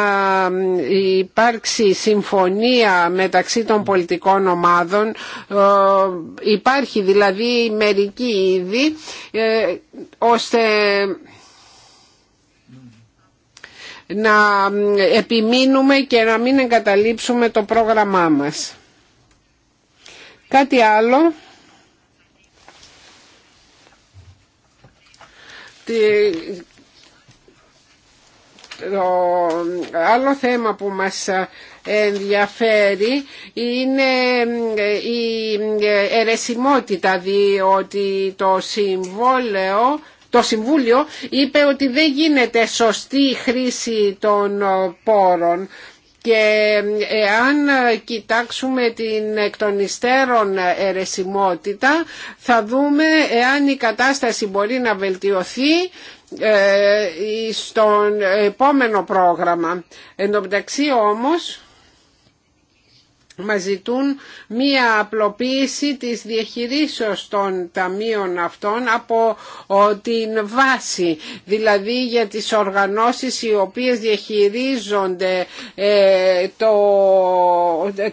υπάρξει συμφωνία μεταξύ των πολιτικών ομάδων, ε, υπάρχει δηλαδή μερική ήδη, ε, ώστε να επιμείνουμε και να μην εγκαταλείψουμε το πρόγραμμά μας. Κάτι άλλο. Το άλλο θέμα που μας ενδιαφέρει είναι ε, η ερεσιμότητα, διότι το συμβόλαιο το Συμβούλιο είπε ότι δεν γίνεται σωστή χρήση των πόρων και ε, εάν κοιτάξουμε την εκ των υστέρων θα δούμε εάν η κατάσταση μπορεί να βελτιωθεί στον ε, επόμενο πρόγραμμα. Εν τω μεταξύ όμως μας ζητούν μία απλοποίηση της διαχειρίσεως των ταμείων αυτών από την βάση, δηλαδή για τις οργανώσεις οι οποίες διαχειρίζονται ε,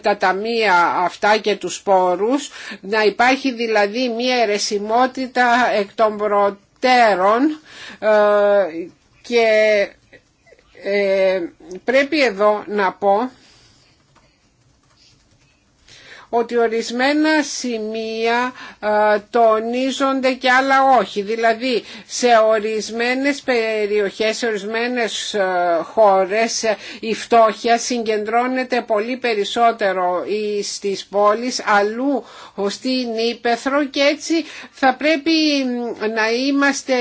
τα ταμεία αυτά και τους πόρους, να υπάρχει δηλαδή μία αιρεσιμότητα εκ των προτέρων ε, και ε, πρέπει εδώ να πω ότι ορισμένα σημεία τονίζονται και άλλα όχι. Δηλαδή σε ορισμένες περιοχές, σε ορισμένες χώρες ε, η φτώχεια συγκεντρώνεται πολύ περισσότερο στις πόλεις αλλού στην Ήπεθρο και έτσι θα πρέπει να είμαστε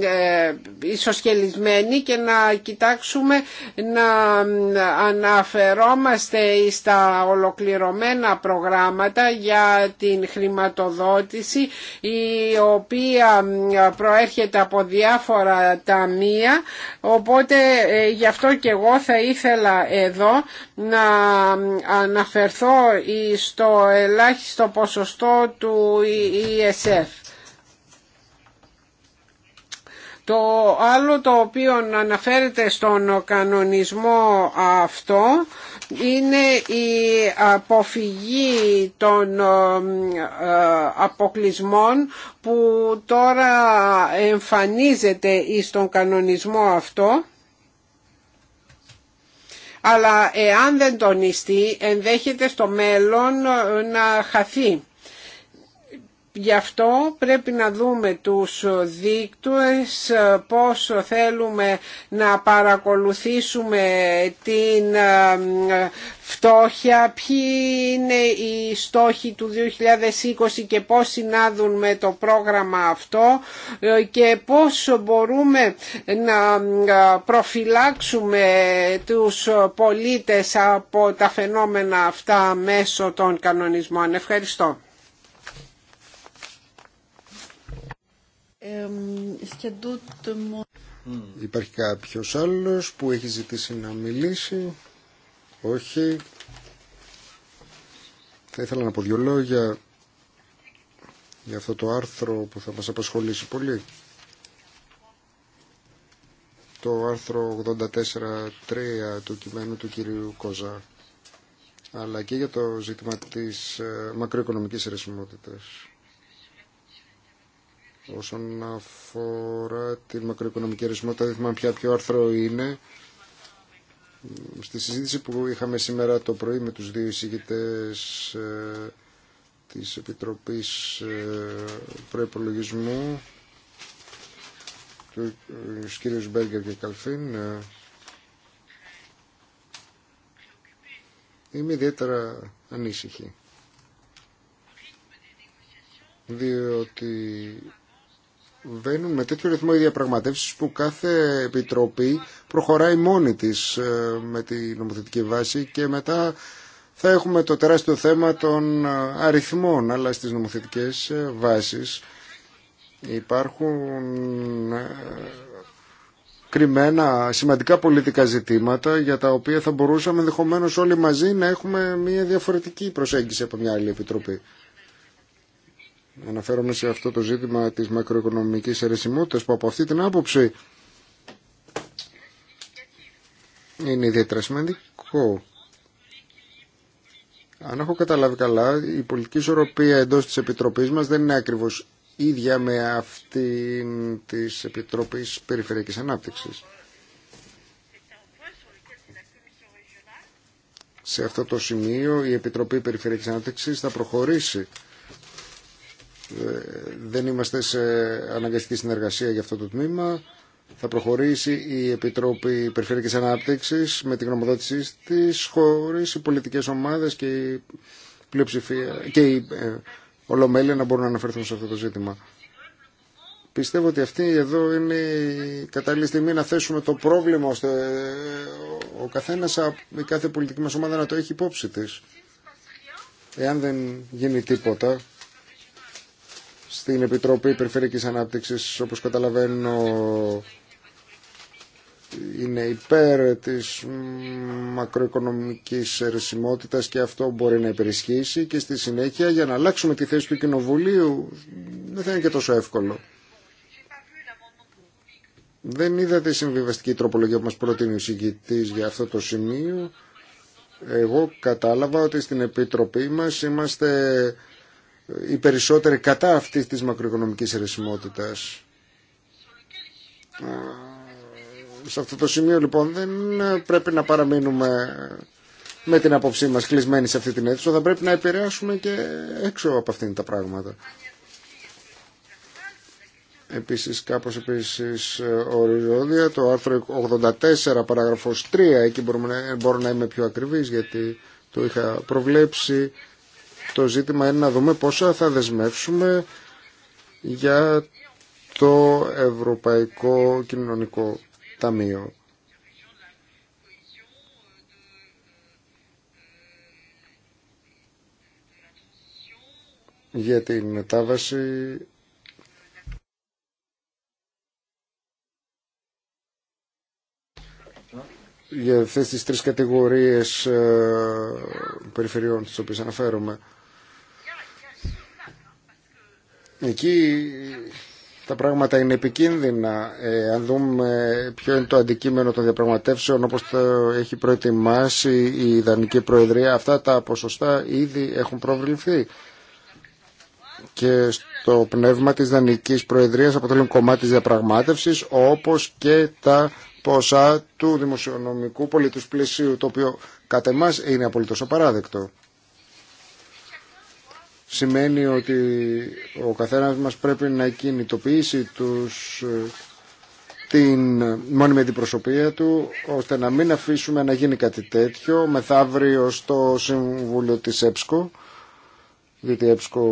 ε, ισοσκελισμένοι και να κοιτάξουμε να αναφερόμαστε στα ολοκληρωμένα προγράμματα προγράμματα για την χρηματοδότηση η οποία προέρχεται από διάφορα ταμεία οπότε ε, γι' αυτό και εγώ θα ήθελα εδώ να αναφερθώ στο ελάχιστο ποσοστό του ESF. Το άλλο το οποίο αναφέρεται στον κανονισμό αυτό είναι η αποφυγή των ε, ε, αποκλεισμών που τώρα εμφανίζεται στον κανονισμό αυτό αλλά εάν δεν τονιστεί ενδέχεται στο μέλλον να χαθεί. Γι' αυτό πρέπει να δούμε τους δίκτυες, πόσο θέλουμε να παρακολουθήσουμε την ε, φτώχεια, ποιοι είναι οι στόχοι του 2020 και πώς συνάδουν με το πρόγραμμα αυτό ε, και πώς μπορούμε να ε, προφυλάξουμε τους πολίτες από τα φαινόμενα αυτά μέσω των κανονισμών. Ευχαριστώ. Υπάρχει κάποιος άλλος που έχει ζητήσει να μιλήσει. Όχι. Θα ήθελα να πω δύο λόγια για αυτό το άρθρο που θα μας απασχολήσει πολύ. Το άρθρο 84.3 του κειμένου του κυρίου Κόζα αλλά και για το ζήτημα της ε, μακροοικονομικής αιρεσιμότητας. Όσον αφορά τη μακροοικονομική αρισιμότητα, δεν θυμάμαι πια ποιο άρθρο είναι. Στη συζήτηση που είχαμε σήμερα το πρωί με τους δύο εισηγητές ε, της Επιτροπής ε, Προϋπολογισμού, του ε, κύριους Μπέργκερ και Καλφίν, είμαι ιδιαίτερα ανήσυχη διότι βαίνουν με τέτοιο ρυθμό οι διαπραγματεύσει που κάθε επιτροπή προχωράει μόνη τη ε, με τη νομοθετική βάση και μετά θα έχουμε το τεράστιο θέμα των ε, αριθμών, αλλά στις νομοθετικές ε, βάσεις υπάρχουν κρυμμένα σημαντικά πολιτικά ζητήματα για τα οποία θα μπορούσαμε ενδεχομένω όλοι μαζί να έχουμε μια διαφορετική προσέγγιση από μια άλλη επιτροπή. Αναφέρομαι σε αυτό το ζήτημα της μακροοικονομικής αιρεσιμότητας που από αυτή την άποψη είναι ιδιαίτερα σημαντικό. Αν έχω καταλάβει καλά, η πολιτική ισορροπία εντός της Επιτροπής μας δεν είναι ακριβώς ίδια με αυτήν της Επιτροπής Περιφερειακής Ανάπτυξης. Σε αυτό το σημείο η Επιτροπή Περιφερειακής Ανάπτυξης θα προχωρήσει ε, δεν είμαστε σε αναγκαστική συνεργασία για αυτό το τμήμα. Θα προχωρήσει η Επιτρόπη Περιφερειακής Ανάπτυξης με την γνωμοδότησή της χωρίς οι πολιτικές ομάδες και η και η ε, ολομέλεια να μπορούν να αναφερθούν σε αυτό το ζήτημα. Πιστεύω ότι αυτή εδώ είναι η κατάλληλη στιγμή να θέσουμε το πρόβλημα ώστε ε, ο καθένας, η κάθε πολιτική μας ομάδα να το έχει υπόψη της. Εάν δεν γίνει τίποτα, στην Επιτροπή Περιφερειακής Ανάπτυξης, όπως καταλαβαίνω, είναι υπέρ της μακροοικονομικής ερεσιμότητας και αυτό μπορεί να υπερισχύσει και στη συνέχεια για να αλλάξουμε τη θέση του Κοινοβουλίου δεν θα είναι και τόσο εύκολο. Δεν είδα τη συμβιβαστική τροπολογία που μας προτείνει ο συγκητής για αυτό το σημείο. Εγώ κατάλαβα ότι στην Επιτροπή μας είμαστε οι περισσότεροι κατά αυτής της μακροοικονομικής ερεσιμότητας Σε αυτό το σημείο λοιπόν δεν πρέπει να παραμείνουμε με την απόψή μας κλεισμένοι σε αυτή την αίθουσα, θα πρέπει να επηρεάσουμε και έξω από αυτήν τα πράγματα. Επίσης κάπως επίσης οριζόντια το άρθρο 84 παράγραφος 3 εκεί μπορώ να, μπορώ να είμαι πιο ακριβής γιατί το είχα προβλέψει το ζήτημα είναι να δούμε πόσα θα δεσμεύσουμε για το Ευρωπαϊκό Κοινωνικό Ταμείο. για την μετάβαση για αυτές τις τρεις κατηγορίες ε, περιφερειών στις οποίες αναφέρομαι. Εκεί τα πράγματα είναι επικίνδυνα. Ε, αν δούμε ποιο είναι το αντικείμενο των διαπραγματεύσεων όπως το έχει προετοιμάσει η Δανική Προεδρία, αυτά τα ποσοστά ήδη έχουν προβληθεί. Και στο πνεύμα της Δανικής Προεδρίας αποτελούν κομμάτι της διαπραγμάτευσης όπως και τα ποσά του δημοσιονομικού πολιτικού πλαισίου το οποίο κατά εμάς είναι απολύτως απαράδεκτο σημαίνει ότι ο καθένας μας πρέπει να κινητοποιήσει τους, ε, την μόνιμη αντιπροσωπεία του ώστε να μην αφήσουμε να γίνει κάτι τέτοιο μεθαύριο στο Συμβούλιο της ΕΠΣΚΟ διότι η ΕΠΣΚΟ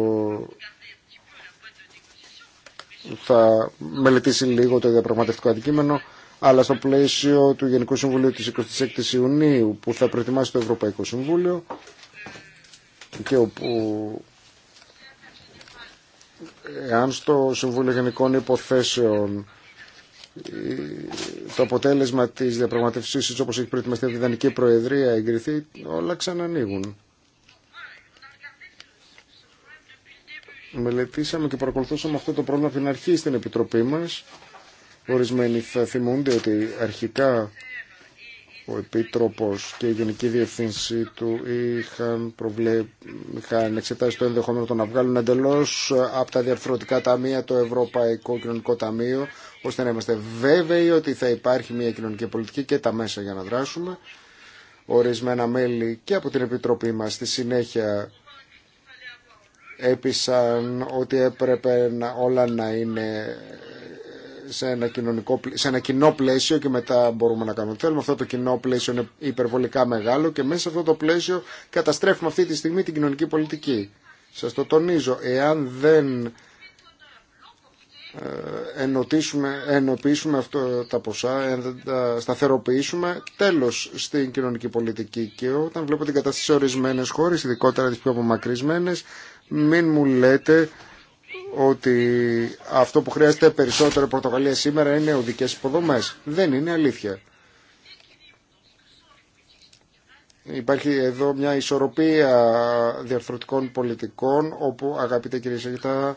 θα μελετήσει λίγο το διαπραγματευτικό αντικείμενο αλλά στο πλαίσιο του Γενικού Συμβουλίου της 26ης Ιουνίου που θα προετοιμάσει το Ευρωπαϊκό Συμβούλιο και όπου εάν στο Συμβούλιο Γενικών Υποθέσεων ε, το αποτέλεσμα της διαπραγματευσής όπως έχει προετοιμαστεί από τη Δανική Προεδρία εγκριθεί, όλα ξανανοίγουν. Μελετήσαμε και παρακολουθούσαμε αυτό το πρόβλημα από την αρχή στην Επιτροπή μας. Ορισμένοι θα θυμούνται ότι αρχικά ο Επίτροπος και η Γενική Διευθύνση του είχαν, προβλε... είχαν εξετάσει το ενδεχόμενο το να βγάλουν εντελώ από τα διαρθρωτικά ταμεία το Ευρωπαϊκό Κοινωνικό Ταμείο, ώστε να είμαστε βέβαιοι ότι θα υπάρχει μια κοινωνική πολιτική και τα μέσα για να δράσουμε. Ορισμένα μέλη και από την Επιτροπή μας στη συνέχεια έπεισαν ότι έπρεπε όλα να είναι σε ένα, κοινωνικό, σε ένα κοινό πλαίσιο και μετά μπορούμε να κάνουμε θέλουμε. Αυτό το κοινό πλαίσιο είναι υπερβολικά μεγάλο και μέσα σε αυτό το πλαίσιο καταστρέφουμε αυτή τη στιγμή την κοινωνική πολιτική. Σας το τονίζω, εάν δεν ε, ενωτήσουμε, ενοποιήσουμε αυτό τα ποσά, εάν δεν τα σταθεροποιήσουμε, τέλος στην κοινωνική πολιτική. Και όταν βλέπω την κατάσταση σε ορισμένες χώρες, ειδικότερα τις πιο απομακρυσμένες, μην μου λέτε ότι αυτό που χρειάζεται περισσότερο Πορτογαλία σήμερα είναι οδικές υποδομές. Δεν είναι αλήθεια. Υπάρχει εδώ μια ισορροπία διαρθρωτικών πολιτικών όπου αγαπητέ κύριε Σαγητά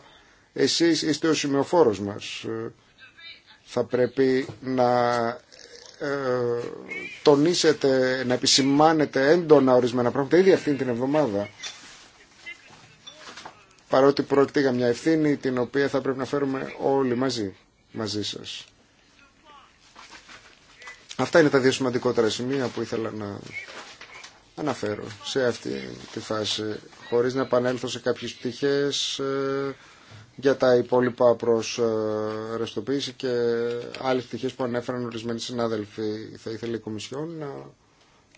εσείς είστε ο σημειοφόρος μας. Θα πρέπει να ε, τονίσετε, να επισημάνετε έντονα ορισμένα πράγματα ήδη αυτή την εβδομάδα παρότι πρόκειται για μια ευθύνη την οποία θα πρέπει να φέρουμε όλοι μαζί, μαζί σας. Αυτά είναι τα δύο σημαντικότερα σημεία που ήθελα να αναφέρω σε αυτή τη φάση, χωρίς να επανέλθω σε κάποιες πτυχές ε, για τα υπόλοιπα προς ε, ρεστοποίηση και άλλες πτυχές που ανέφεραν ορισμένοι συνάδελφοι. Θα ήθελε η Κομισιόν να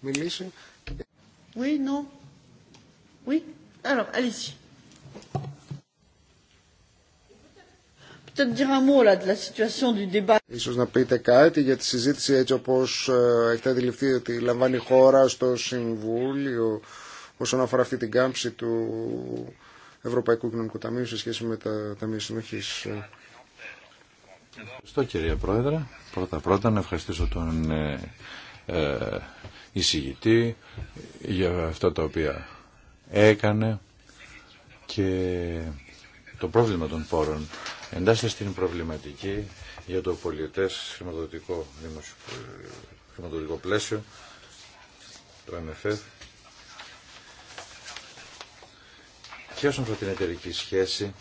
μιλήσει. Oui, non. Oui. Ίσως να πείτε κάτι για τη συζήτηση έτσι όπως ε, έχετε αντιληφθεί ότι λαμβάνει η χώρα στο Συμβούλιο όσον αφορά αυτή την κάμψη του Ευρωπαϊκού Κοινωνικού Ταμείου σε σχέση με τα Ταμεία Συνοχής. Ευχαριστώ κύριε Πρόεδρε. Πρώτα πρώτα να ευχαριστήσω τον ε, ε, εισηγητή για αυτά τα οποία έκανε και το πρόβλημα των πόρων εντάσσεται στην προβληματική για το πολιτές χρηματοδοτικό, δημοσιο... χρηματοδοτικό πλαίσιο, το MFF, και όσον αφορά την εταιρική σχέση,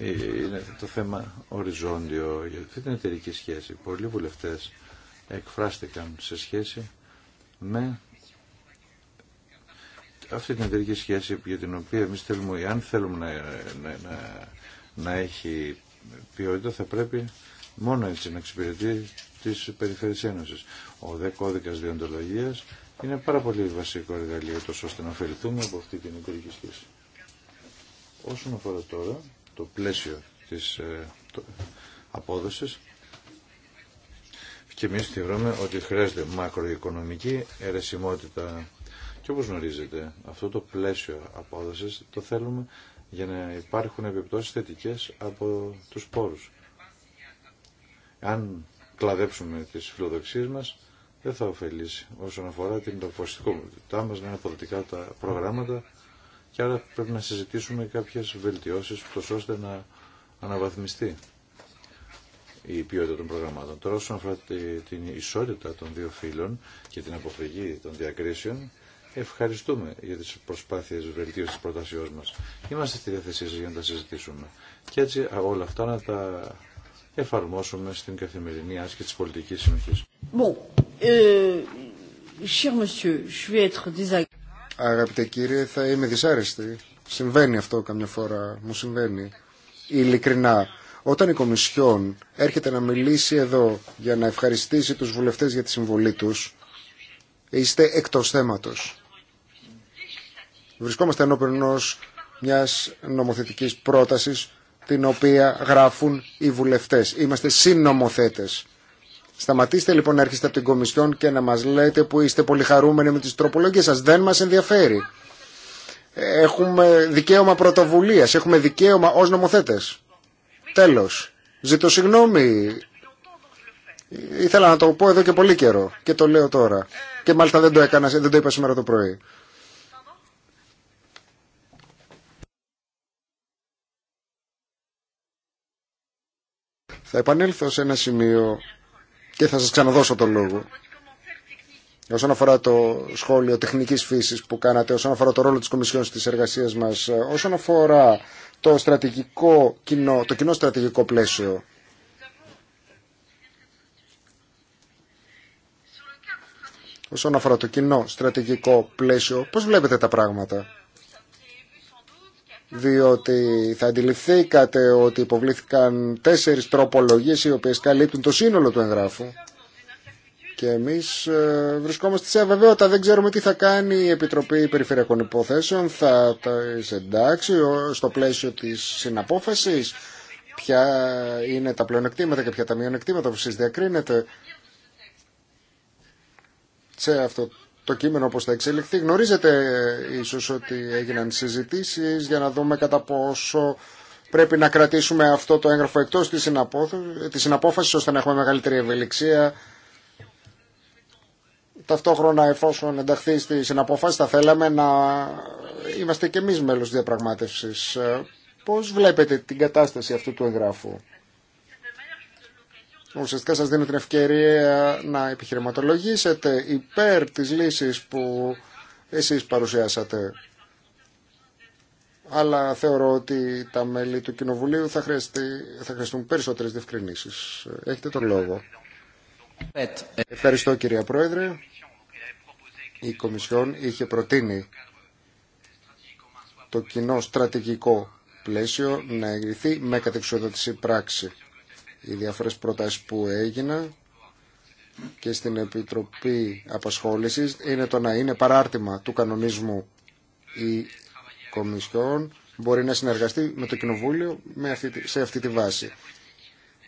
ε, είναι το θέμα οριζόντιο. Για αυτή την εταιρική σχέση, πολλοί βουλευτέ εκφράστηκαν σε σχέση με αυτή την εταιρική σχέση για την οποία εμείς θέλουμε, αν θέλουμε να, να, να, να έχει ποιότητα θα πρέπει μόνο έτσι να εξυπηρετεί τις περιφέρειε ένωσης. Ο δε κώδικας διοντολογίας είναι πάρα πολύ βασικό εργαλείο τόσο ώστε να ωφεληθούμε από αυτή την εταιρική σχέση. Όσον αφορά τώρα το πλαίσιο της ε, το, απόδοσης, και εμεί θεωρούμε ότι χρειάζεται μακροοικονομική αιρεσιμότητα και όπως γνωρίζετε, αυτό το πλαίσιο απόδοσης το θέλουμε για να υπάρχουν επιπτώσεις θετικές από τους πόρους. Αν κλαδέψουμε τις φιλοδοξίες μας, δεν θα ωφελήσει όσον αφορά την τοποθετικότητά μας να είναι αποδοτικά τα προγράμματα και άρα πρέπει να συζητήσουμε κάποιες βελτιώσεις ώστε να αναβαθμιστεί η ποιότητα των προγραμμάτων. Τώρα όσον αφορά την ισότητα των δύο φύλων και την αποφυγή των διακρίσεων, ευχαριστούμε για τις προσπάθειες βελτίωσης της προτάσεώς μας. Είμαστε στη διάθεσή σας για να τα συζητήσουμε. Και έτσι όλα αυτά να τα εφαρμόσουμε στην καθημερινή άσκηση της πολιτικής συνοχής. Bon, euh, monsieur, je vais être Αγαπητέ κύριε, θα είμαι δυσάρεστη. Συμβαίνει αυτό καμιά φορά, μου συμβαίνει. Ειλικρινά, όταν η Κομισιόν έρχεται να μιλήσει εδώ για να ευχαριστήσει τους βουλευτές για τη συμβολή τους, είστε εκτός θέματος. Βρισκόμαστε ενώπιον ενό μιας νομοθετικής πρότασης την οποία γράφουν οι βουλευτές. Είμαστε συνομοθέτε. Σταματήστε λοιπόν να έρχεστε από την Κομισιόν και να μας λέτε που είστε πολύ χαρούμενοι με τις τροπολογίε σας. Δεν μας ενδιαφέρει. Έχουμε δικαίωμα πρωτοβουλίας, έχουμε δικαίωμα ως νομοθέτε. Τέλο. Ζητώ συγγνώμη. Ήθελα να το πω εδώ και πολύ καιρό και το λέω τώρα. Και μάλιστα δεν το έκανα, δεν το είπα σήμερα το πρωί. Θα επανέλθω σε ένα σημείο και θα σας ξαναδώσω τον λόγο. Όσον αφορά το σχόλιο τεχνικής φύσης που κάνατε, όσον αφορά το ρόλο της Κομισιόν της εργασίας μας, όσον αφορά το, στρατηγικό κοινό, το κοινό στρατηγικό πλαίσιο, όσον αφορά το κοινό στρατηγικό πλαίσιο, πώς βλέπετε τα πράγματα διότι θα αντιληφθήκατε ότι υποβλήθηκαν τέσσερις τροπολογίες οι οποίες καλύπτουν το σύνολο του εγγράφου και εμείς ε, βρισκόμαστε σε αβεβαιότητα, δεν ξέρουμε τι θα κάνει η Επιτροπή Περιφερειακών Υποθέσεων, θα τα εντάξει στο πλαίσιο της συναπόφασης, ποια είναι τα πλεονεκτήματα και ποια τα μειονεκτήματα που εσείς διακρίνετε σε αυτό το κείμενο όπως θα εξελιχθεί. Γνωρίζετε ίσως ότι έγιναν συζητήσεις για να δούμε κατά πόσο πρέπει να κρατήσουμε αυτό το έγγραφο εκτός της, της συναπόφασης ώστε να έχουμε μεγαλύτερη ευελιξία. Ταυτόχρονα εφόσον ενταχθεί στη συναπόφαση θα θέλαμε να είμαστε και εμείς μέλος διαπραγμάτευσης. Πώς βλέπετε την κατάσταση αυτού του εγγράφου ουσιαστικά σας δίνω την ευκαιρία να επιχειρηματολογήσετε υπέρ της λύσης που εσείς παρουσιάσατε. Αλλά θεωρώ ότι τα μέλη του Κοινοβουλίου θα, χρειαστεί, θα χρειαστούν περισσότερες διευκρινήσεις. Έχετε τον λόγο. Ευχαριστώ κυρία Πρόεδρε. Η Κομισιόν είχε προτείνει το κοινό στρατηγικό πλαίσιο να εγκριθεί με κατεξοδότηση πράξη οι διάφορες προτάσεις που έγιναν και στην Επιτροπή Απασχόλησης είναι το να είναι παράρτημα του κανονισμού η Κομισιόν μπορεί να συνεργαστεί με το Κοινοβούλιο με αυτή, σε αυτή τη βάση.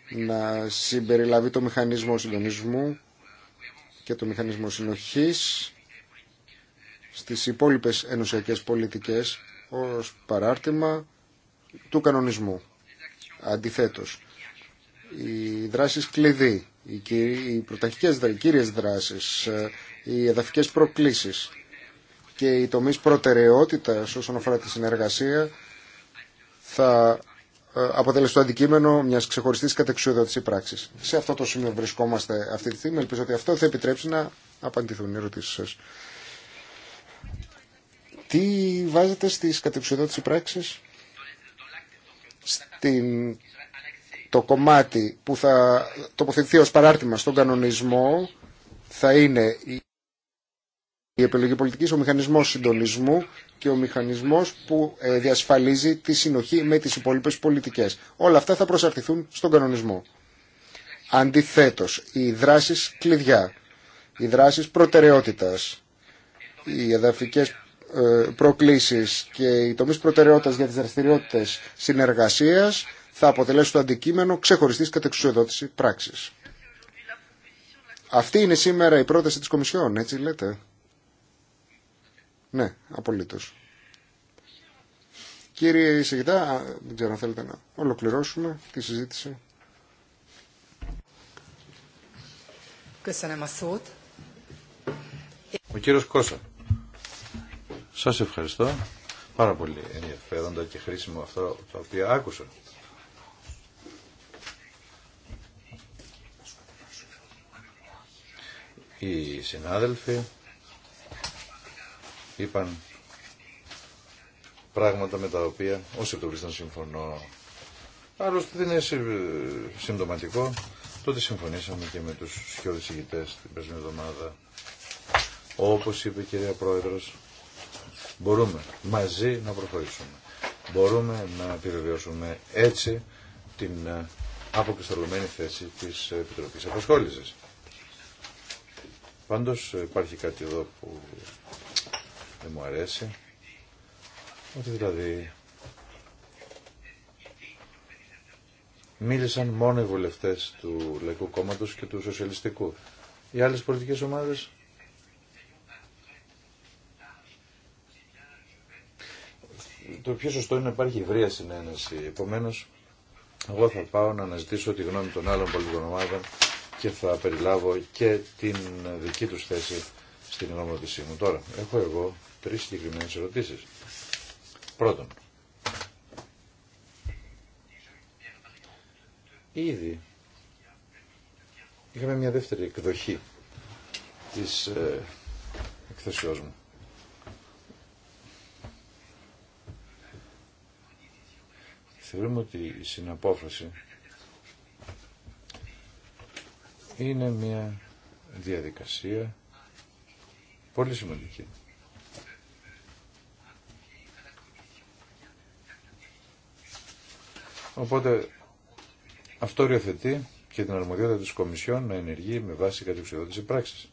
Να συμπεριλάβει το μηχανισμό συντονισμού και το μηχανισμό συνοχής στις υπόλοιπες ενωσιακές πολιτικές ως παράρτημα του κανονισμού. Αντιθέτως, οι δράσεις κλειδί, οι πρωταρχικές κύριες δράσεις, ε, οι εδαφικές προκλήσεις και οι τομείς προτεραιότητας όσον αφορά τη συνεργασία θα ε, αποτελέσει το αντικείμενο μιας ξεχωριστής κατεξουδότησης πράξης. Σε αυτό το σημείο βρισκόμαστε αυτή τη στιγμή. Ελπίζω ότι αυτό θα επιτρέψει να απαντηθούν οι ερωτήσεις σας. Τι βάζετε στις κατεξουδότησης πράξεις στην το κομμάτι που θα τοποθετηθεί ως παράρτημα στον κανονισμό θα είναι η επιλογή πολιτικής, ο μηχανισμός συντονισμού και ο μηχανισμός που ε, διασφαλίζει τη συνοχή με τις υπόλοιπες πολιτικές. Όλα αυτά θα προσαρτηθούν στον κανονισμό. Αντιθέτως, οι δράσεις κλειδιά, οι δράσεις προτεραιότητας, οι εδαφικές ε, προκλήσεις και οι τομείς προτεραιότητας για τις δραστηριότητες συνεργασίας θα αποτελέσουν το αντικείμενο ξεχωριστής κατεξουσιοδότηση πράξη. Αυτή είναι σήμερα η πρόταση της Κομισιόν, έτσι λέτε. Ναι, απολύτως. Κύριε Ισηγητά, δεν ξέρω αν θέλετε να ολοκληρώσουμε τη συζήτηση. Ο κύριος Κώστα. Σας ευχαριστώ. Πάρα πολύ ενδιαφέροντα και χρήσιμο αυτό το οποίο άκουσα. οι συνάδελφοι είπαν πράγματα με τα οποία όσοι τουλάχιστον συμφωνώ. Άλλωστε δεν είναι συμπτωματικό τότε συμφωνήσαμε και με τους σιώδης ηγητές την περσμένη εβδομάδα. Όπως είπε η κυρία Πρόεδρος, μπορούμε μαζί να προχωρήσουμε. Μπορούμε να επιβεβαιώσουμε έτσι την ε, αποκρισταλωμένη θέση της Επιτροπής Απασχόλησης. Πάντως ε, υπάρχει κάτι εδώ που δεν μου αρέσει. Ότι δηλαδή μίλησαν μόνο οι βουλευτές του Λαϊκού Κόμματος και του Σοσιαλιστικού. Οι άλλες πολιτικές ομάδες το πιο σωστό είναι να υπάρχει ευρεία συνένεση. Επομένω, εγώ θα πάω να αναζητήσω τη γνώμη των άλλων πολιτικών ομάδων και θα περιλάβω και την δική τους θέση στην γνωμοδοτησή μου. Τώρα, έχω εγώ τρεις συγκεκριμένε ερωτήσεις. Πρώτον, ήδη είχαμε μια δεύτερη εκδοχή της ε, εκθεσιός μου. Θεωρούμε ότι η συναπόφαση είναι μια διαδικασία πολύ σημαντική. Οπότε αυτό ριοθετεί και την αρμοδιότητα της Κομισιόν να ενεργεί με βάση κατεξοδότηση πράξης.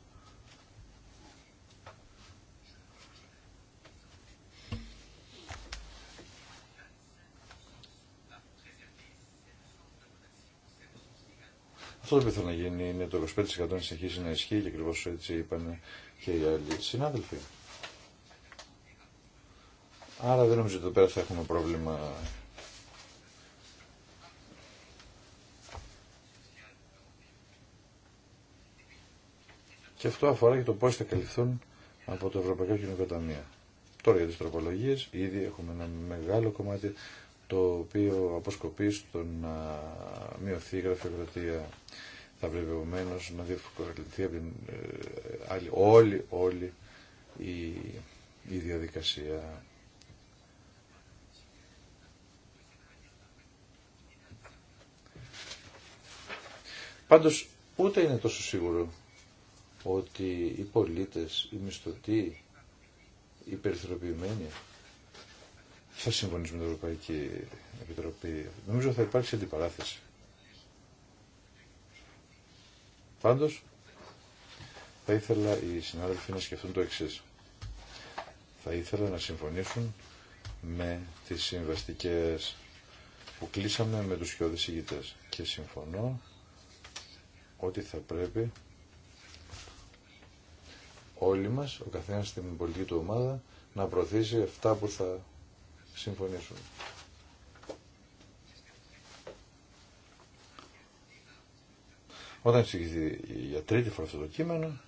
Αυτό το οποίο να γίνει είναι το 25% να συνεχίσει να ισχύει και ακριβώ έτσι είπαν και οι άλλοι συνάδελφοι. Άρα δεν νομίζω ότι εδώ πέρα θα έχουμε πρόβλημα. Και αυτό αφορά και το πώς θα καλυφθούν από το Ευρωπαϊκό Κοινωνικό Ταμείο. Τώρα για τις τροπολογίες, ήδη έχουμε ένα μεγάλο κομμάτι το οποίο αποσκοπεί στο να μειωθεί η γραφειοκρατία. Θα πρέπει να διευκολυνθεί από ε, όλη, όλη η, η διαδικασία. Πάντως ούτε είναι τόσο σίγουρο ότι οι πολίτες, οι μισθωτοί, οι περιθωριοποιημένοι θα συμφωνήσουμε με την Ευρωπαϊκή Επιτροπή. Νομίζω θα υπάρξει αντιπαράθεση. Πάντω. θα ήθελα οι συνάδελφοι να σκεφτούν το εξή. Θα ήθελα να συμφωνήσουν με τι συμβαστικέ που κλείσαμε με τους χιώδες ηγητέ. Και συμφωνώ ότι θα πρέπει όλοι μας, ο καθένας στην πολιτική του ομάδα, να προωθήσει αυτά που θα συμφωνήσουμε. Όταν εξηγηθεί για τρίτη φορά αυτό το κείμενο,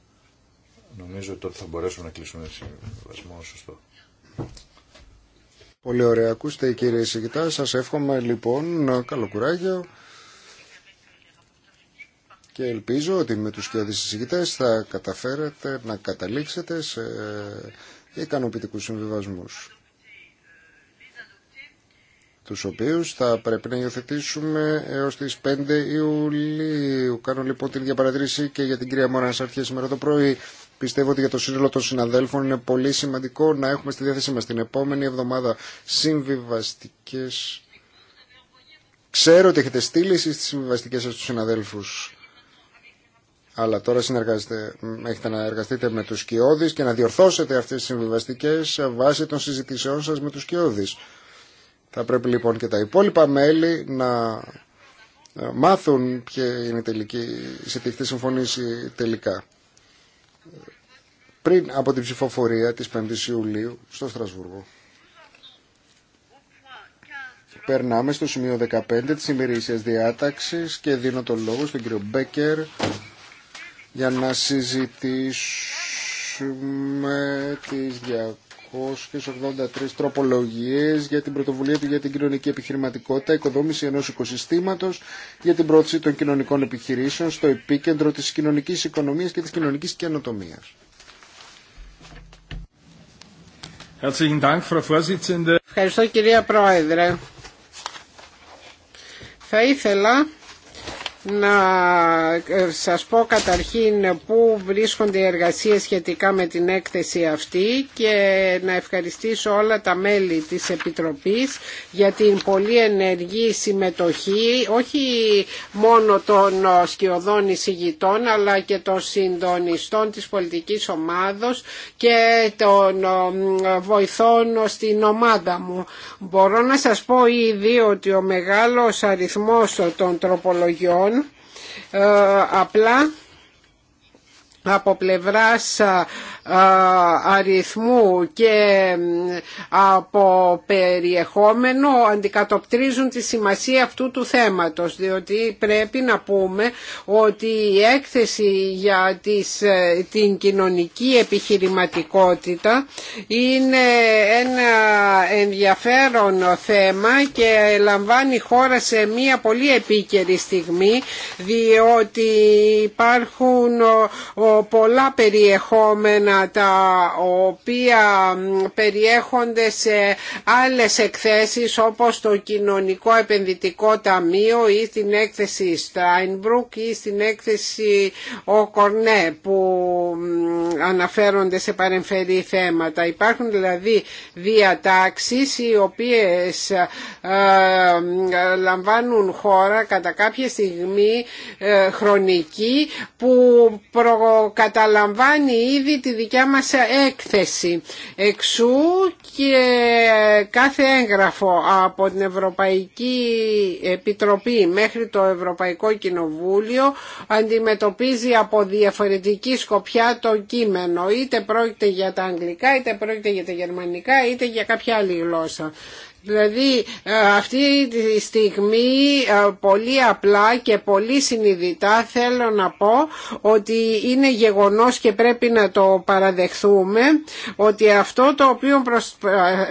νομίζω ότι τότε θα μπορέσουμε να κλείσουμε συμβασμό σωστό. Πολύ ωραία. Ακούστε κύριε Σιγητά, σας εύχομαι λοιπόν καλό κουράγιο και ελπίζω ότι με τους κοιόδης συζητητές θα καταφέρετε να καταλήξετε σε ικανοποιητικούς συμβιβασμούς τους οποίους θα πρέπει να υιοθετήσουμε έως τις 5 Ιουλίου. Κάνω λοιπόν την ίδια παρατήρηση και για την κυρία Μόρα αρχίσει σήμερα το πρωί. Πιστεύω ότι για το σύνολο των συναδέλφων είναι πολύ σημαντικό να έχουμε στη διάθεσή μας την επόμενη εβδομάδα συμβιβαστικές... Ξέρω ότι έχετε στείλει στις τις συμβιβαστικές σας τους συναδέλφους. Αλλά τώρα έχετε να εργαστείτε με τους Κιώδης και να διορθώσετε αυτές τις συμβιβαστικές βάσει των συζητήσεών σας με τους Κιώδης. Θα πρέπει λοιπόν και τα υπόλοιπα μέλη να ε, μάθουν ποια είναι η τελική, σε τι συμφωνήσει τελικά. Πριν από την ψηφοφορία της 5ης Ιουλίου στο Στρασβούργο. Περνάμε στο σημείο 15 της ημερήσιας διάταξης και δίνω τον λόγο στον κύριο Μπέκερ για να συζητήσουμε τις δια... 83 τροπολογίες για την πρωτοβουλία του για την κοινωνική επιχειρηματικότητα, οικοδόμηση ενός οικοσυστήματος για την πρόθεση των κοινωνικών επιχειρήσεων στο επίκεντρο της κοινωνικής οικονομίας και της κοινωνικής καινοτομίας. Ευχαριστώ κυρία Πρόεδρε. Θα ήθελα να ε, σας πω καταρχήν πού βρίσκονται οι εργασίες σχετικά με την έκθεση αυτή και να ευχαριστήσω όλα τα μέλη της Επιτροπής για την πολύ ενεργή συμμετοχή όχι μόνο των σκιωδών εισηγητών αλλά και των συντονιστών της πολιτικής ομάδος και των ε, βοηθών στην ομάδα μου. Μπορώ να σας πω ήδη ότι ο μεγάλος αριθμός των τροπολογιών ε, απλά από πλευράς αριθμού και από περιεχόμενο αντικατοπτρίζουν τη σημασία αυτού του θέματος διότι πρέπει να πούμε ότι η έκθεση για τις, ε, την κοινωνική επιχειρηματικότητα είναι ένα ενδιαφέρον θέμα και λαμβάνει χώρα σε μια πολύ επίκαιρη στιγμή διότι υπάρχουν πολλά περιεχόμενα τα οποία περιέχονται σε άλλες εκθέσεις όπως το Κοινωνικό Επενδυτικό Ταμείο ή την έκθεση Στάινμπρουκ ή στην έκθεση Ο Κορνέ που αναφέρονται σε παρεμφερή θέματα. Υπάρχουν δηλαδή διατάξεις οι οποίες ε, λαμβάνουν χώρα κατά κάποια στιγμή ε, χρονική που προ καταλαμβάνει ήδη τη δικιά μας έκθεση. Εξού και κάθε έγγραφο από την Ευρωπαϊκή Επιτροπή μέχρι το Ευρωπαϊκό Κοινοβούλιο αντιμετωπίζει από διαφορετική σκοπιά το κείμενο. Είτε πρόκειται για τα αγγλικά, είτε πρόκειται για τα γερμανικά, είτε για κάποια άλλη γλώσσα. Δηλαδή ε, αυτή τη στιγμή ε, πολύ απλά και πολύ συνειδητά θέλω να πω ότι είναι γεγονός και πρέπει να το παραδεχθούμε ότι αυτό το οποίο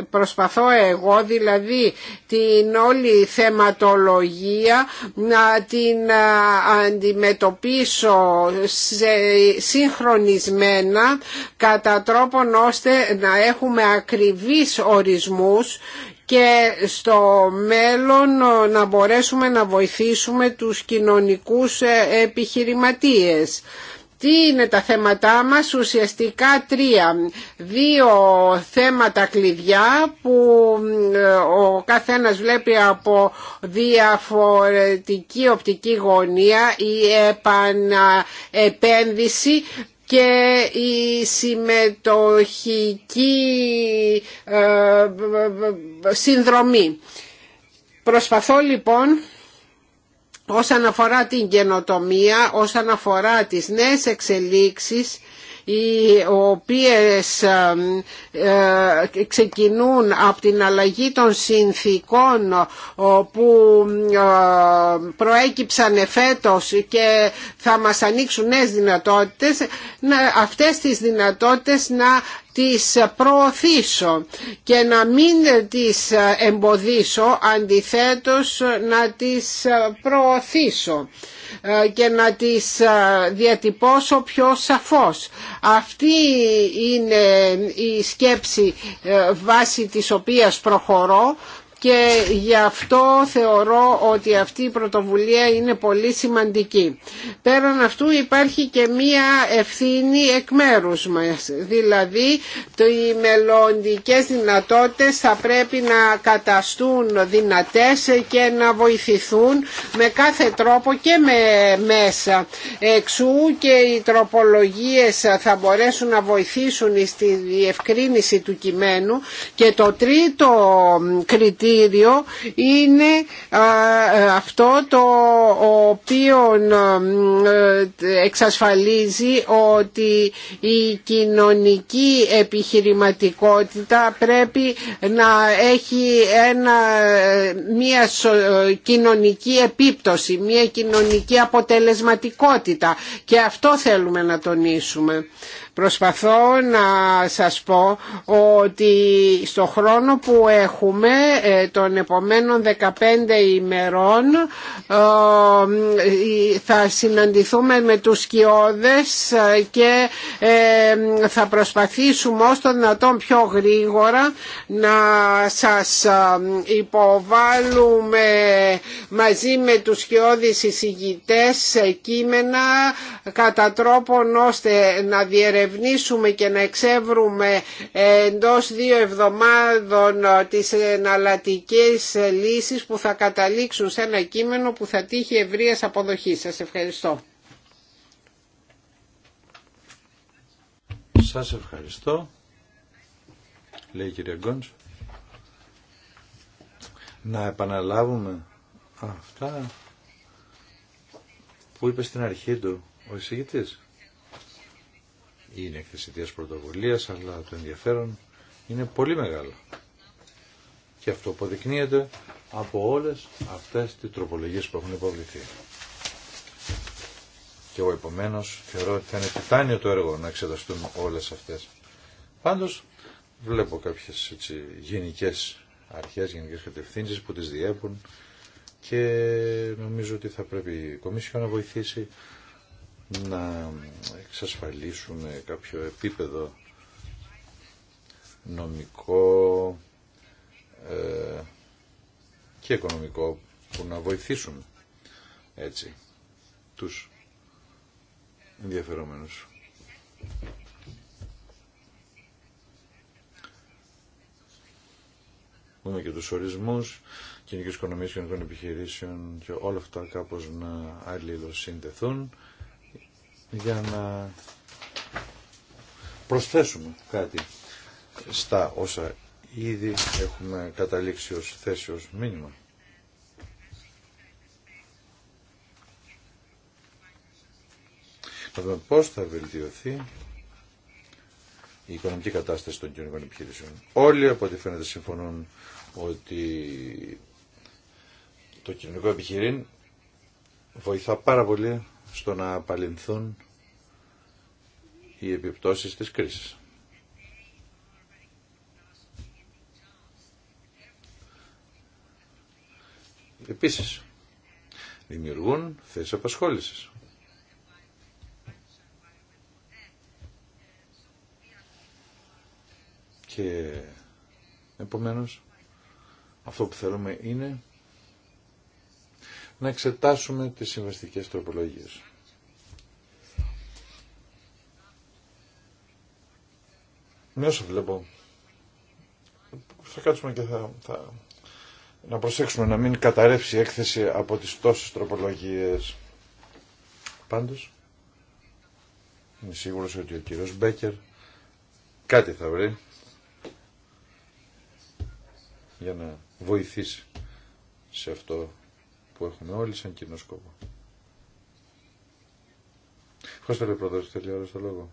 προσπαθώ εγώ δηλαδή την όλη θεματολογία να την ε, αντιμετωπίσω σε συγχρονισμένα κατά τρόπον ώστε να έχουμε ακριβείς ορισμούς και στο μέλλον ε, να μπορέσουμε να βοηθήσουμε τους κοινωνικούς ε, επιχειρηματίες. Τι είναι τα θέματά μας, ουσιαστικά τρία. Δύο θέματα κλειδιά που ε, ο καθένας βλέπει από διαφορετική οπτική γωνία, η επανεπένδυση και η συμμετοχική ε, συνδρομή. Προσπαθώ λοιπόν όσον αφορά την καινοτομία, όσον αφορά τις νέες εξελίξεις οι οποίες ε, ξεκινούν από την αλλαγή των συνθήκων που ε, προέκυψαν εφέτος και θα μας ανοίξουν νέες δυνατότητες, αυτές τις δυνατότητες να τις προωθήσω και να μην τις εμποδίσω, αντιθέτως να τις προωθήσω και να τις διατυπώσω πιο σαφώς. Αυτή είναι η σκέψη ε, βάση της οποίας προχωρώ και γι' αυτό θεωρώ ότι αυτή η πρωτοβουλία είναι πολύ σημαντική. Πέραν αυτού υπάρχει και μία ευθύνη εκ μέρους μας, δηλαδή οι μελλοντικέ δυνατότητες θα πρέπει να καταστούν δυνατές και να βοηθηθούν με κάθε τρόπο και με μέσα. Εξού και οι τροπολογίες θα μπορέσουν να βοηθήσουν στη διευκρίνηση του κειμένου και το τρίτο κριτήριο είναι ε, αυτό το οποίο ε, ε, εξασφαλίζει ότι η κοινωνική επιχειρηματικότητα πρέπει να έχει ένα, μια κοινωνική επίπτωση, μια κοινωνική αποτελεσματικότητα και αυτό θέλουμε να τονίσουμε. Προσπαθώ να σας πω ότι στο χρόνο που έχουμε ε, των επομένων 15 ημερών ε, ε, θα συναντηθούμε με τους σκιώδες και θα προσπαθήσουμε ως το δυνατόν πιο γρήγορα να σας υποβάλουμε μαζί με τους σκιώδεις εισηγητές κείμενα κατά τρόπον ώστε να διερευνήσουμε και να εξεύρουμε εντός δύο εβδομάδων τις εναλλατικέ λύσεις που θα καταλήξουν σε ένα κείμενο που θα τύχει ευρείας αποδοχής. Σας ευχαριστώ. Σας ευχαριστώ, λέει η κυρία Να επαναλάβουμε αυτά που είπε στην αρχή του ο εισηγητής είναι εκθεσιτία πρωτοβουλία αλλά το ενδιαφέρον είναι πολύ μεγάλο. Και αυτό αποδεικνύεται από όλε αυτέ τι τροπολογίε που έχουν υποβληθεί. Και εγώ επομένω θεωρώ ότι θα είναι τιτάνιο το έργο να εξεταστούν όλε αυτέ. Πάντω, βλέπω κάποιε γενικέ αρχέ, γενικέ κατευθύνσει που τι διέπουν και νομίζω ότι θα πρέπει η Κομίσιο να βοηθήσει να εξασφαλίσουμε κάποιο επίπεδο νομικό ε, και οικονομικό που να βοηθήσουν έτσι τους ενδιαφερόμενους. και τους ορισμούς, κοινωνικές οικονομίες, κοινωνικών επιχειρήσεων και όλα αυτά κάπως να αλληλοσυνδεθούν για να προσθέσουμε κάτι στα όσα ήδη έχουμε καταλήξει ως θέση ως μήνυμα. Να δούμε πώς θα βελτιωθεί η οικονομική κατάσταση των κοινωνικών επιχειρήσεων. Όλοι από ό,τι φαίνεται συμφωνούν ότι το κοινωνικό επιχειρήν βοηθά πάρα πολύ στο να απαλληλθούν οι επιπτώσεις της κρίσης. Επίσης, δημιουργούν θέσεις απασχόλησης. Και επομένως, αυτό που θέλουμε είναι να εξετάσουμε τις συμβαστικές τροπολογίες. Με όσο βλέπω, θα κάτσουμε και θα, να προσέξουμε να μην καταρρεύσει η έκθεση από τις τόσες τροπολογίες. Πάντως, είμαι σίγουρος ότι ο κύριος Μπέκερ κάτι θα βρει για να βοηθήσει σε αυτό που έχουμε όλοι σαν κοινό σκοπό. Πώς θέλει Πρόεδρος, θέλει όλος το λόγο.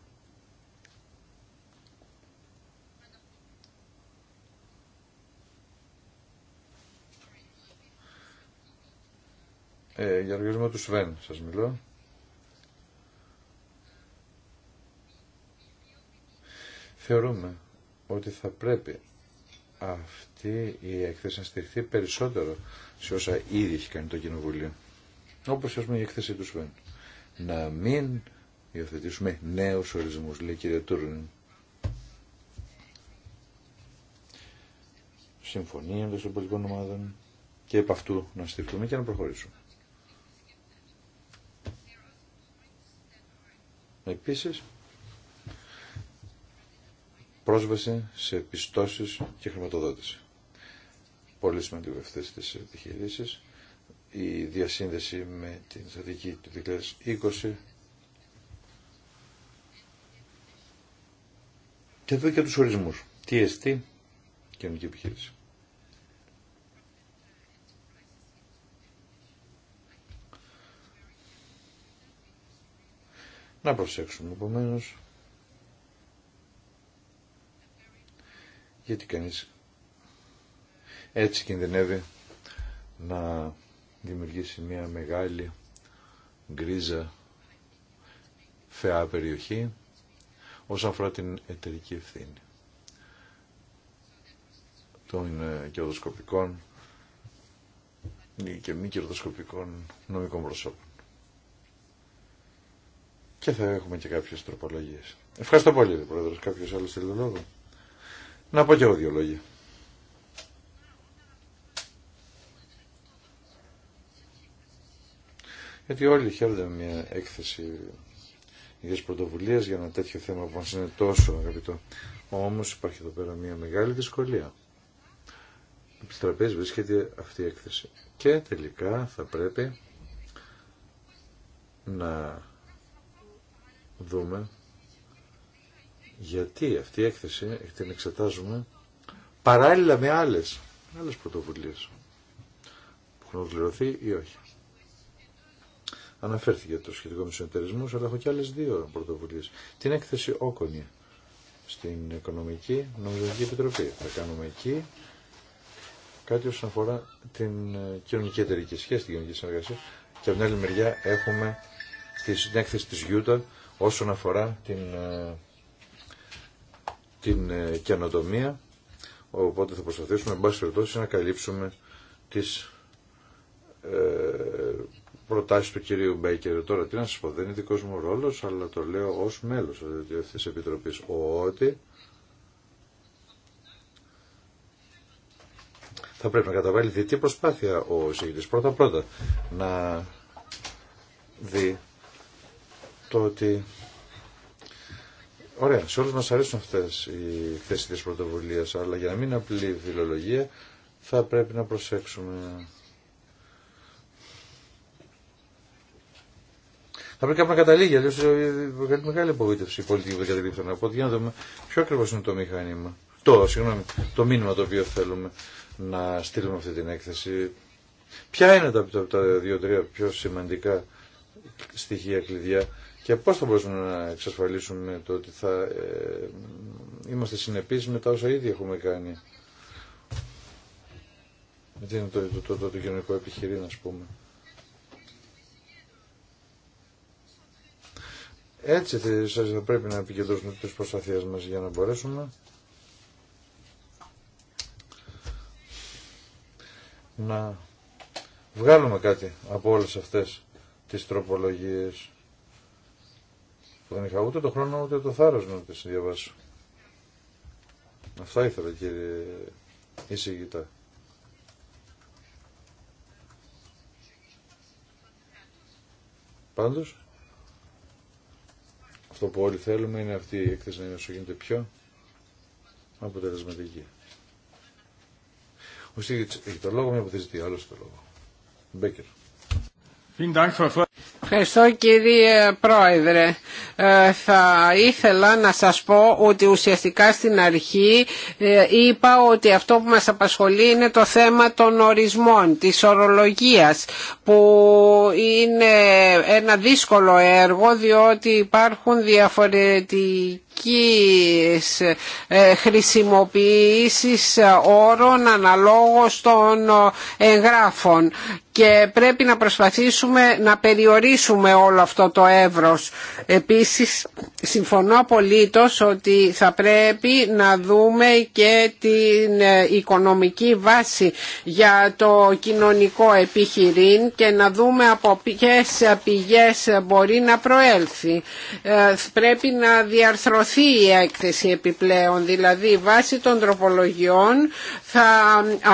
Ε, για λογαριασμό του Σβέν σας μιλώ. Θεωρούμε ότι θα πρέπει αυτή η έκθεση να στηριχθεί περισσότερο σε όσα ήδη έχει κάνει το Κοινοβουλίο. Όπως ας πούμε η έκθεση του Σβέν. Να μην υιοθετήσουμε νέους ορισμούς, λέει κύριε Τούρν. Συμφωνία με των πολιτικών ομάδων και επ' αυτού να στηριχθούμε και να προχωρήσουμε. Επίσης, πρόσβαση σε πιστώσεις και χρηματοδότηση. Πολύ σημαντικό αυτέ τι επιχειρήσει. Η διασύνδεση με την στρατηγική του 2020 και εδώ και τους ορισμούς. και κοινωνική επιχείρηση. Να προσέξουμε επομένως γιατί κανείς έτσι κινδυνεύει να δημιουργήσει μια μεγάλη γκρίζα φαιά περιοχή όσον αφορά την εταιρική ευθύνη των ε, κερδοσκοπικών και μη κερδοσκοπικών νομικών προσώπων. Και θα έχουμε και κάποιες τροπολογίες. Ευχαριστώ πολύ, Πρόεδρος. Κάποιος άλλος θέλει το λόγο. Να πω και εγώ δύο λόγια. Γιατί όλοι χαίρονται μια έκθεση για πρωτοβουλίε για ένα τέτοιο θέμα που μα είναι τόσο αγαπητό. Όμως υπάρχει εδώ πέρα μια μεγάλη δυσκολία. Επί τραπέζι βρίσκεται αυτή η έκθεση. Και τελικά θα πρέπει να δούμε γιατί αυτή η έκθεση την εξετάζουμε παράλληλα με άλλες, άλλες πρωτοβουλίες που έχουν ολοκληρωθεί ή όχι. Αναφέρθηκε το σχετικό με τους αλλά έχω και άλλες δύο πρωτοβουλίες. Την έκθεση Όκονη στην Οικονομική Νομισματική Επιτροπή. Θα κάνουμε εκεί κάτι όσον αφορά την ε, κοινωνική εταιρική σχέση, την κοινωνική συνεργασία. Και από την άλλη μεριά έχουμε την έκθεση της Γιούτα όσον αφορά την ε, την ε, καινοτομία, οπότε θα προσπαθήσουμε, εν να καλύψουμε τις ε, προτάσεις του κυρίου Μπέικερ. Τώρα, τι να σας πω, δεν είναι δικός μου ρόλος, αλλά το λέω ως μέλος της Επιτροπής, ότι θα πρέπει να καταβάλει διετή προσπάθεια ο εισηγητή πρωτα Πρώτα-πρώτα, να δει το ότι Ωραία, σε όλους μας αρέσουν αυτές οι θέσεις της πρωτοβουλίας, αλλά για να μην απλή φιλολογία θα πρέπει να προσέξουμε. Θα πρέπει κάπου να καταλήγει, αλλιώ είναι ε, μεγάλη απογοήτευση η πολιτική που δεν καταλήγει να πω. Για να δούμε ποιο ακριβώ είναι το μηχάνημα. Το, συγγνώμη, το μήνυμα το οποίο θέλουμε να στείλουμε αυτή την έκθεση. Ποια είναι τα, τα, τα δύο-τρία πιο σημαντικά στοιχεία κλειδιά και πώ θα μπορούσαμε να εξασφαλίσουμε το ότι θα ε, είμαστε συνεπείς με τα όσα ήδη έχουμε κάνει. Δεν είναι το, το, το, το, το κοινωνικό επιχειρήν, α πούμε. Έτσι θα πρέπει να επικεντρώσουμε τις προσπαθίες μας για να μπορέσουμε να βγάλουμε κάτι από όλες αυτές τις τροπολογίες που δεν είχα ούτε το χρόνο ούτε το θάρρος να τις διαβάσω. Αυτά ήθελα κύριε εισηγητά. Πάντως, αυτό που όλοι θέλουμε είναι αυτή η έκθεση να είναι όσο γίνεται πιο αποτελεσματική. Ο Σίγητς έχει το λόγο, μια που άλλο το λόγο. Μπέκερ. Ευχαριστώ κύριε Πρόεδρε. Ε, θα ήθελα να σας πω ότι ουσιαστικά στην αρχή ε, είπα ότι αυτό που μας απασχολεί είναι το θέμα των ορισμών, της ορολογίας που είναι ένα δύσκολο έργο διότι υπάρχουν διαφορετικοί διαφορετικής ε, χρησιμοποίησης όρων αναλόγως των ε, εγγράφων και πρέπει να προσπαθήσουμε να περιορίσουμε όλο αυτό το εύρος. Επίσης, συμφωνώ απολύτως ότι θα πρέπει να δούμε και την ε, οικονομική βάση για το κοινωνικό επιχειρήν και να δούμε από ποιες πηγές μπορεί να προέλθει. Πρέπει να διαρθρωθεί η έκθεση επιπλέον, δηλαδή βάσει των τροπολογιών θα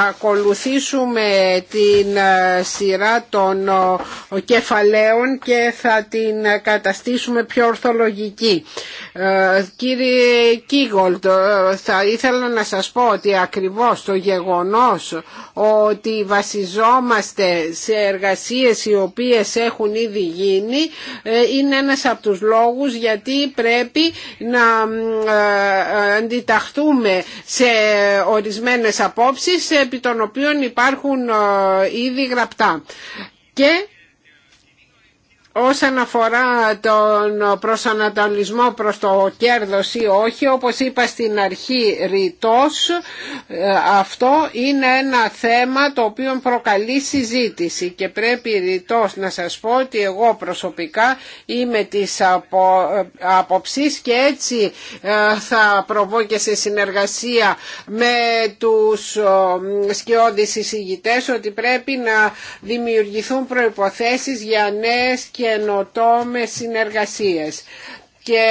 ακολουθήσουμε την ε, σειρά των ε, κεφαλαίων και θα την καταστήσουμε πιο ορθολογική. Ε, κύριε Κίγολτ, θα ήθελα να σας πω ότι ακριβώς το γεγονός ότι βασιζόμαστε σε εργασίες οι οποίες έχουν ήδη γίνει είναι ένας από τους λόγους γιατί πρέπει να ε, ε, αντιταχθούμε σε ορισμένες απόψεις επί των οποίων υπάρχουν ε, ήδη γραπτά. Και Όσον αφορά τον προσανατολισμό προς το κέρδος ή όχι, όπως είπα στην αρχή ρητός, ε, αυτό είναι ένα θέμα το οποίο προκαλεί συζήτηση και πρέπει ρητός να σας πω ότι εγώ προσωπικά είμαι της απο, αποψής ε, και έτσι ε, θα προβώ και σε συνεργασία με τους σκιώδεις εισηγητές ότι πρέπει να δημιουργηθούν προϋποθέσεις για νέες με συνεργασίες. Και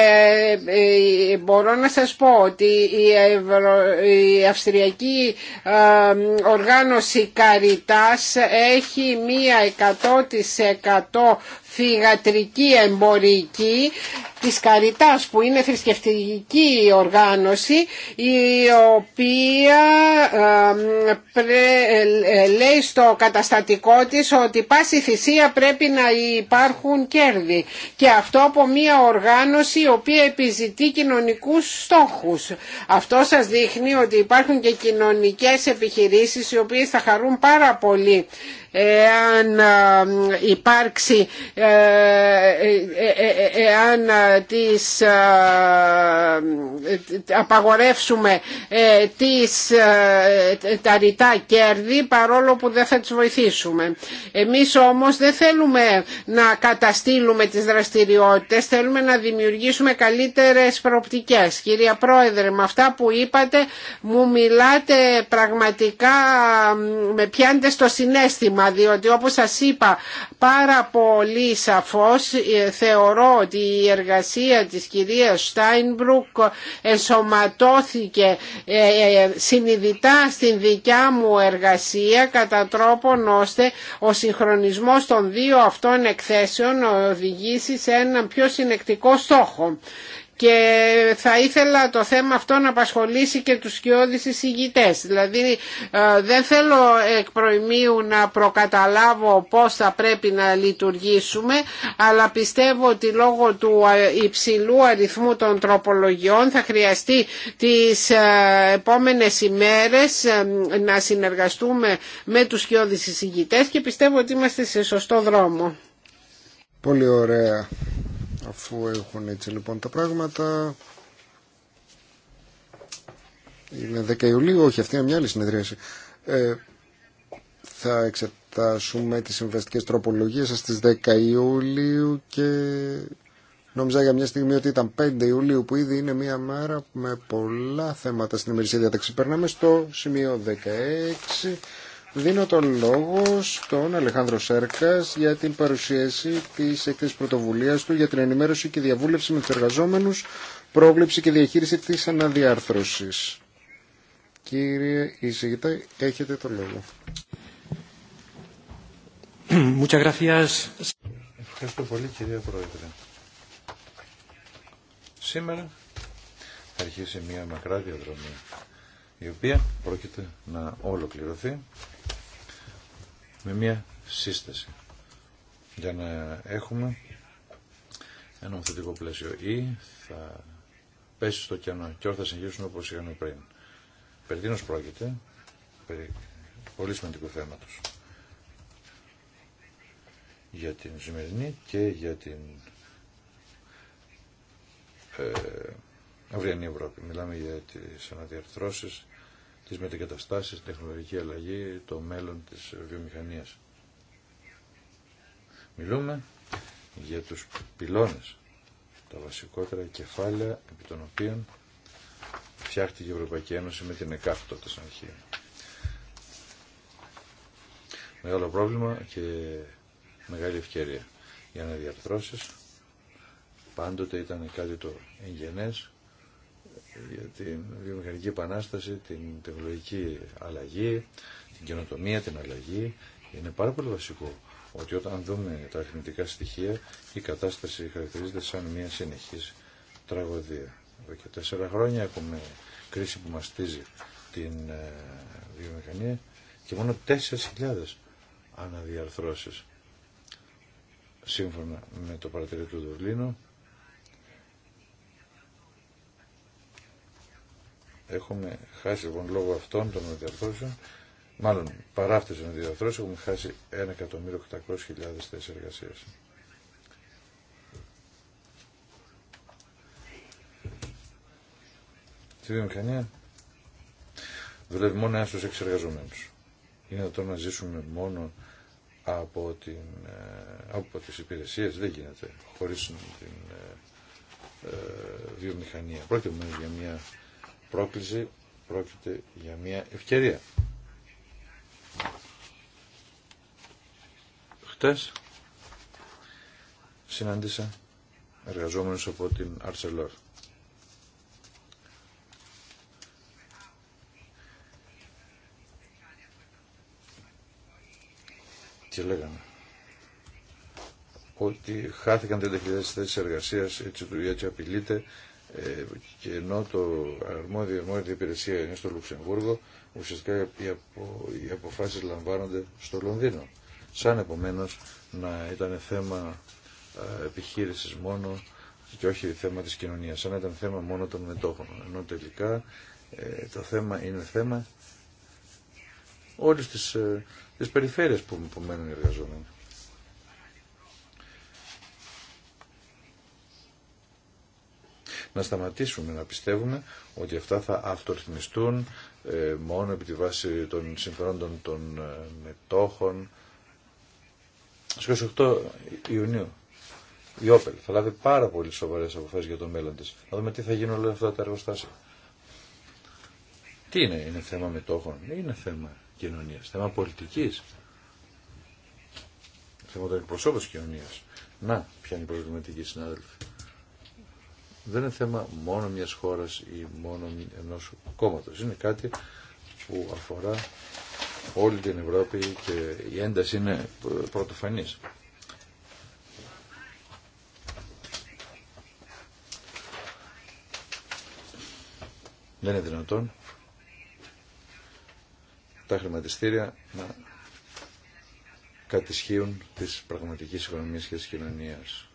ε, μπορώ να σας πω ότι η, η Αυστριακή ε, Οργάνωση Καριτάς έχει μία 100% φυγατρική εμπορική της Καριτάς που είναι θρησκευτική οργάνωση η οποία ε, ε, λέει στο καταστατικό της ότι πάση θυσία πρέπει να υπάρχουν κέρδη και αυτό από μια οργάνωση η οποία επιζητεί κοινωνικούς στόχους. Αυτό σας δείχνει ότι υπάρχουν και κοινωνικές επιχειρήσεις οι οποίες θα χαρούν πάρα πολύ εάν υπάρξει ε, εάν ε, ε, ε, τις απαγορεύσουμε τις, τα ρητά κέρδη παρόλο που δεν θα τις βοηθήσουμε. Εμείς όμως δεν θέλουμε να καταστήλουμε τις δραστηριότητες, θέλουμε να δημιουργήσουμε καλύτερες προοπτικές. Κυρία Πρόεδρε, με αυτά που είπατε μου μιλάτε πραγματικά, με πιάντε στο συνέστημα, διότι όπως σας είπα πάρα πολύ σαφώς θεωρώ ότι η εργασία εργασία της κυρίας Στάινμπρουκ ενσωματώθηκε ε, ε, ε, συνειδητά στην δικιά μου εργασία κατά τρόπον ώστε ο συγχρονισμός των δύο αυτών εκθέσεων οδηγήσει σε έναν πιο συνεκτικό στόχο και θα ήθελα το θέμα αυτό να απασχολήσει και τους σκιώδεις εισηγητές. Δηλαδή ε, δεν θέλω εκ προημίου να προκαταλάβω πώς θα πρέπει να λειτουργήσουμε αλλά πιστεύω ότι λόγω του ε, υψηλού αριθμού των τροπολογιών θα χρειαστεί τις ε, επόμενες ημέρες να συνεργαστούμε με τους σκιώδεις εισηγητές και πιστεύω ότι είμαστε σε σωστό δρόμο. Πολύ ωραία. Αφού έχουν έτσι λοιπόν τα πράγματα... Είναι 10 Ιουλίου, όχι αυτή είναι μια άλλη συνεδρίαση. Ε, θα εξετάσουμε τις συμβαστικές τροπολογίες σας στις 10 Ιουλίου και νόμιζα για μια στιγμή ότι ήταν 5 Ιουλίου που ήδη είναι μια μέρα με πολλά θέματα στην ημερησία διάταξη. Περνάμε στο σημείο 16. Δίνω τον λόγο στον Αλεχάνδρο Σέρκας για την παρουσίαση της έκθεσης πρωτοβουλίας του για την ενημέρωση και διαβούλευση με τους εργαζόμενους, πρόβλεψη και διαχείριση της αναδιάρθρωσης. Κύριε Ισηγητά, έχετε τον λόγο. Ευχαριστώ πολύ κυρία Πρόεδρε. Σήμερα θα αρχίσει μια μακρά διαδρομή η οποία πρόκειται να ολοκληρωθεί με μια σύσταση για να έχουμε ένα νομοθετικό πλαίσιο ή θα πέσει στο κενό και όλα θα συνεχίσουν όπως είχαμε πριν. Περί πρόκειται, περί πολύ σημαντικού θέματος για την σημερινή και για την ε, αυριανή Ευρώπη. Μιλάμε για τις αναδιαρθρώσεις, τις μετακαταστάσεις, τεχνολογική αλλαγή, το μέλλον της βιομηχανίας. Μιλούμε για τους πυλώνες, τα βασικότερα κεφάλαια επί των οποίων φτιάχτηκε η Ευρωπαϊκή Ένωση με την ΕΚΑΦ αρχή. Μεγάλο πρόβλημα και μεγάλη ευκαιρία για να διαρθρώσεις. Πάντοτε ήταν κάτι το εγγενές για την βιομηχανική επανάσταση, την τεχνολογική αλλαγή, την καινοτομία, την αλλαγή. Είναι πάρα πολύ βασικό ότι όταν δούμε τα αριθμητικά στοιχεία η κατάσταση χαρακτηρίζεται σαν μια συνεχής τραγωδία. Εδώ και τέσσερα χρόνια έχουμε κρίση που μαστίζει την ε, βιομηχανία και μόνο 4.000 αναδιαρθρώσεις σύμφωνα με το παρατηρητήριο του Δουβλίνου Έχουμε χάσει λοιπόν λόγω αυτών των διαρθρώσεων, μάλλον παρά αυτές των διαρθρώσεων, έχουμε χάσει 1.800.000 θέσεις εργασίας. Τη βιομηχανία δουλεύει μόνο ένα στους εξεργαζομένους. Είναι το να ζήσουμε μόνο από, την, ε, από τις υπηρεσίες, δεν γίνεται χωρίς την ε, ε βιομηχανία. Πρόκειται για μια πρόκληση πρόκειται για μια ευκαιρία. Χτες συνάντησα εργαζόμενους από την Αρσελόρ. Και λέγανε ότι χάθηκαν 30.000 θέσεις εργασίας, έτσι του έτσι απειλείται ε, και ενώ το αρμόδιο αρμόδιο υπηρεσία είναι στο Λουξεμβούργο, ουσιαστικά οι, απο, αποφάσεις λαμβάνονται στο Λονδίνο. Σαν επομένως να ήταν θέμα ε, επιχείρησης μόνο και όχι θέμα της κοινωνίας, σαν να ήταν θέμα μόνο των μετόχων. Ενώ τελικά ε, το θέμα είναι θέμα όλες τις, τις περιφέρειες που, που μένουν οι εργαζόμενοι. να σταματήσουμε να πιστεύουμε ότι αυτά θα αυτορυθμιστούν ε, μόνο επί τη βάση των συμφερόντων των ε, μετόχων. Στις 28 Ιουνίου η Όπελ θα λάβει πάρα πολύ σοβαρές αποφάσεις για το μέλλον τη. Να δούμε τι θα γίνουν όλα αυτά τα εργοστάσια. Τι είναι, είναι θέμα μετόχων, είναι θέμα κοινωνίας, θέμα πολιτικής, θέμα των εκπροσώπων κοινωνία. Να, ποια είναι η προβληματική συνάδελφη δεν είναι θέμα μόνο μιας χώρας ή μόνο ενός κόμματος. Είναι κάτι που αφορά όλη την Ευρώπη και η ένταση είναι πρωτοφανής. Δεν είναι δυνατόν τα χρηματιστήρια να κατησχύουν της πραγματικής οικονομίας και της κοινωνίας.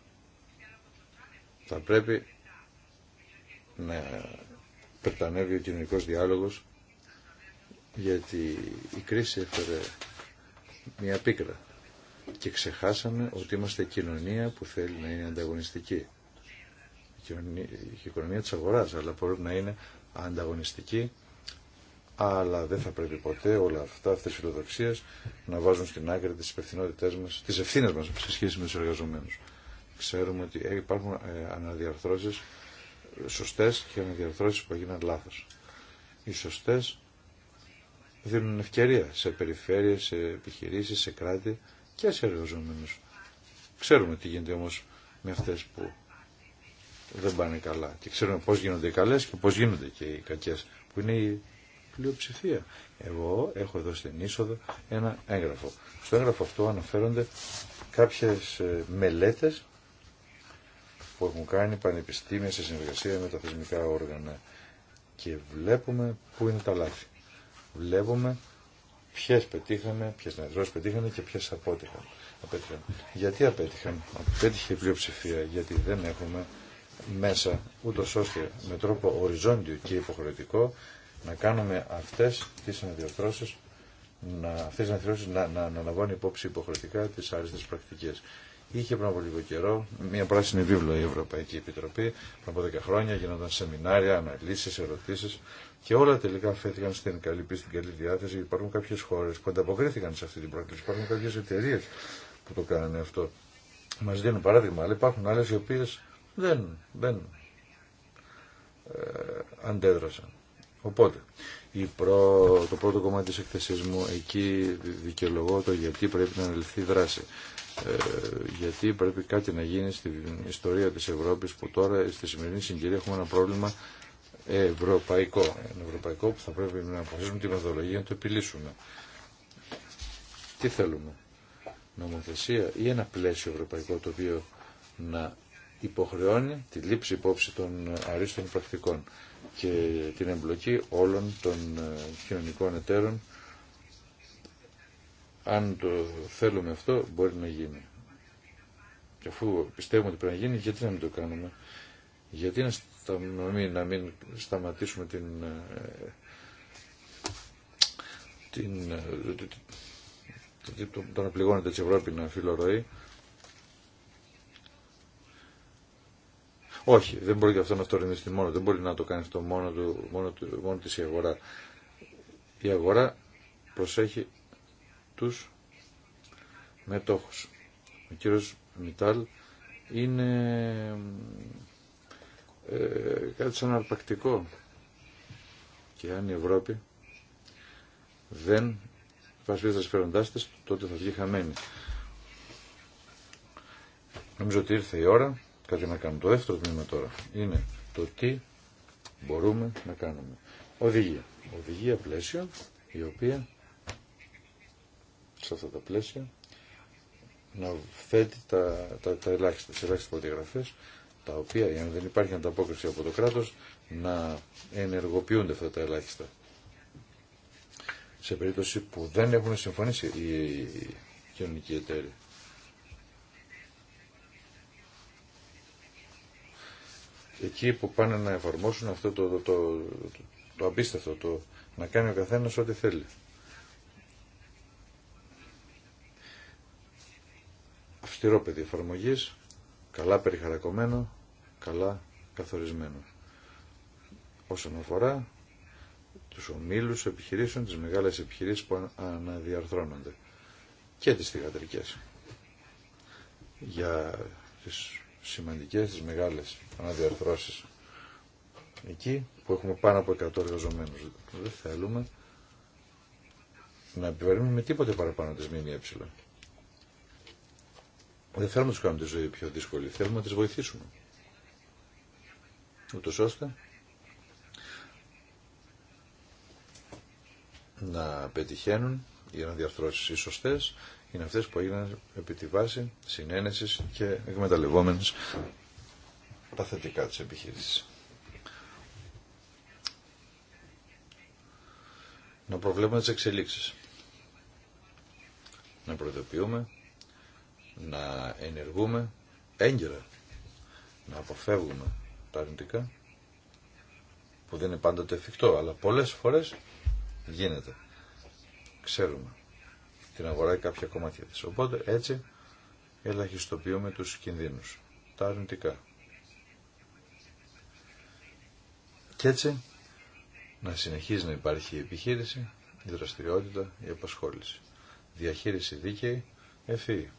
Θα πρέπει να περτανεύει ο κοινωνικός διάλογος γιατί η κρίση έφερε μια πίκρα και ξεχάσαμε ότι είμαστε κοινωνία που θέλει να είναι ανταγωνιστική. Η οικονομία της αγοράς, αλλά μπορεί να είναι ανταγωνιστική, αλλά δεν θα πρέπει ποτέ όλα αυτά, αυτές οι φιλοδοξίες, να βάζουν στην άκρη τις υπευθυνότητές μας, τις ευθύνες μας σε σχέση με τους εργαζομένους. Ξέρουμε ότι υπάρχουν ε, αναδιαρθρώσεις σωστές και αναδιαρθρώσεις που έγιναν λάθος. Οι σωστές δίνουν ευκαιρία σε περιφέρειες, σε επιχειρήσεις, σε κράτη και σε εργαζομένους. Ξέρουμε τι γίνεται όμως με αυτές που δεν πάνε καλά και ξέρουμε πώς γίνονται οι καλές και πώς γίνονται και οι κακές που είναι η πλειοψηφία. Εγώ έχω εδώ στην είσοδο ένα έγγραφο. Στο έγγραφο αυτό αναφέρονται κάποιες ε, μελέτες που έχουν κάνει πανεπιστήμια σε συνεργασία με τα θεσμικά όργανα και βλέπουμε πού είναι τα λάθη. Βλέπουμε ποιες πετύχαμε, ποιες πετύχαμε και ποιες απέτυχαν. απέτυχαν. Γιατί απέτυχαν, απέτυχε η πλειοψηφία, γιατί δεν έχουμε μέσα, ούτω ώστε με τρόπο οριζόντιο και υποχρεωτικό, να κάνουμε αυτές τις αναδιορθώσεις να, αυτές υπόψη υποχρεωτικά τις άριστες πρακτικές. Είχε πριν από λίγο καιρό μια πράσινη βίβλο η Ευρωπαϊκή Επιτροπή, πριν από 10 χρόνια γίνονταν σεμινάρια, αναλύσει, ερωτήσει και όλα τελικά φέθηκαν στην καλή πίστη, στην καλή διάθεση. Υπάρχουν κάποιε χώρε που ανταποκρίθηκαν σε αυτή την πρόκληση, υπάρχουν κάποιε εταιρείε που το κάνανε αυτό. Μα δίνουν παράδειγμα, αλλά υπάρχουν άλλε οι οποίε δεν, δεν ε, αντέδρασαν. Οπότε, η προ, το πρώτο κομμάτι τη εκθέση μου, εκεί δικαιολογώ το γιατί πρέπει να αναλυθεί δράση. Ε, γιατί πρέπει κάτι να γίνει στην ιστορία της Ευρώπης που τώρα στη σημερινή συγκυρία έχουμε ένα πρόβλημα ευρωπαϊκό. Ένα ευρωπαϊκό που θα πρέπει να αποφασίσουμε τη μεθοδολογία να το επιλύσουμε. Τι θέλουμε. Νομοθεσία ή ένα πλαίσιο ευρωπαϊκό το οποίο να υποχρεώνει τη λήψη υπόψη των αρίστων πρακτικών και την εμπλοκή όλων των ε, κοινωνικών εταίρων αν το θέλουμε αυτό μπορεί να γίνει. Και αφού πιστεύουμε ότι πρέπει να γίνει, γιατί να μην το κάνουμε. Γιατί να, μην, σταματήσουμε την, ε, την, ε, το, να πληγώνεται της Ευρώπη να φιλορροεί. Όχι, δεν μπορεί και αυτό να αυτορυθμιστεί μόνο, δεν μπορεί να το κάνει αυτό μόνο, του, μόνο, του, μόνο της η αγορά. Η αγορά προσέχει τους μετόχους. Ο κύριος Μιτάλ είναι ε, κάτι σαν αρπακτικό και αν η Ευρώπη δεν βασίζει τα φέροντά τη, τότε θα βγει χαμένη. Νομίζω ότι ήρθε η ώρα, κάτι να κάνουμε. Το δεύτερο τμήμα τώρα είναι το τι μπορούμε να κάνουμε. Οδηγία. Οδηγία πλαίσιο η οποία σε αυτά τα πλαίσια να θέτει τα, τα, τα ελάχιστα, τις ελάχιστες τα οποία, αν δεν υπάρχει ανταπόκριση από το κράτος, να ενεργοποιούνται αυτά τα ελάχιστα. Σε περίπτωση που δεν έχουν συμφωνήσει οι κοινωνικοί εταίροι. Εκεί που πάνε να εφαρμόσουν αυτό το, το, το, το απίστευτο, το να κάνει ο καθένας ό,τι θέλει. αυστηρό παιδί εφαρμογή, καλά περιχαρακωμένο, καλά καθορισμένο. Όσον αφορά τους ομιλου επιχειρήσεων, τις μεγάλες επιχειρήσει που αναδιαρθρώνονται και τις θηγατρικέ. Για τις σημαντικέ, τις μεγάλες αναδιαρθρώσεις εκεί που έχουμε πάνω από 100 εργαζομένους. Δεν θέλουμε να επιβαρύνουμε με τίποτε παραπάνω της ΜΜΕ. Δεν θέλουμε να τους κάνουμε τη ζωή πιο δύσκολη, θέλουμε να τις βοηθήσουμε. Ούτως ώστε να πετυχαίνουν οι αναδιαρθρώσει οι σωστέ είναι αυτέ που έγιναν επί τη βάση συνένεσης και εκμεταλλευόμενη τα θετικά της επιχείρησης. Να προβλέπουμε τι εξελίξει. Να προειδοποιούμε να ενεργούμε έγκαιρα, να αποφεύγουμε τα αρνητικά, που δεν είναι πάντοτε εφικτό, αλλά πολλές φορές γίνεται. Ξέρουμε την αγορά ή κάποια κομμάτια της. Οπότε έτσι ελαχιστοποιούμε τους κινδύνους, τα αρνητικά. Και έτσι να συνεχίζει να υπάρχει επιχείρηση, η δραστηριότητα, η απασχόληση. Διαχείριση δίκαιη, ευφύη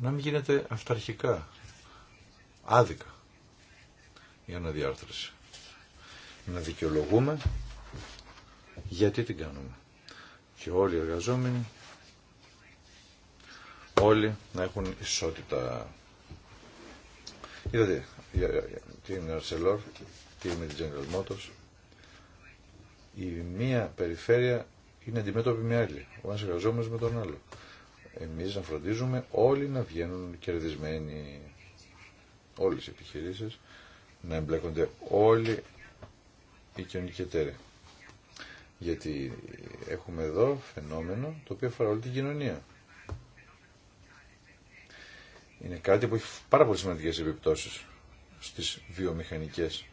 να μην γίνεται αυταρχικά, άδικα η αναδιάρθρωση. Να δικαιολογούμε γιατί την κάνουμε. Και όλοι οι εργαζόμενοι, όλοι να έχουν ισότητα. Είδατε την Αρσελόρ; τι είναι την General Motors. Η μία περιφέρεια είναι αντιμέτωπη με άλλη. Ο ένας εργαζόμενος με τον άλλο εμείς να φροντίζουμε όλοι να βγαίνουν κερδισμένοι όλες οι επιχειρήσεις, να εμπλέκονται όλοι οι κοινωνικοί Γιατί έχουμε εδώ φαινόμενο το οποίο αφορά όλη την κοινωνία. Είναι κάτι που έχει πάρα πολύ σημαντικές επιπτώσεις στις βιομηχανικές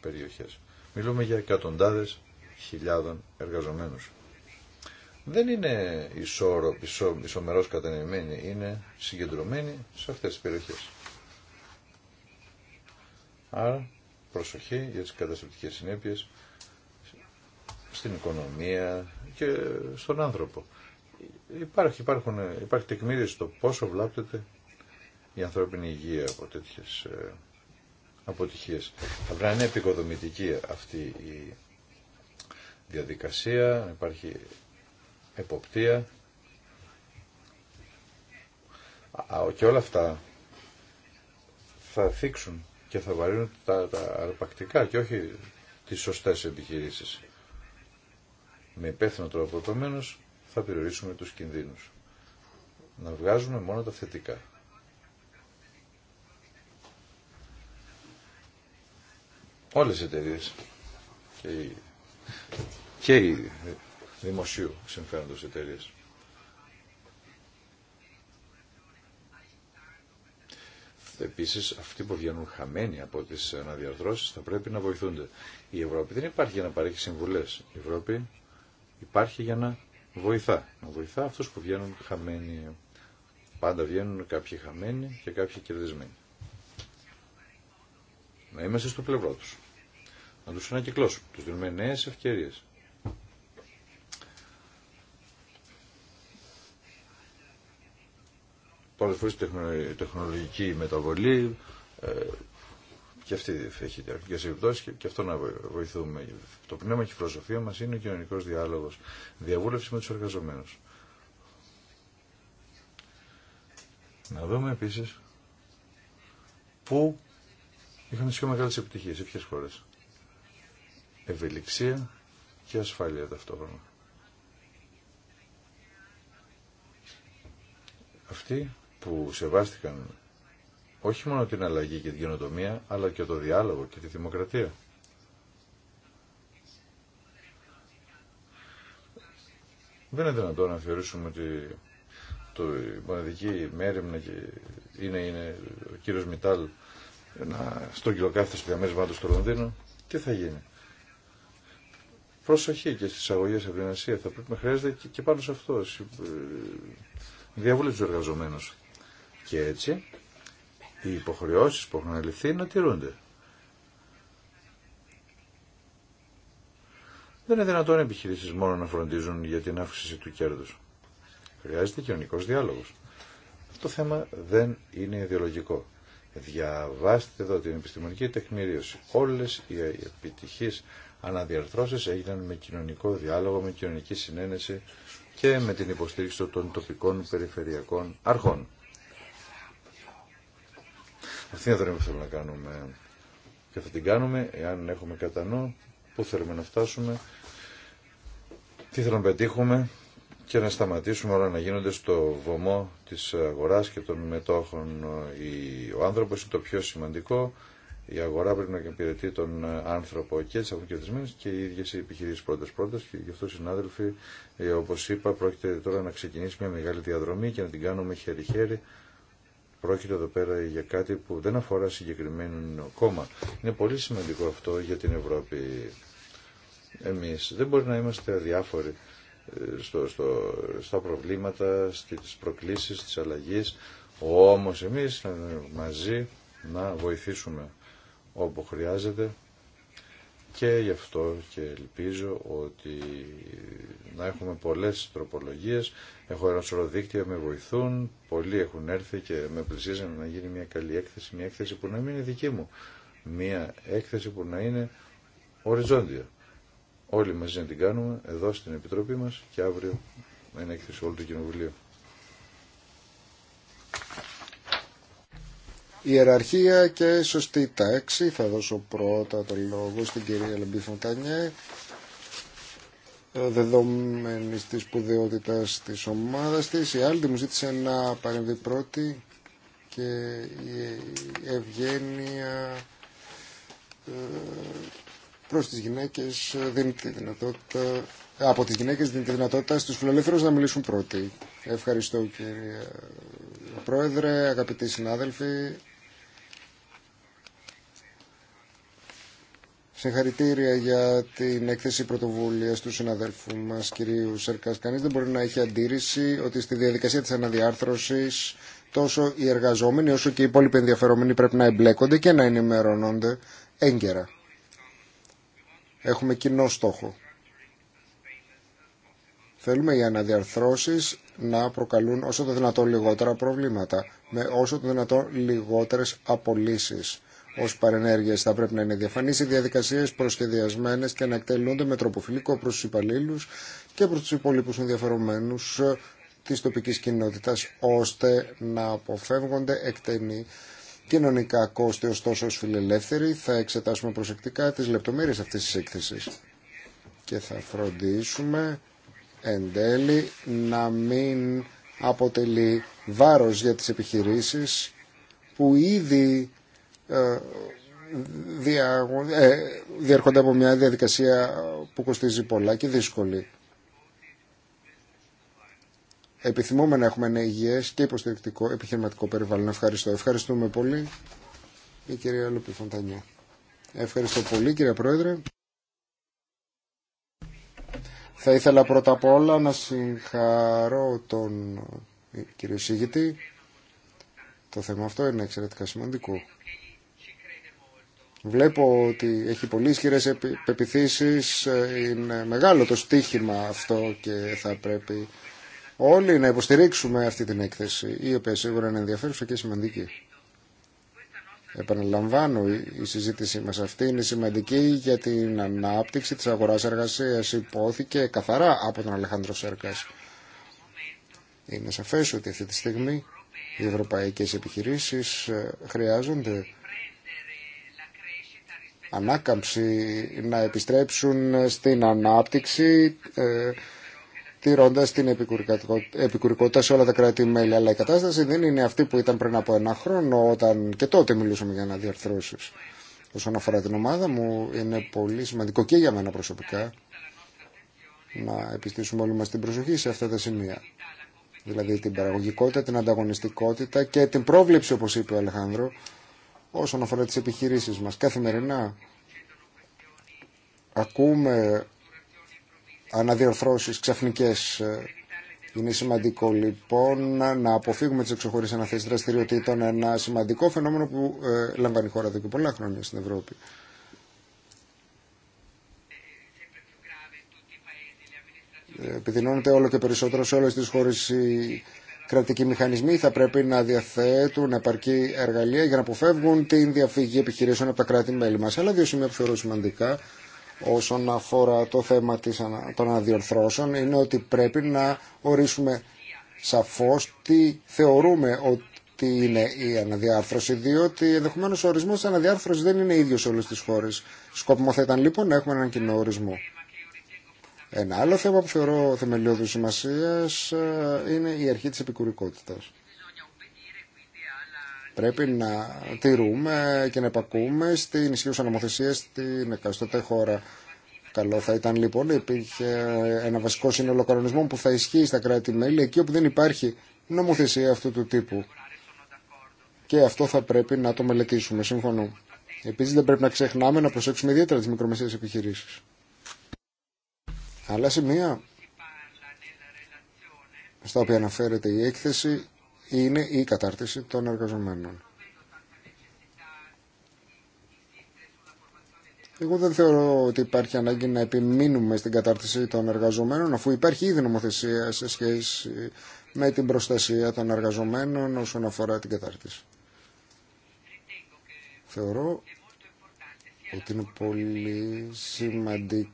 περιοχές. Μιλούμε για εκατοντάδες χιλιάδων εργαζομένους δεν είναι ισόρο, ισο, ισομερός κατανοημένη. είναι συγκεντρωμένη σε αυτές τις περιοχές. Άρα, προσοχή για τις καταστροφικές συνέπειες στην οικονομία και στον άνθρωπο. Υπάρχει, υπάρχουν, υπάρχει τεκμήρια στο πόσο βλάπτεται η ανθρώπινη υγεία από τέτοιες ε, αποτυχίες. Θα πρέπει να είναι επικοδομητική αυτή η διαδικασία, υπάρχει εποπτεία και όλα αυτά θα θίξουν και θα βαρύνουν τα, τα αρπακτικά και όχι τις σωστές επιχειρήσεις. Με υπεύθυνο τρόπο επομένω θα περιορίσουμε τους κινδύνους. Να βγάζουμε μόνο τα θετικά. Όλες οι εταιρείε και δημοσίου συμφέροντος εταιρείε. Επίση, αυτοί που βγαίνουν χαμένοι από τι αναδιαρθρώσει θα πρέπει να βοηθούνται. Η Ευρώπη δεν υπάρχει για να παρέχει συμβουλέ. Η Ευρώπη υπάρχει για να βοηθά. Να βοηθά αυτού που βγαίνουν χαμένοι. Πάντα βγαίνουν κάποιοι χαμένοι και κάποιοι κερδισμένοι. Να είμαστε στο πλευρό του. Να του ανακυκλώσουμε. Του δίνουμε νέε ευκαιρίε. φορές τεχνολογική μεταβολή ε, και αυτή έχει αρκετέ επιπτώσεις και, αυτό να βοηθούμε. Το πνεύμα και η φιλοσοφία μας είναι ο κοινωνικό διάλογος. Διαβούλευση με τους εργαζομένου. Να δούμε επίσης πού είχαμε πιο μεγάλες επιτυχίες. σε ποιες χώρες. Ευελιξία και ασφάλεια ταυτόχρονα. Αυτή που σεβάστηκαν όχι μόνο την αλλαγή και την καινοτομία, αλλά και το διάλογο και τη δημοκρατία. Δεν είναι δυνατόν να θεωρήσουμε ότι το, η μοναδική μέρη είναι, είναι ο κύριος Μιτάλ να στο κάθε στο διαμέρισμα του στο Λονδίνο. Τι θα γίνει. Προσοχή και στις αγωγές από την Ασία θα πρέπει να χρειάζεται και, πάνω σε αυτό. Ε, διαβούλευση του εργαζομένου. Και έτσι οι υποχρεώσεις που έχουν να τηρούνται. Δεν είναι δυνατόν επιχειρήσεις μόνο να φροντίζουν για την αύξηση του κέρδους. Χρειάζεται κοινωνικό διάλογος. Αυτό το θέμα δεν είναι ιδεολογικό. Διαβάστε εδώ την επιστημονική τεκμηρίωση. Όλες οι επιτυχείς αναδιαρθρώσεις έγιναν με κοινωνικό διάλογο, με κοινωνική συνένεση και με την υποστήριξη των τοπικών περιφερειακών αρχών. Αυτή είναι η που θέλουμε να κάνουμε. Και θα την κάνουμε εάν έχουμε κατά νου πού θέλουμε να φτάσουμε, τι θέλουμε να πετύχουμε και να σταματήσουμε όλα να γίνονται στο βωμό της αγοράς και των μετόχων. Ο άνθρωπος είναι το πιο σημαντικό. Η αγορά πρέπει να υπηρετεί τον άνθρωπο και τι αποκεντρισμένε και οι ίδιε οι επιχειρήσει πρώτε-πρώτε. Και γι' αυτό, συνάδελφοι, ε, όπω είπα, πρόκειται τώρα να ξεκινήσει μια μεγάλη διαδρομή και να την κάνουμε χέρι-χέρι Πρόκειται εδώ πέρα για κάτι που δεν αφορά συγκεκριμένο κόμμα. Είναι πολύ σημαντικό αυτό για την Ευρώπη. Εμείς δεν μπορεί να είμαστε αδιάφοροι ε, στο, στο, στα προβλήματα, στις προκλήσεις, στις αλλαγές. Όμως εμείς μαζί να βοηθήσουμε όπου χρειάζεται και γι' αυτό και ελπίζω ότι να έχουμε πολλές τροπολογίες. Έχω ένα σωρό δίκτυα, με βοηθούν, πολλοί έχουν έρθει και με πλησίζουν να γίνει μια καλή έκθεση, μια έκθεση που να μην είναι δική μου. Μια έκθεση που να είναι οριζόντια. Όλοι μαζί να την κάνουμε εδώ στην Επιτροπή μας και αύριο ένα έκθεση όλου του Κοινοβουλίου. ιεραρχία και σωστή τάξη. Θα δώσω πρώτα το λόγο στην κυρία Λεμπή Φοντανιέ, δεδομένη τη σπουδαιότητα τη ομάδα τη. Η άλλη μου ζήτησε να παρεμβεί πρώτη και η ευγένεια ε, προς τις γυναίκες δίνει δυνατότητα από τις γυναίκες δίνει τη δυνατότητα στους φιλελεύθερου να μιλήσουν πρώτοι. Ευχαριστώ κύριε Πρόεδρε, αγαπητοί συνάδελφοι. Συγχαρητήρια για την έκθεση πρωτοβουλία του συναδέλφου μα, κυρίου Σερκά. Κανεί δεν μπορεί να έχει αντίρρηση ότι στη διαδικασία τη αναδιάρθρωση τόσο οι εργαζόμενοι όσο και οι υπόλοιποι ενδιαφερόμενοι πρέπει να εμπλέκονται και να ενημερώνονται έγκαιρα. Έχουμε κοινό στόχο. Θέλουμε οι αναδιαρθρώσει να προκαλούν όσο το δυνατόν λιγότερα προβλήματα, με όσο το δυνατόν λιγότερε απολύσει. Ω παρενέργειε θα πρέπει να είναι διαφανεί οι διαδικασίε προσχεδιασμένε και να εκτελούνται με τρόπο φιλικό προ του υπαλλήλου και προ του υπόλοιπου ενδιαφερομένους τη τοπική κοινότητα, ώστε να αποφεύγονται εκτενή κοινωνικά κόστη ωστόσο ως φιλελεύθεροι θα εξετάσουμε προσεκτικά τις λεπτομέρειες αυτής της έκθεσης και θα φροντίσουμε εν τέλει να μην αποτελεί βάρος για τις επιχειρήσεις που ήδη ε, ε, διέρχονται από μια διαδικασία που κοστίζει πολλά και δύσκολη. Επιθυμούμε να έχουμε ένα υγιές και υποστηρικτικό επιχειρηματικό περιβάλλον. Ευχαριστώ. Ευχαριστούμε πολύ η κυρία Λούπη Φοντανιά. Ευχαριστώ πολύ κύριε Πρόεδρε. Θα ήθελα πρώτα απ' όλα να συγχαρώ τον κύριο Σίγητη. Το θέμα αυτό είναι εξαιρετικά σημαντικό. Βλέπω ότι έχει πολύ ισχυρέ πεπιθήσει. Ε, είναι μεγάλο το στίχημα αυτό και θα πρέπει όλοι να υποστηρίξουμε αυτή την έκθεση, η οποία σίγουρα είναι ενδιαφέρουσα και σημαντική. Επαναλαμβάνω, η συζήτησή μας αυτή είναι σημαντική για την ανάπτυξη της αγοράς εργασίας. Υπόθηκε καθαρά από τον Αλεχάνδρο Σέρκας. Είναι σαφές ότι αυτή τη στιγμή οι ευρωπαϊκές επιχειρήσεις ε, χρειάζονται ανάκαμψη να επιστρέψουν στην ανάπτυξη ε, τηρώντας την επικουρικότητα σε όλα τα κράτη-μέλη. Αλλά η κατάσταση δεν είναι αυτή που ήταν πριν από ένα χρόνο όταν και τότε μιλούσαμε για αναδιαρθρώσεις. Όσον αφορά την ομάδα μου είναι πολύ σημαντικό και για μένα προσωπικά να επιστήσουμε όλοι μας την προσοχή σε αυτά τα σημεία. Δηλαδή την παραγωγικότητα, την ανταγωνιστικότητα και την πρόβλεψη όπως είπε ο Αλεχάνδρο όσον αφορά τις επιχειρήσεις μας. Καθημερινά ακούμε αναδιορθώσεις ξαφνικές. Είναι σημαντικό λοιπόν να αποφύγουμε τις εξωχωρήσεις αναθέσεις δραστηριοτήτων, ένα σημαντικό φαινόμενο που ε, λαμβάνει η χώρα εδώ και πολλά χρόνια στην Ευρώπη. Ε, επιδεινώνεται όλο και περισσότερο σε όλες τις χώρες η κρατικοί μηχανισμοί θα πρέπει να διαθέτουν επαρκή εργαλεία για να αποφεύγουν την διαφυγή επιχειρήσεων από τα κράτη-μέλη μα. Αλλά δύο σημεία που θεωρώ σημαντικά όσον αφορά το θέμα των αναδιορθώσεων είναι ότι πρέπει να ορίσουμε σαφώς τι θεωρούμε ότι είναι η αναδιάρθρωση, διότι ενδεχομένω ο ορισμός της αναδιάρθρωσης δεν είναι ίδιος σε όλες τις χώρες. Σκόπιμο θα ήταν λοιπόν να έχουμε έναν κοινό ορισμό. Ένα άλλο θέμα που θεωρώ θεμελιώδη σημασία ε, είναι η αρχή τη επικουρικότητα. Πρέπει να τηρούμε και να επακούμε στην ισχύουσα νομοθεσία στην εκαστοτέ χώρα. Καλό θα ήταν λοιπόν υπήρχε ένα βασικό σύνολο κανονισμών που θα ισχύει στα κράτη-μέλη εκεί όπου δεν υπάρχει νομοθεσία αυτού του τύπου. Και αυτό θα πρέπει να το μελετήσουμε, συμφωνώ. Επίση δεν πρέπει να ξεχνάμε να προσέξουμε ιδιαίτερα τι μικρομεσαίες επιχειρήσει. Άλλα σημεία στα οποία αναφέρεται η έκθεση είναι η κατάρτιση των εργαζομένων. Εγώ δεν θεωρώ ότι υπάρχει ανάγκη να επιμείνουμε στην κατάρτιση των εργαζομένων αφού υπάρχει ήδη νομοθεσία σε σχέση με την προστασία των εργαζομένων όσον αφορά την κατάρτιση. Θεωρώ ότι είναι πολύ σημαντικό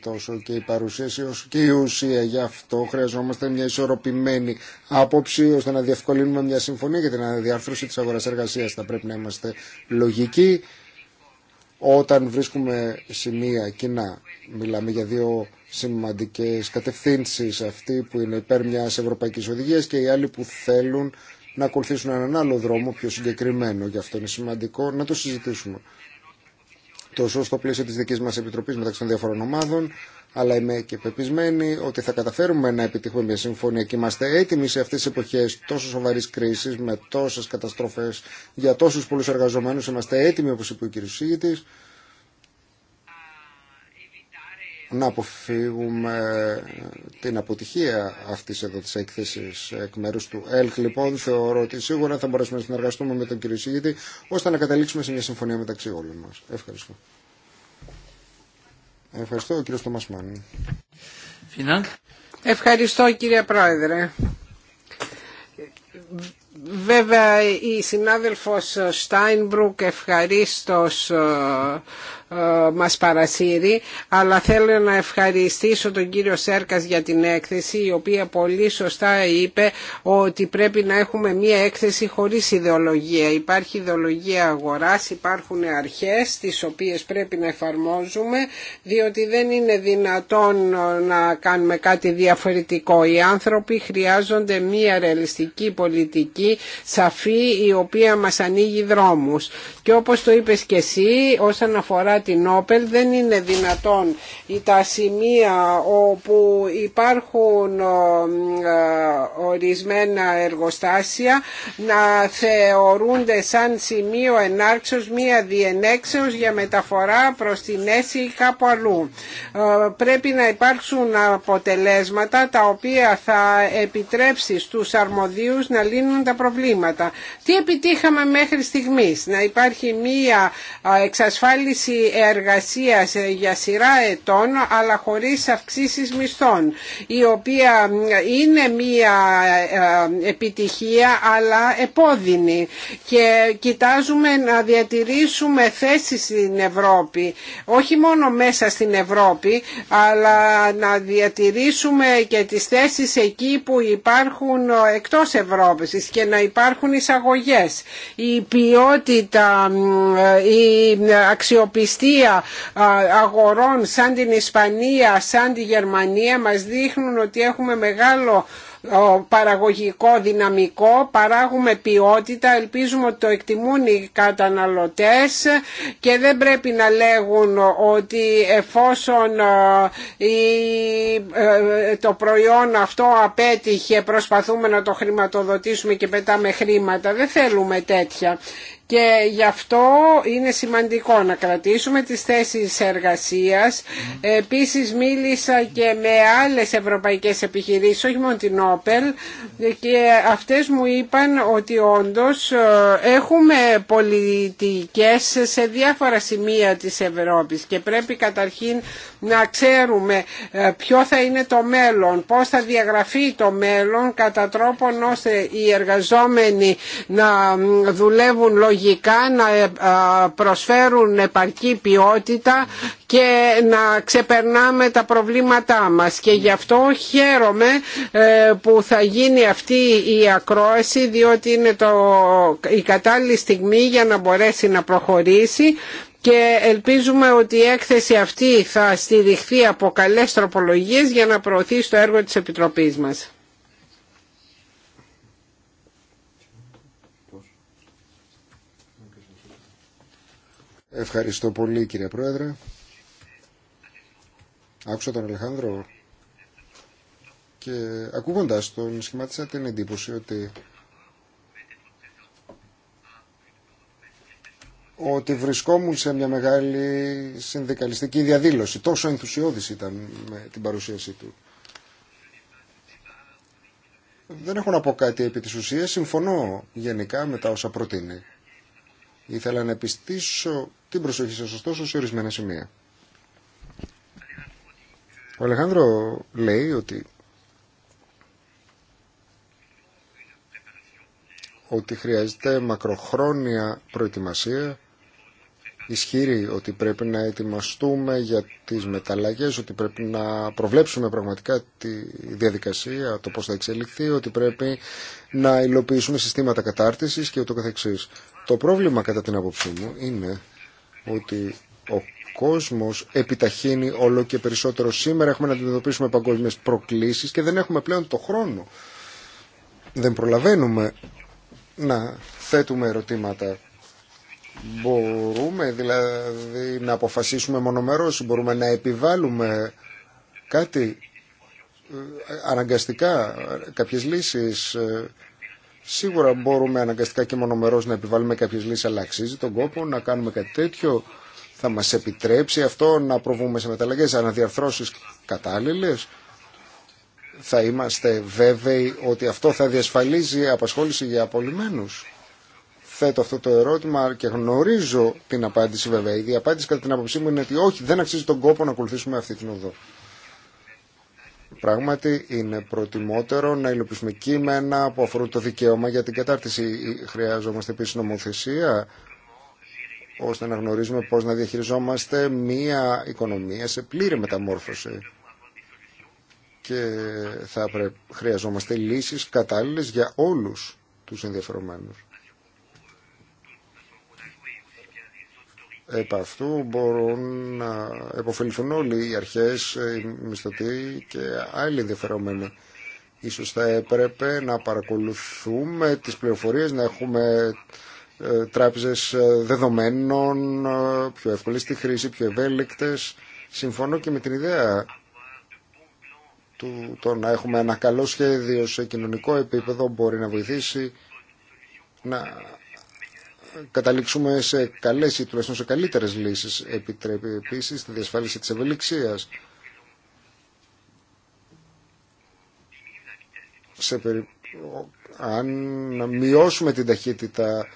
τόσο και η παρουσίαση όσο και η ουσία. Γι' αυτό χρειαζόμαστε μια ισορροπημένη άποψη ώστε να διευκολύνουμε μια συμφωνία για την αναδιάρθρωση της αγοράς εργασίας. Θα πρέπει να είμαστε λογικοί όταν βρίσκουμε σημεία κοινά. Μιλάμε για δύο σημαντικές κατευθύνσεις αυτή που είναι υπέρ μιας ευρωπαϊκής οδηγίας και οι άλλοι που θέλουν να ακολουθήσουν έναν άλλο δρόμο πιο συγκεκριμένο. Γι' αυτό είναι σημαντικό να το συζητήσουμε τόσο στο πλαίσιο της δικής μας επιτροπής μεταξύ των διαφορών ομάδων, αλλά είμαι και πεπισμένη ότι θα καταφέρουμε να επιτύχουμε μια συμφωνία και είμαστε έτοιμοι σε αυτές τι εποχές τόσο σοβαρή κρίση με τόσες καταστροφές για τόσους πολλού εργαζομένου. είμαστε έτοιμοι όπως είπε ο κ. Σίγητης, να αποφύγουμε την αποτυχία αυτής εδώ της έκθεσης εκ μέρους του ΕΛΚ. Λοιπόν, θεωρώ ότι σίγουρα θα μπορέσουμε να συνεργαστούμε με τον κύριο Σιγητή, ώστε να καταλήξουμε σε μια συμφωνία μεταξύ όλων μας. Ευχαριστώ. Ευχαριστώ, κύριο Στομασμάνη. Ευχαριστώ, κύριε Πρόεδρε. Βέβαια η συνάδελφος Στάινμπρουκ ευχαρίστως ε, ε, μας παρασύρει αλλά θέλω να ευχαριστήσω τον κύριο Σέρκας για την έκθεση η οποία πολύ σωστά είπε ότι πρέπει να έχουμε μία έκθεση χωρίς ιδεολογία υπάρχει ιδεολογία αγοράς υπάρχουν αρχές τις οποίες πρέπει να εφαρμόζουμε διότι δεν είναι δυνατόν να κάνουμε κάτι διαφορετικό οι άνθρωποι χρειάζονται μία ρεαλιστική πολιτική σαφή η οποία μας ανοίγει δρόμους. Και όπως το είπες και εσύ όσον αφορά την Όπελ δεν είναι δυνατόν τα σημεία όπου υπάρχουν ε, ε, ορισμένα εργοστάσια να θεωρούνται σαν σημείο ενάρξεως μία διενέξεως για μεταφορά προς την Έση ή κάπου αλλού. Ε, πρέπει να υπάρξουν αποτελέσματα τα οποία θα επιτρέψει στους αρμοδιότητες διούς να λύνουν τα προβλήματα. Τι επιτύχαμε μέχρι στιγμής. Να υπάρχει μία εξασφάλιση εργασίας ε, για σειρά ετών αλλά χωρίς αυξήσεις μισθών η οποία είναι μία ε, ε, επιτυχία αλλά επώδυνη και κοιτάζουμε να διατηρήσουμε θέσεις στην Ευρώπη όχι μόνο μέσα στην Ευρώπη αλλά να διατηρήσουμε και τις θέσεις εκεί που υπάρχουν εκτός Ευρώπη Ευρώπης και να υπάρχουν εισαγωγές. Η ποιότητα, η αξιοπιστία αγορών σαν την Ισπανία, σαν τη Γερμανία μας δείχνουν ότι έχουμε μεγάλο παραγωγικό δυναμικό, παράγουμε ποιότητα, ελπίζουμε ότι το εκτιμούν οι καταναλωτές και δεν πρέπει να λέγουν ότι εφόσον ε, ε, το προϊόν αυτό απέτυχε προσπαθούμε να το χρηματοδοτήσουμε και πετάμε χρήματα. Δεν θέλουμε τέτοια και γι' αυτό είναι σημαντικό να κρατήσουμε τις θέσεις εργασίας. Επίσης μίλησα και με άλλες ευρωπαϊκές επιχειρήσεις, όχι μόνο την Όπελ και αυτές μου είπαν ότι όντως ε, έχουμε πολιτικές σε διάφορα σημεία της Ευρώπης και πρέπει καταρχήν να ξέρουμε ε, ποιο θα είναι το μέλλον, πώς θα διαγραφεί το μέλλον κατά τρόπον ώστε οι εργαζόμενοι να δουλεύουν λογικά να ε, προσφέρουν επαρκή ποιότητα και να ξεπερνάμε τα προβλήματά μας και γι' αυτό χαίρομαι ε, που θα γίνει αυτή η ακρόαση διότι είναι το, η κατάλληλη στιγμή για να μπορέσει να προχωρήσει και ελπίζουμε ότι η έκθεση αυτή θα στηριχθεί από καλές τροπολογίες για να προωθήσει το έργο της Επιτροπής μας. Ευχαριστώ πολύ κύριε Πρόεδρε. Άκουσα τον Αλεχάνδρο και ακούγοντας τον σχημάτισα την εντύπωση ότι ότι βρισκόμουν σε μια μεγάλη συνδικαλιστική διαδήλωση. Τόσο ενθουσιώδης ήταν με την παρουσίασή του. Δεν έχω να πω κάτι επί της ουσίας. Συμφωνώ γενικά με τα όσα προτείνει. Ήθελα να επιστήσω την προσοχή σας ωστόσο σε ορισμένα σημεία. Ο Αλεχάνδρο λέει ότι ότι χρειάζεται μακροχρόνια προετοιμασία ισχυρή ότι πρέπει να ετοιμαστούμε για τις μεταλλαγές, ότι πρέπει να προβλέψουμε πραγματικά τη διαδικασία, το πώς θα εξελιχθεί, ότι πρέπει να υλοποιήσουμε συστήματα κατάρτισης και ούτω καθεξής. Το πρόβλημα κατά την άποψή μου είναι ότι ο κόσμος επιταχύνει όλο και περισσότερο. Σήμερα έχουμε να αντιμετωπίσουμε παγκόσμιες προκλήσεις και δεν έχουμε πλέον το χρόνο. Δεν προλαβαίνουμε να θέτουμε ερωτήματα Μπορούμε δηλαδή να αποφασίσουμε μονομερώς, μπορούμε να επιβάλλουμε κάτι ε, αναγκαστικά, κάποιες λύσεις. Ε, σίγουρα μπορούμε αναγκαστικά και μονομερώς να επιβάλλουμε κάποιες λύσεις, αλλά αξίζει τον κόπο να κάνουμε κάτι τέτοιο. Θα μας επιτρέψει αυτό να προβούμε σε μεταλλαγές, αναδιαρθρώσεις κατάλληλες. Θα είμαστε βέβαιοι ότι αυτό θα διασφαλίζει απασχόληση για απολυμμένους θέτω αυτό το ερώτημα και γνωρίζω την απάντηση βέβαια. Η απάντηση κατά την άποψή μου είναι ότι όχι, δεν αξίζει τον κόπο να ακολουθήσουμε αυτή την οδό. Πράγματι είναι προτιμότερο να υλοποιήσουμε κείμενα που αφορούν το δικαίωμα για την κατάρτιση. Χρειάζομαστε επίση νομοθεσία ώστε να γνωρίζουμε πώς να διαχειριζόμαστε μία οικονομία σε πλήρη μεταμόρφωση. Και θα χρειαζόμαστε λύσεις κατάλληλες για όλους τους ενδιαφερομένους. Επ' αυτού μπορούν να επωφεληθούν όλοι οι αρχές, οι μισθωτοί και άλλοι ενδιαφερόμενοι. Ίσως θα έπρεπε να παρακολουθούμε τις πληροφορίες, να έχουμε ε, τράπεζες ε, δεδομένων, ε, πιο εύκολες στη χρήση, πιο ευέλικτες. Συμφωνώ και με την ιδέα του το να έχουμε ένα καλό σχέδιο σε κοινωνικό επίπεδο μπορεί να βοηθήσει να καταλήξουμε σε καλές ή τουλάχιστον σε καλύτερες λύσεις. Επιτρέπει επίση τη διασφάλιση της ευελιξίας. Σε περι... Αν μειώσουμε την ταχύτητα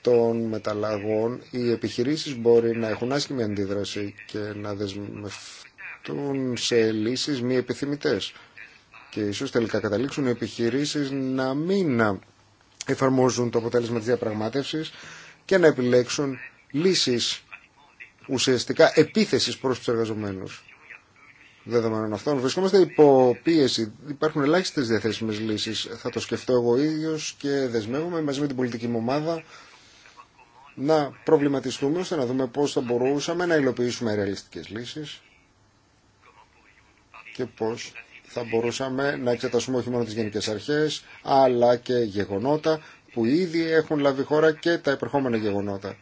των μεταλλαγών, οι επιχειρήσεις μπορεί να έχουν άσχημη αντίδραση και να δεσμευτούν σε λύσεις μη επιθυμητές. Και ίσως τελικά καταλήξουν οι επιχειρήσεις να μην εφαρμόζουν το αποτέλεσμα της διαπραγμάτευσης και να επιλέξουν λύσεις ουσιαστικά επίθεσης προς τους εργαζομένους. Δεδομένων αυτών βρισκόμαστε υπό πίεση. Υπάρχουν ελάχιστες διαθέσιμες λύσεις. Θα το σκεφτώ εγώ ίδιος και δεσμεύομαι μαζί με την πολιτική μου ομάδα να προβληματιστούμε ώστε να δούμε πώς θα μπορούσαμε να υλοποιήσουμε ρεαλιστικές λύσεις και πώς θα μπορούσαμε να εξετάσουμε όχι μόνο τις γενικές αρχές, αλλά και γεγονότα που ήδη έχουν λάβει χώρα και τα επερχόμενα γεγονότα,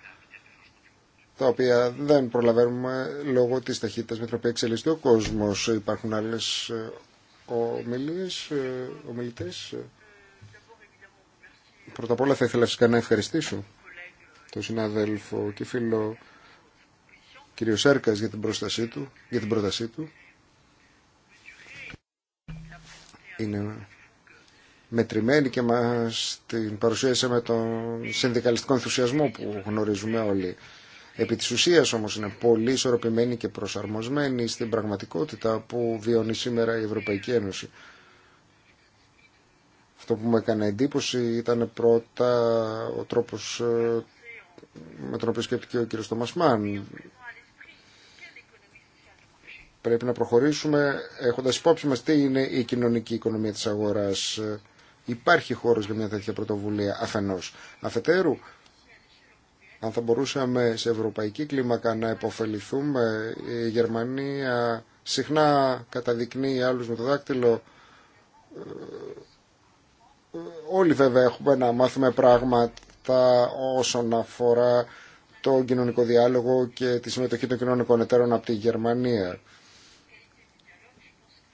τα οποία δεν προλαβαίνουμε λόγω της ταχύτητας με την οποία εξελίσσεται ο κόσμος. Υπάρχουν άλλες ε, ομιλίες, ε, ομιλητές. Πρώτα απ' όλα θα ήθελα φυσικά να ευχαριστήσω τον συνάδελφο και φίλο κύριο Σέρκας για την, του, για την πρότασή του είναι μετρημένη και μας την παρουσίασε με τον συνδικαλιστικό ενθουσιασμό που γνωρίζουμε όλοι. Επί της ουσίας όμως είναι πολύ ισορροπημένη και προσαρμοσμένη στην πραγματικότητα που βιώνει σήμερα η Ευρωπαϊκή Ένωση. Αυτό που μου έκανε εντύπωση ήταν πρώτα ο τρόπος ε, με τον οποίο σκέφτηκε ο κ. Τομασμάν... Πρέπει να προχωρήσουμε έχοντας υπόψη μας τι είναι η κοινωνική οικονομία της αγοράς. Υπάρχει χώρος για μια τέτοια πρωτοβουλία αφενός. Αφετέρου, αν θα μπορούσαμε σε ευρωπαϊκή κλίμακα να επωφεληθούμε, η Γερμανία συχνά καταδεικνύει άλλους με το δάκτυλο. Όλοι βέβαια έχουμε να μάθουμε πράγματα όσον αφορά τον κοινωνικό διάλογο και τη συμμετοχή των κοινωνικών εταίρων από τη Γερμανία.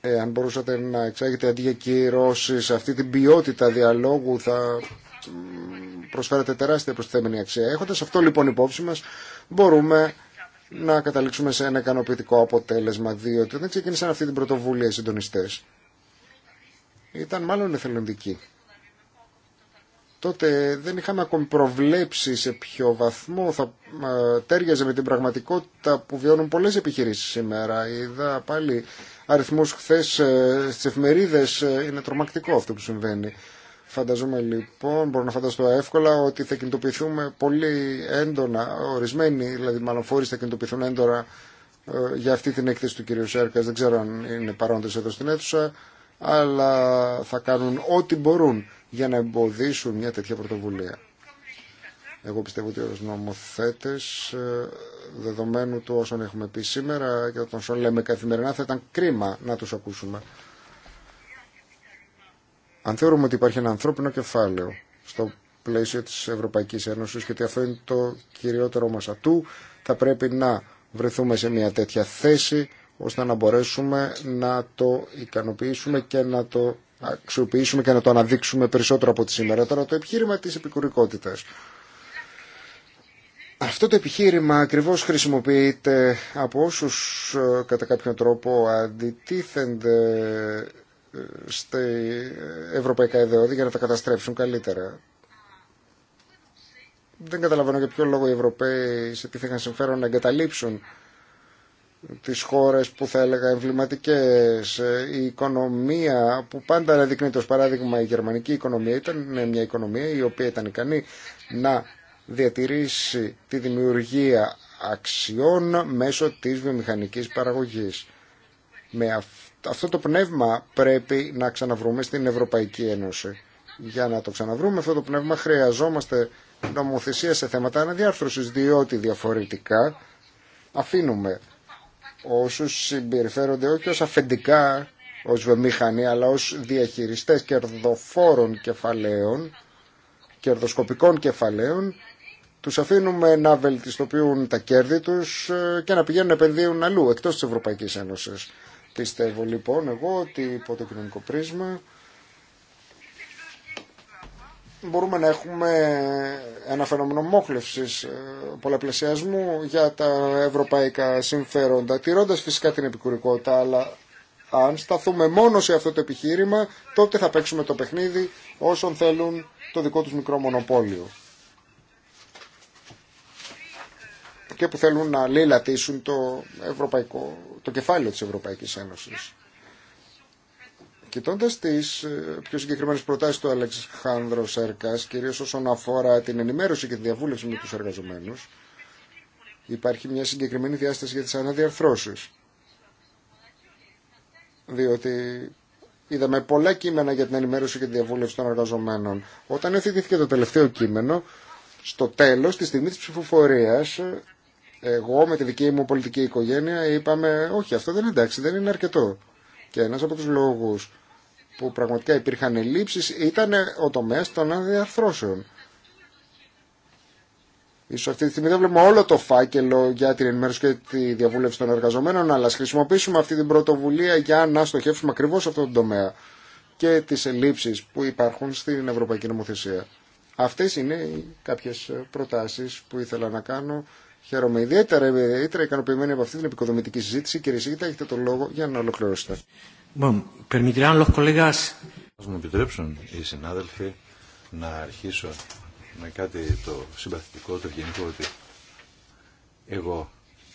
Ε, αν μπορούσατε να εξάγετε αντί σε αυτή την ποιότητα διαλόγου θα προσφέρετε τεράστια προσθέμενη αξία. Έχοντας αυτό λοιπόν υπόψη μας μπορούμε να καταλήξουμε σε ένα ικανοποιητικό αποτέλεσμα διότι δεν ξεκίνησαν αυτή την πρωτοβουλία οι συντονιστές. Ήταν μάλλον εθελοντικοί τότε δεν είχαμε ακόμη προβλέψει σε ποιο βαθμό θα ε, τέριαζε με την πραγματικότητα που βιώνουν πολλές επιχειρήσεις σήμερα. Είδα πάλι αριθμούς χθε ε, στις εφημερίδες, ε, είναι τρομακτικό αυτό που συμβαίνει. Φανταζόμαι λοιπόν, μπορώ να φανταστώ εύκολα, ότι θα κινητοποιηθούμε πολύ έντονα, ορισμένοι δηλαδή μάλλον φορείς θα κινητοποιηθούν έντονα για αυτή την έκθεση του κυρίου Σέρκας, δεν ξέρω αν είναι παρόντες εδώ στην αίθουσα, αλλά θα κάνουν ό,τι μπορούν για να εμποδίσουν μια τέτοια πρωτοβουλία. Εγώ πιστεύω ότι ως νομοθέτες, ε, δεδομένου του όσων έχουμε πει σήμερα και όταν όσων λέμε καθημερινά, θα ήταν κρίμα να τους ακούσουμε. Αν θεωρούμε ότι υπάρχει ένα ανθρώπινο κεφάλαιο στο πλαίσιο της Ευρωπαϊκής Ένωσης και ότι αυτό είναι το κυριότερο μας ατού, θα πρέπει να βρεθούμε σε μια τέτοια θέση ώστε να μπορέσουμε να το ικανοποιήσουμε και να το αξιοποιήσουμε και να το αναδείξουμε περισσότερο από τη σήμερα. Τώρα το επιχείρημα της επικουρικότητας. Αυτό το επιχείρημα ακριβώς χρησιμοποιείται από όσους ε, κατά κάποιον τρόπο αντιτίθενται ε, στα ευρωπαϊκά ιδεώδη για να τα καταστρέψουν καλύτερα. Δεν καταλαβαίνω για ποιο λόγο οι Ευρωπαίοι σε τι θα είχαν συμφέρον να εγκαταλείψουν τις χώρες που θα έλεγα εμβληματικές. Ε, η οικονομία που πάντα αναδεικνύεται ως παράδειγμα η γερμανική οικονομία ήταν μια οικονομία η οποία ήταν ικανή να διατηρήσει τη δημιουργία αξιών μέσω της βιομηχανικής παραγωγής. Με αυτό το πνεύμα πρέπει να ξαναβρούμε στην Ευρωπαϊκή Ένωση. Για να το ξαναβρούμε αυτό το πνεύμα χρειαζόμαστε νομοθεσία σε θέματα αναδιάρθρωσης διότι διαφορετικά αφήνουμε όσους συμπεριφέρονται όχι ως αφεντικά, ως βιομηχανία, αλλά ως διαχειριστές κερδοφόρων κεφαλαίων, κερδοσκοπικών κεφαλαίων, τους αφήνουμε να βελτιστοποιούν τα κέρδη τους ε, και να πηγαίνουν να επενδύουν αλλού, εκτός της Ευρωπαϊκής Ένωσης. Πιστεύω λοιπόν εγώ ότι υπό το κοινωνικό πρίσμα μπορούμε να έχουμε ένα φαινόμενο μόχλευσης ε, πολλαπλασιασμού για τα ευρωπαϊκά συμφέροντα, τηρώντας φυσικά την επικουρικότητα, αλλά αν σταθούμε μόνο σε αυτό το επιχείρημα, τότε θα παίξουμε το παιχνίδι όσων θέλουν το δικό τους μικρό μονοπόλιο και που θέλουν να λυλατήσουν το, ευρωπαϊκό, το κεφάλαιο της Ευρωπαϊκής Ένωσης. Κοιτώντα τι ε, πιο συγκεκριμένε προτάσει του Χάνδρο Σέρκα, κυρίω όσον αφορά την ενημέρωση και τη διαβούλευση με του εργαζομένου, υπάρχει μια συγκεκριμένη διάσταση για τι αναδιαρθρώσει. Διότι είδαμε πολλά κείμενα για την ενημέρωση και τη διαβούλευση των εργαζομένων. Όταν εφηβήθηκε το τελευταίο κείμενο, στο τέλο, τη στιγμή τη ψηφοφορία, εγώ με τη δική μου πολιτική οικογένεια είπαμε, όχι αυτό δεν είναι εντάξει, δεν είναι αρκετό. Και ένας από τους λόγους που πραγματικά υπήρχαν ελλείψεις ήταν ο τομέας των αδιαρθρώσεων. Ίσως αυτή τη στιγμή δεν βλέπουμε όλο το φάκελο για την ενημέρωση και τη διαβούλευση των εργαζομένων, αλλά ας χρησιμοποιήσουμε αυτή την πρωτοβουλία για να στοχεύσουμε ακριβώς αυτό τον τομέα και τις ελλείψεις που υπάρχουν στην Ευρωπαϊκή Νομοθεσία. Αυτές είναι κάποιες προτάσεις που ήθελα να κάνω. Χαίρομαι ιδιαίτερα, ιδιαίτερα ικανοποιημένη από αυτή την επικοδομητική συζήτηση. Κύριε Σίγητα, έχετε το λόγο για να ολοκληρώσετε. Θα μου επιτρέψουν οι συνάδελφοι να αρχίσω με κάτι το συμπαθητικό, το γενικό ότι εγώ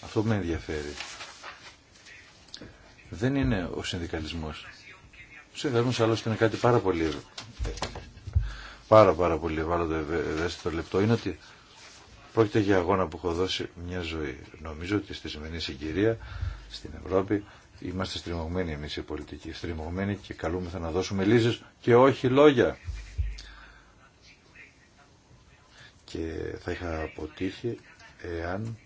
αυτό που με ενδιαφέρει δεν είναι ο συνδικαλισμός. Ο συνδικαλισμός άλλωστε είναι κάτι πάρα πολύ πάρα πάρα πολύ ευάλωτο ευαίσθητο λεπτό είναι ότι πρόκειται για αγώνα που έχω δώσει μια ζωή. Νομίζω ότι στη σημερινή συγκυρία στην Ευρώπη Είμαστε στριμωγμένοι εμείς οι πολιτικοί, στριμωγμένοι και καλούμεθα να δώσουμε λύσεις και όχι λόγια. Και θα είχα αποτύχει εάν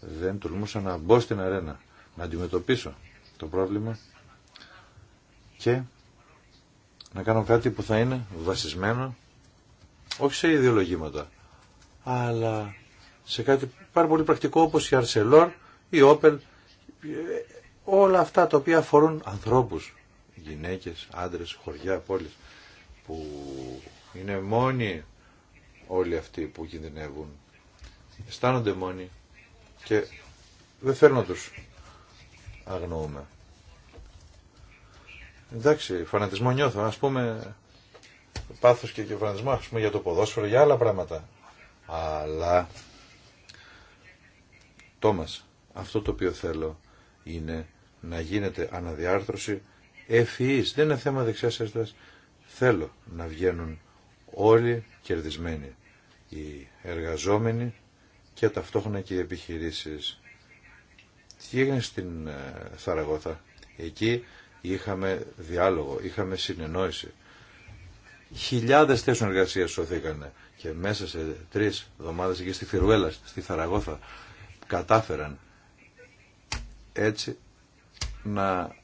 δεν τολμούσα να μπω στην αρένα, να αντιμετωπίσω το πρόβλημα και να κάνω κάτι που θα είναι βασισμένο όχι σε ιδεολογήματα, αλλά σε κάτι πάρα πολύ πρακτικό όπως η Αρσελόρ, η Όπελ όλα αυτά τα οποία αφορούν ανθρώπους, γυναίκες, άντρες, χωριά, πόλεις, που είναι μόνοι όλοι αυτοί που κινδυνεύουν, αισθάνονται μόνοι και δεν θέλω να τους αγνοούμε. Εντάξει, φανατισμό νιώθω, ας πούμε πάθος και, και φανατισμό, πούμε για το ποδόσφαιρο, για άλλα πράγματα. Αλλά, Τόμας, αυτό το οποίο θέλω είναι να γίνεται αναδιάρθρωση ευφυής. Δεν είναι θέμα δεξιάς αριστεράς. Θέλω να βγαίνουν όλοι κερδισμένοι. Οι εργαζόμενοι και ταυτόχρονα και οι επιχειρήσεις. Τι έγινε στην ε, Θαραγώθα. Εκεί είχαμε διάλογο, είχαμε συνεννόηση. Χιλιάδες θέσεων εργασίας σωθήκανε και μέσα σε τρεις εβδομάδες εκεί στη Φιρουέλα, στη Θαραγώθα, κατάφεραν έτσι να,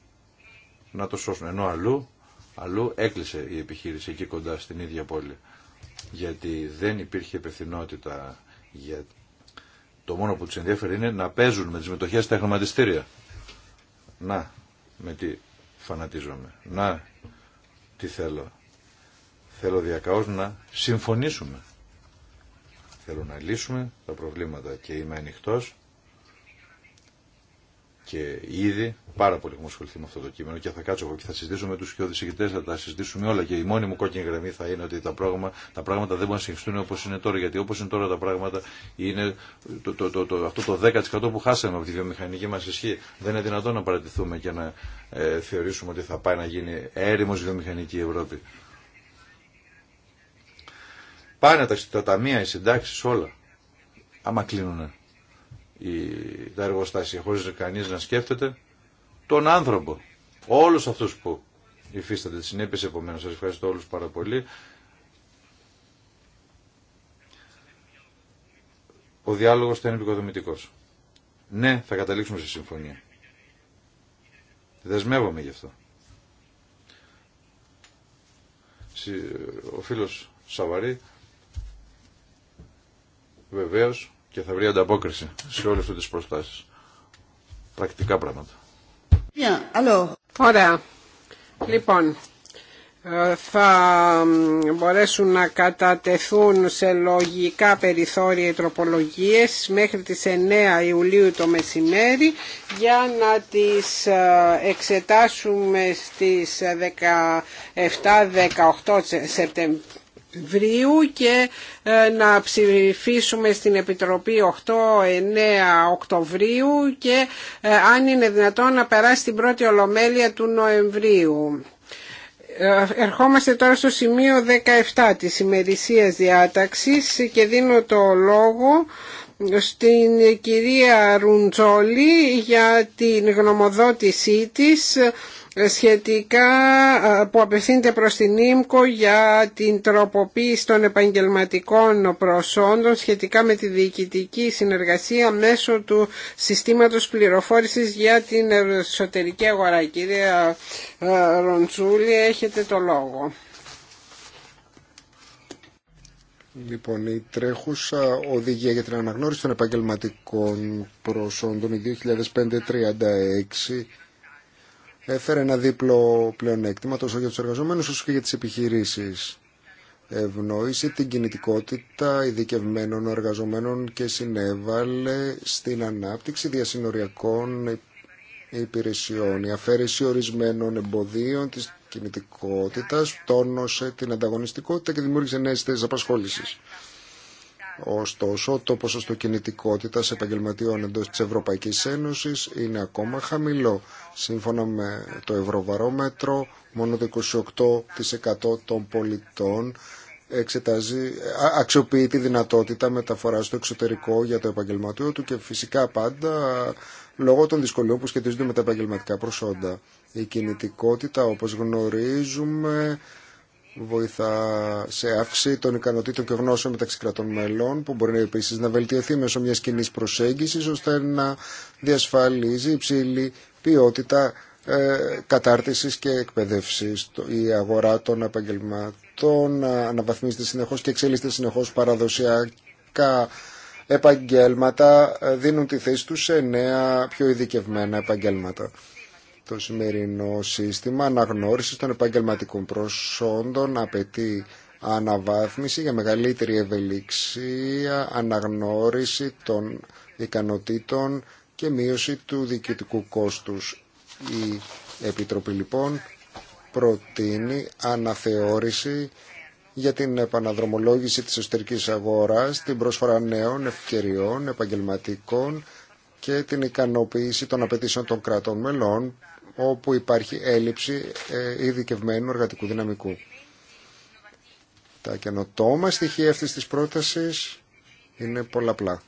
να το σώσουν. Ενώ αλλού, αλλού έκλεισε η επιχείρηση εκεί κοντά στην ίδια πόλη. Γιατί δεν υπήρχε υπευθυνότητα. Για... Το μόνο που του ενδιαφέρει είναι να παίζουν με τι μετοχέ στα χρηματιστήρια. Να, με τι φανατίζομαι. Να, τι θέλω. Θέλω διακαώς να συμφωνήσουμε. Θέλω να λύσουμε τα προβλήματα και είμαι ανοιχτό και ήδη πάρα πολύ έχουμε ασχοληθεί με αυτό το κείμενο και θα κάτσω εγώ και θα συζητήσω με του οικειοδησηγητέ, θα τα συζητήσουμε όλα. Και η μόνη μου κόκκινη γραμμή θα είναι ότι τα, τα πράγματα δεν μπορούν να συγχυστούν όπω είναι τώρα. Γιατί όπω είναι τώρα τα πράγματα, είναι το, το, αυτό το 10% που χάσαμε από τη βιομηχανική μα ισχύ. Δεν είναι δυνατόν να παρατηθούμε και να ε, θεωρήσουμε ότι θα πάει να γίνει έρημο βιομηχανική Ευρώπη. Πάνε τα, τα ταμεία, οι συντάξει, όλα. Άμα κλείνουνε τα εργοστάσια χωρίς κανείς να σκέφτεται τον άνθρωπο. Όλους αυτούς που υφίσταται τις συνέπειες επομένως. Σας ευχαριστώ όλους πάρα πολύ. Ο διάλογος θα είναι επικοδομητικός. Ναι, θα καταλήξουμε σε συμφωνία. Δεσμεύομαι γι' αυτό. Ο φίλος Σαβαρή βεβαίως και θα βρει ανταπόκριση σε όλες αυτές τις προστάσεις. Πρακτικά πράγματα. Ωραία. Λοιπόν, ε, θα μπορέσουν να κατατεθούν σε λογικά περιθώρια οι τροπολογίες μέχρι τις 9 Ιουλίου το μεσημέρι για να τις ε, εξετάσουμε στις 17-18 Σεπτεμβρίου και ε, να ψηφίσουμε στην Επιτροπή 8-9 Οκτωβρίου και ε, αν είναι δυνατόν να περάσει την πρώτη Ολομέλεια του Νοεμβρίου. Ε, ερχόμαστε τώρα στο σημείο 17 της ημερησίας διάταξης και δίνω το λόγο στην κυρία Ρουντζόλη για την γνωμοδότησή της σχετικά που απευθύνεται προς την ΙΜΚΟ για την τροποποίηση των επαγγελματικών προσόντων σχετικά με τη διοικητική συνεργασία μέσω του συστήματος πληροφόρησης για την εσωτερική αγορά. Κυρία Ροντσούλη, έχετε το λόγο. Λοιπόν, η τρέχουσα οδηγία για την αναγνώριση των επαγγελματικών προσόντων, η 2536, έφερε ένα δίπλο πλεονέκτημα τόσο για τους εργαζομένους όσο και για τις επιχειρήσεις. Ευνόησε την κινητικότητα ειδικευμένων εργαζομένων και συνέβαλε στην ανάπτυξη διασυνοριακών υπηρεσιών. Η αφαίρεση ορισμένων εμποδίων της κινητικότητας τόνωσε την ανταγωνιστικότητα και δημιούργησε νέες θέσεις απασχόλησης. Ωστόσο, το ποσοστό κινητικότητα επαγγελματιών εντός της Ευρωπαϊκής Ένωσης είναι ακόμα χαμηλό. Σύμφωνα με το Ευρωβαρόμετρο, μόνο το 28% των πολιτών εξετάζει, αξιοποιεί τη δυνατότητα μεταφοράς στο εξωτερικό για το επαγγελματίο του και φυσικά πάντα λόγω των δυσκολιών που σχετίζονται με τα επαγγελματικά προσόντα. Η κινητικότητα, όπως γνωρίζουμε, βοηθά σε αύξηση των ικανοτήτων και γνώσεων μεταξύ κρατών μελών, που μπορεί επίση να βελτιωθεί μέσω μια κοινή προσέγγιση, ώστε να διασφαλίζει υψηλή ποιότητα ε, κατάρτισης και εκπαίδευση. Η αγορά των επαγγελματών ε, αναβαθμίζεται συνεχώ και εξελίσσεται συνεχώς παραδοσιακά επαγγέλματα ε, δίνουν τη θέση τους σε νέα πιο ειδικευμένα επαγγέλματα. Το σημερινό σύστημα αναγνώρισης των επαγγελματικών προσόντων απαιτεί αναβάθμιση για μεγαλύτερη ευελιξία, αναγνώριση των ικανοτήτων και μείωση του διοικητικού κόστους. Η Επιτροπή λοιπόν προτείνει αναθεώρηση για την επαναδρομολόγηση της εσωτερικής αγοράς, την πρόσφορα νέων ευκαιριών επαγγελματικών και την ικανοποίηση των απαιτήσεων των κρατών μελών όπου υπάρχει έλλειψη ε, ειδικευμένου εργατικού δυναμικού. Τα καινοτόμα στοιχεία αυτή της πρόταση είναι πολλαπλά.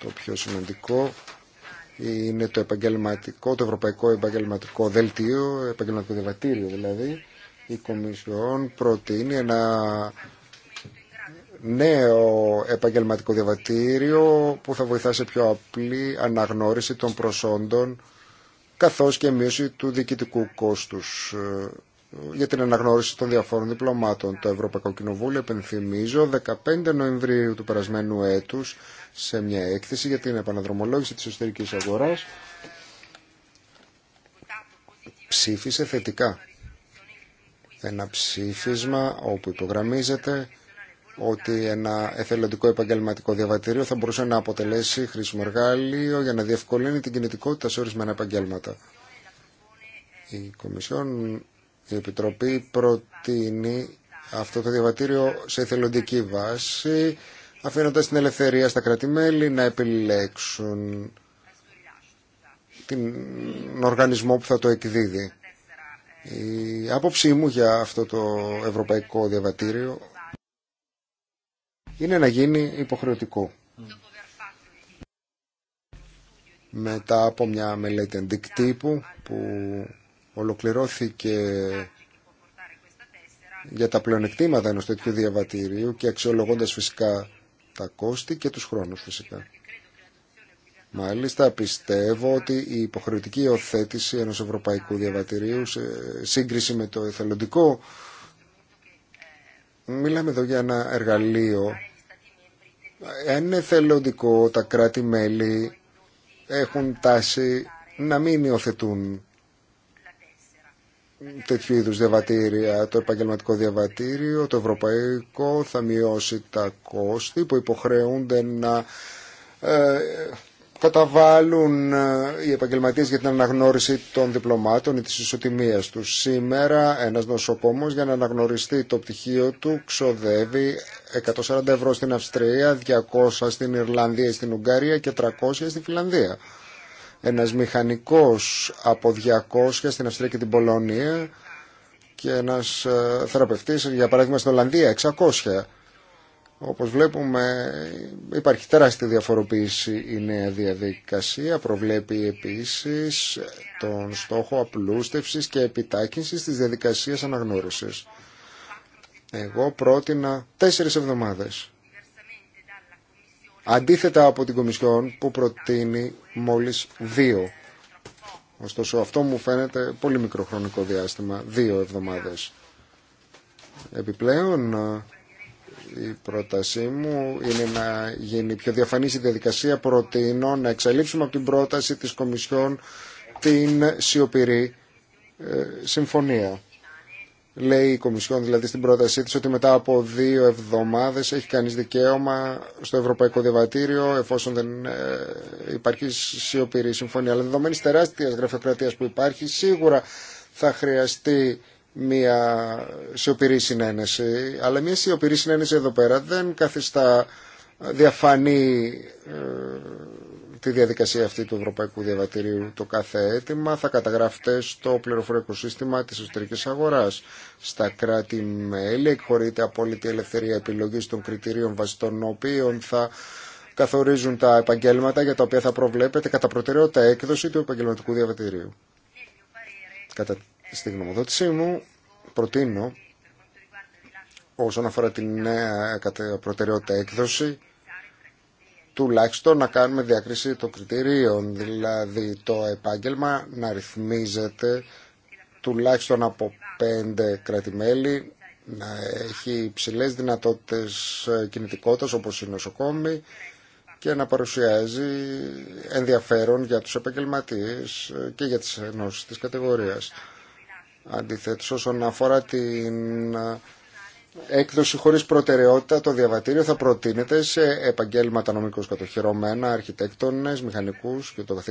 Το πιο σημαντικό είναι το επαγγελματικό, το ευρωπαϊκό επαγγελματικό δελτίο, επαγγελματικό διαβατήριο δηλαδή. Η Κομισιόν προτείνει ένα νέο επαγγελματικό διαβατήριο που θα βοηθά σε πιο απλή αναγνώριση των προσόντων καθώς και μείωση του διοικητικού κόστους ε, για την αναγνώριση των διαφόρων διπλωμάτων. Το Ευρωπαϊκό Κοινοβούλιο, επενθυμίζω, 15 Νοεμβρίου του περασμένου έτους σε μια έκθεση για την επαναδρομολόγηση της εσωτερικής αγοράς ψήφισε θετικά ένα ψήφισμα όπου υπογραμμίζεται ότι ένα εθελοντικό επαγγελματικό διαβατήριο θα μπορούσε να αποτελέσει χρήσιμο εργαλείο για να διευκολύνει την κινητικότητα σε ορισμένα επαγγέλματα. Η Κομισιόν, Επιτροπή προτείνει αυτό το διαβατήριο σε εθελοντική βάση, αφήνοντας την ελευθερία στα κρατημέλη να επιλέξουν τον οργανισμό που θα το εκδίδει. Η άποψή μου για αυτό το ευρωπαϊκό διαβατήριο είναι να γίνει υποχρεωτικό. Μετά από μια μελέτη αντικτύπου που ολοκληρώθηκε για τα πλεονεκτήματα ενός τέτοιου διαβατηρίου και αξιολογώντας φυσικά τα κόστη και τους χρόνους φυσικά. Μάλιστα πιστεύω ότι η υποχρεωτική υιοθέτηση ενός ευρωπαϊκού διαβατηρίου σε σύγκριση με το εθελοντικό μιλάμε εδώ για ένα εργαλείο Εάν είναι θελοντικό, τα κράτη-μέλη έχουν τάση να μην υιοθετούν τέτοιου είδους διαβατήρια. Το επαγγελματικό διαβατήριο, το ευρωπαϊκό, θα μειώσει τα κόστη που υποχρεούνται να ε, καταβάλουν ε, οι επαγγελματίες για την αναγνώριση των διπλωμάτων ή της ισοτιμίας τους. Σήμερα ένας νοσοκόμος για να αναγνωριστεί το πτυχίο του ξοδεύει 140 ευρώ στην Αυστρία, 200 στην Ιρλανδία στην Ουγγαρία και 300 στην Φιλανδία. Ένας μηχανικός από 200 στην Αυστρία και την Πολωνία και ένας ε, θεραπευτής, για παράδειγμα στην Ολλανδία, 600. Όπως βλέπουμε υπάρχει τεράστια διαφοροποίηση η νέα διαδικασία, προβλέπει επίσης τον στόχο απλούστευσης και επιτάκυνσης της διαδικασίας αναγνώρισης. Εγώ πρότεινα τέσσερις εβδομάδες. Αντίθετα από την Κομισιόν που προτείνει μόλις δύο. Ωστόσο αυτό μου φαίνεται πολύ μικροχρονικό διάστημα, δύο εβδομάδες. Επιπλέον η πρότασή μου είναι να γίνει πιο διαφανής η διαδικασία. Προτείνω να εξαλείψουμε από την πρόταση της Κομισιόν την σιωπηρή ε, συμφωνία. Λέει η Κομισιόν δηλαδή στην πρότασή της ότι μετά από δύο εβδομάδες έχει κανείς δικαίωμα στο Ευρωπαϊκό Διαβατήριο εφόσον δεν ε, υπάρχει σιωπηρή συμφωνία. Αλλά δεδομένης τεράστιας γραφειοκρατίας που υπάρχει σίγουρα θα χρειαστεί μια σιωπηρή συνένεση. Αλλά μια σιωπηρή συνένεση εδώ πέρα δεν καθιστά διαφανή ε, τη διαδικασία αυτή του Ευρωπαϊκού Διαβατηρίου το κάθε αίτημα θα καταγράφεται στο πληροφορικό σύστημα της εσωτερικής αγοράς. Στα κράτη-μέλη εκχωρείται απόλυτη ελευθερία επιλογής των κριτηρίων βάσει των οποίων θα καθορίζουν τα επαγγέλματα για τα οποία θα προβλέπεται κατά προτεραιότητα έκδοση του επαγγελματικού διαβατηρίου. Κατά Στη γνωμοδότησή μου προτείνω όσον αφορά την νέα προτεραιότητα έκδοση τουλάχιστον να κάνουμε διάκριση των κριτηρίων, δηλαδή το επάγγελμα να ρυθμίζεται τουλάχιστον από πέντε κρατημέλη, να έχει υψηλέ δυνατότητες κινητικότητας όπως οι νοσοκόμοι και να παρουσιάζει ενδιαφέρον για τους επαγγελματίες και για τις ενώσεις της κατηγορίας. Αντιθέτως όσον αφορά την ε, έκδοση χωρίς προτεραιότητα το διαβατήριο θα προτείνεται σε επαγγέλματα νομικώς κατοχυρωμένα, αρχιτέκτονες, μηχανικούς και το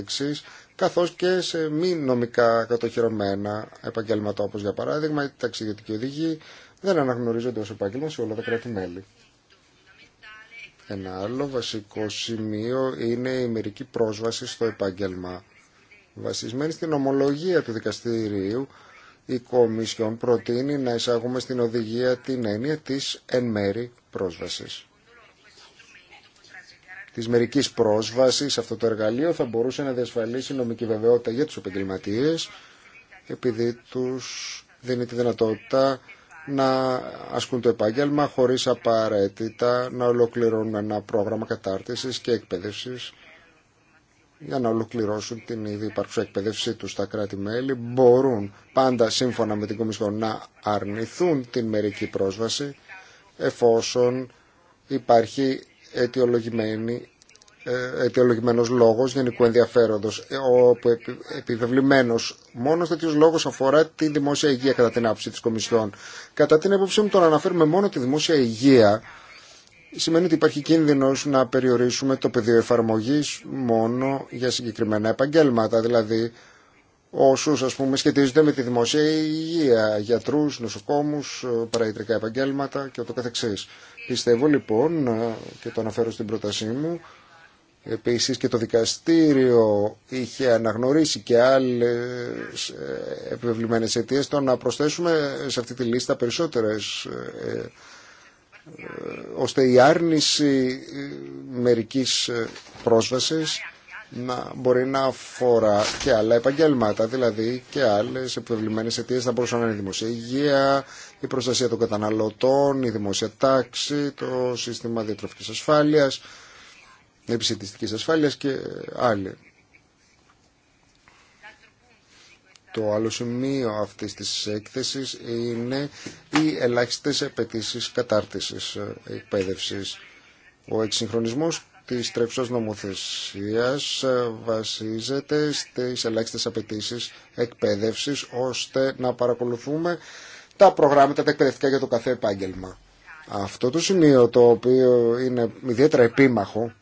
καθώς και σε μη νομικά κατοχυρωμένα επαγγέλματα όπω για παράδειγμα οι ταξιδιωτικοί οδηγοί δεν αναγνωρίζονται ως επάγγελμα σε όλα τα κράτη-μέλη. Ένα άλλο βασικό σημείο είναι η μερική πρόσβαση στο επάγγελμα. Βασισμένη στην ομολογία του δικαστηρίου, η Κομισιόν προτείνει να εισάγουμε στην οδηγία την έννοια της εν μέρη πρόσβασης. Της μερικής πρόσβασης αυτό το εργαλείο θα μπορούσε να διασφαλίσει νομική βεβαιότητα για τους επαγγελματίε, επειδή τους δίνει τη δυνατότητα να ασκούν το επάγγελμα χωρίς απαραίτητα να ολοκληρώνουν ένα πρόγραμμα κατάρτισης και εκπαίδευσης για να ολοκληρώσουν την ήδη υπάρχουσα εκπαίδευσή του στα κράτη-μέλη μπορούν πάντα σύμφωνα με την Κομισιόν να αρνηθούν την μερική πρόσβαση εφόσον υπάρχει αιτιολογημένη ε, αιτιολογημένος λόγος γενικού ενδιαφέροντος ε, όπου επιβεβλημένος μόνος τέτοιος λόγος αφορά τη δημόσια υγεία κατά την άποψη της Κομισιόν κατά την έποψή μου τον αναφέρουμε μόνο τη δημόσια υγεία σημαίνει ότι υπάρχει κίνδυνος να περιορίσουμε το πεδίο εφαρμογής μόνο για συγκεκριμένα επαγγέλματα, δηλαδή όσους ας πούμε σχετίζονται με τη δημόσια υγεία, γιατρούς, νοσοκόμους, παραϊτρικά επαγγέλματα και ούτω καθεξής. Πιστεύω λοιπόν, και το αναφέρω στην πρότασή μου, Επίσης και το δικαστήριο είχε αναγνωρίσει και άλλες ε, επιβεβλημένες αιτίες το να προσθέσουμε σε αυτή τη λίστα περισσότερες ε, ε, ώστε η άρνηση ε, μερικής ε, πρόσβασης να μπορεί να αφορά και άλλα επαγγέλματα, δηλαδή και άλλες επιβλημένες αιτίες θα μπορούσαν να είναι η δημοσία υγεία, η προστασία των καταναλωτών, η δημοσία τάξη, το σύστημα διατροφικής ασφάλειας, επισητιστικής ασφάλειας και άλλοι. Το άλλο σημείο αυτής της έκθεσης είναι οι ελάχιστες απαιτήσει κατάρτισης ε, εκπαίδευσης. Ο εξυγχρονισμός της τρέχουσας νομοθεσίας ε, βασίζεται στις ελάχιστες απαιτήσει εκπαίδευσης ώστε να παρακολουθούμε τα προγράμματα τα εκπαιδευτικά για το κάθε επάγγελμα. Αυτό το σημείο το οποίο είναι ιδιαίτερα επίμαχο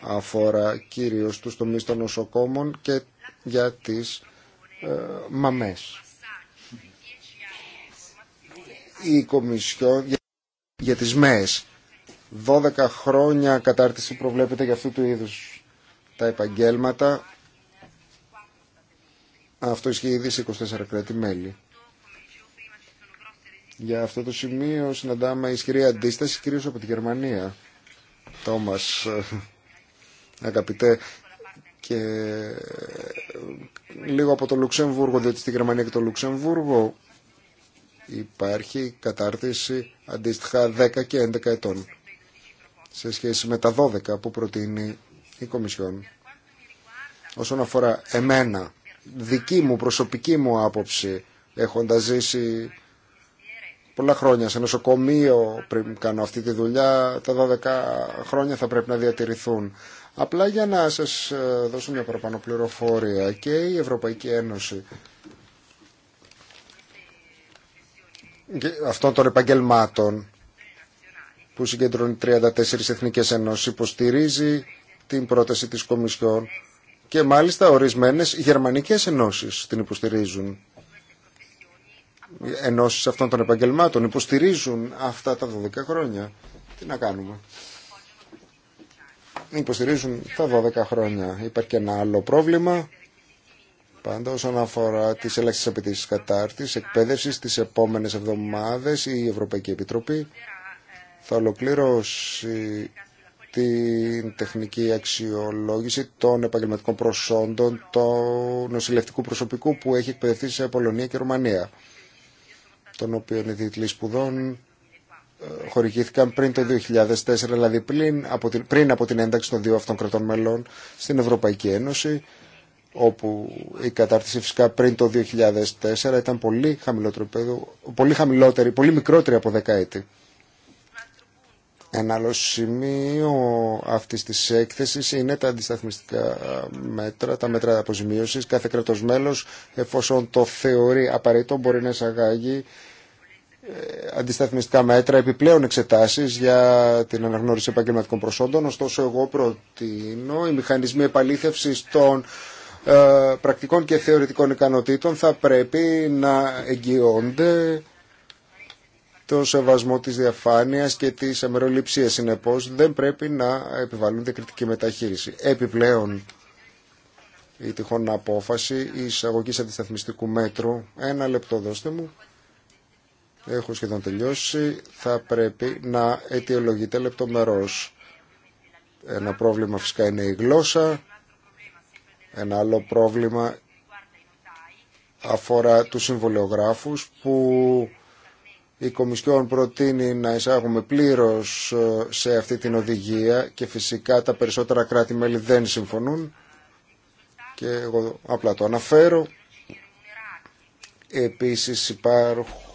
αφορά κυρίως τους τομείς των νοσοκόμων και για τις ε, μαμές. Η Κομισιόν για τις ΜΕΕΣ 12 χρόνια κατάρτιση προβλέπεται για αυτού του είδους τα επαγγέλματα. Αυτό ισχύει ήδη σε 24 κράτη-μέλη. Για αυτό το σημείο συναντάμε ισχυρή αντίσταση κυρίως από τη Γερμανία. Τόμας, ε, αγαπητέ, και ε, λίγο από το Λουξεμβούργο, διότι στη Γερμανία και το Λουξεμβούργο υπάρχει κατάρτιση αντίστοιχα 10 και 11 ετών σε σχέση με τα 12 που προτείνει η Κομισιόν. Όσον αφορά εμένα, δική μου προσωπική μου άποψη, έχοντας ζήσει πολλά χρόνια σε νοσοκομείο πριν κάνω αυτή τη δουλειά, τα 12 χρόνια θα πρέπει να διατηρηθούν. Απλά για να σας ε, δώσω μια παραπάνω πληροφορία και η Ευρωπαϊκή Ένωση αυτών των επαγγελμάτων που συγκεντρώνει 34 εθνικές ενώσεις υποστηρίζει την πρόταση της Κομισιόν και μάλιστα ορισμένες γερμανικές ενώσεις την υποστηρίζουν. Ενώσεις αυτών των επαγγελμάτων υποστηρίζουν αυτά τα 12 χρόνια. Τι να κάνουμε υποστηρίζουν τα 12 χρόνια. Υπάρχει και ένα άλλο πρόβλημα. Πάντα όσον αφορά τις ελάχιστες απαιτήσεις κατάρτισης, εκπαίδευσης τις επόμενες εβδομάδες η Ευρωπαϊκή Επιτροπή θα ολοκληρώσει την τεχνική αξιολόγηση των επαγγελματικών προσόντων του νοσηλευτικού προσωπικού που έχει εκπαιδευτεί σε Πολωνία και Ρουμανία, των οποίων οι που σπουδών ε, χορηγήθηκαν πριν το 2004, δηλαδή πριν από, την, πριν από την ένταξη των δύο αυτών κρατών μελών στην Ευρωπαϊκή Ένωση, όπου η κατάρτιση φυσικά πριν το 2004 ήταν πολύ, χαμηλότερο πολύ χαμηλότερη, πολύ μικρότερη από δεκαέτη. Ένα άλλο σημείο αυτής της έκθεσης είναι τα αντισταθμιστικά μέτρα, τα μέτρα αποζημίωσης. Κάθε κρατος μέλος, εφόσον το θεωρεί απαραίτητο, μπορεί να εισαγάγει ε, αντισταθμιστικά μέτρα, επιπλέον εξετάσεις για την αναγνώριση επαγγελματικών προσόντων. Ωστόσο, εγώ προτείνω οι μηχανισμοί επαλήθευσης των ε, πρακτικών και θεωρητικών ικανοτήτων θα πρέπει να εγγυώνται το σεβασμό της διαφάνειας και της αμεροληψίας. Συνεπώς, δεν πρέπει να επιβαλούνται κριτική μεταχείριση. Επιπλέον, η τυχόν απόφαση εισαγωγής αντισταθμιστικού μέτρου. Ένα λεπτό δώστε μου έχω σχεδόν τελειώσει, θα πρέπει να αιτιολογείται λεπτομερώς. Ένα πρόβλημα φυσικά είναι η γλώσσα, ένα άλλο πρόβλημα αφορά του συμβολιογράφους που η Κομισιόν προτείνει να εισάγουμε πλήρως ε, σε αυτή την οδηγία και φυσικά τα περισσότερα κράτη-μέλη δεν συμφωνούν και εγώ απλά το αναφέρω. Επίσης υπάρχουν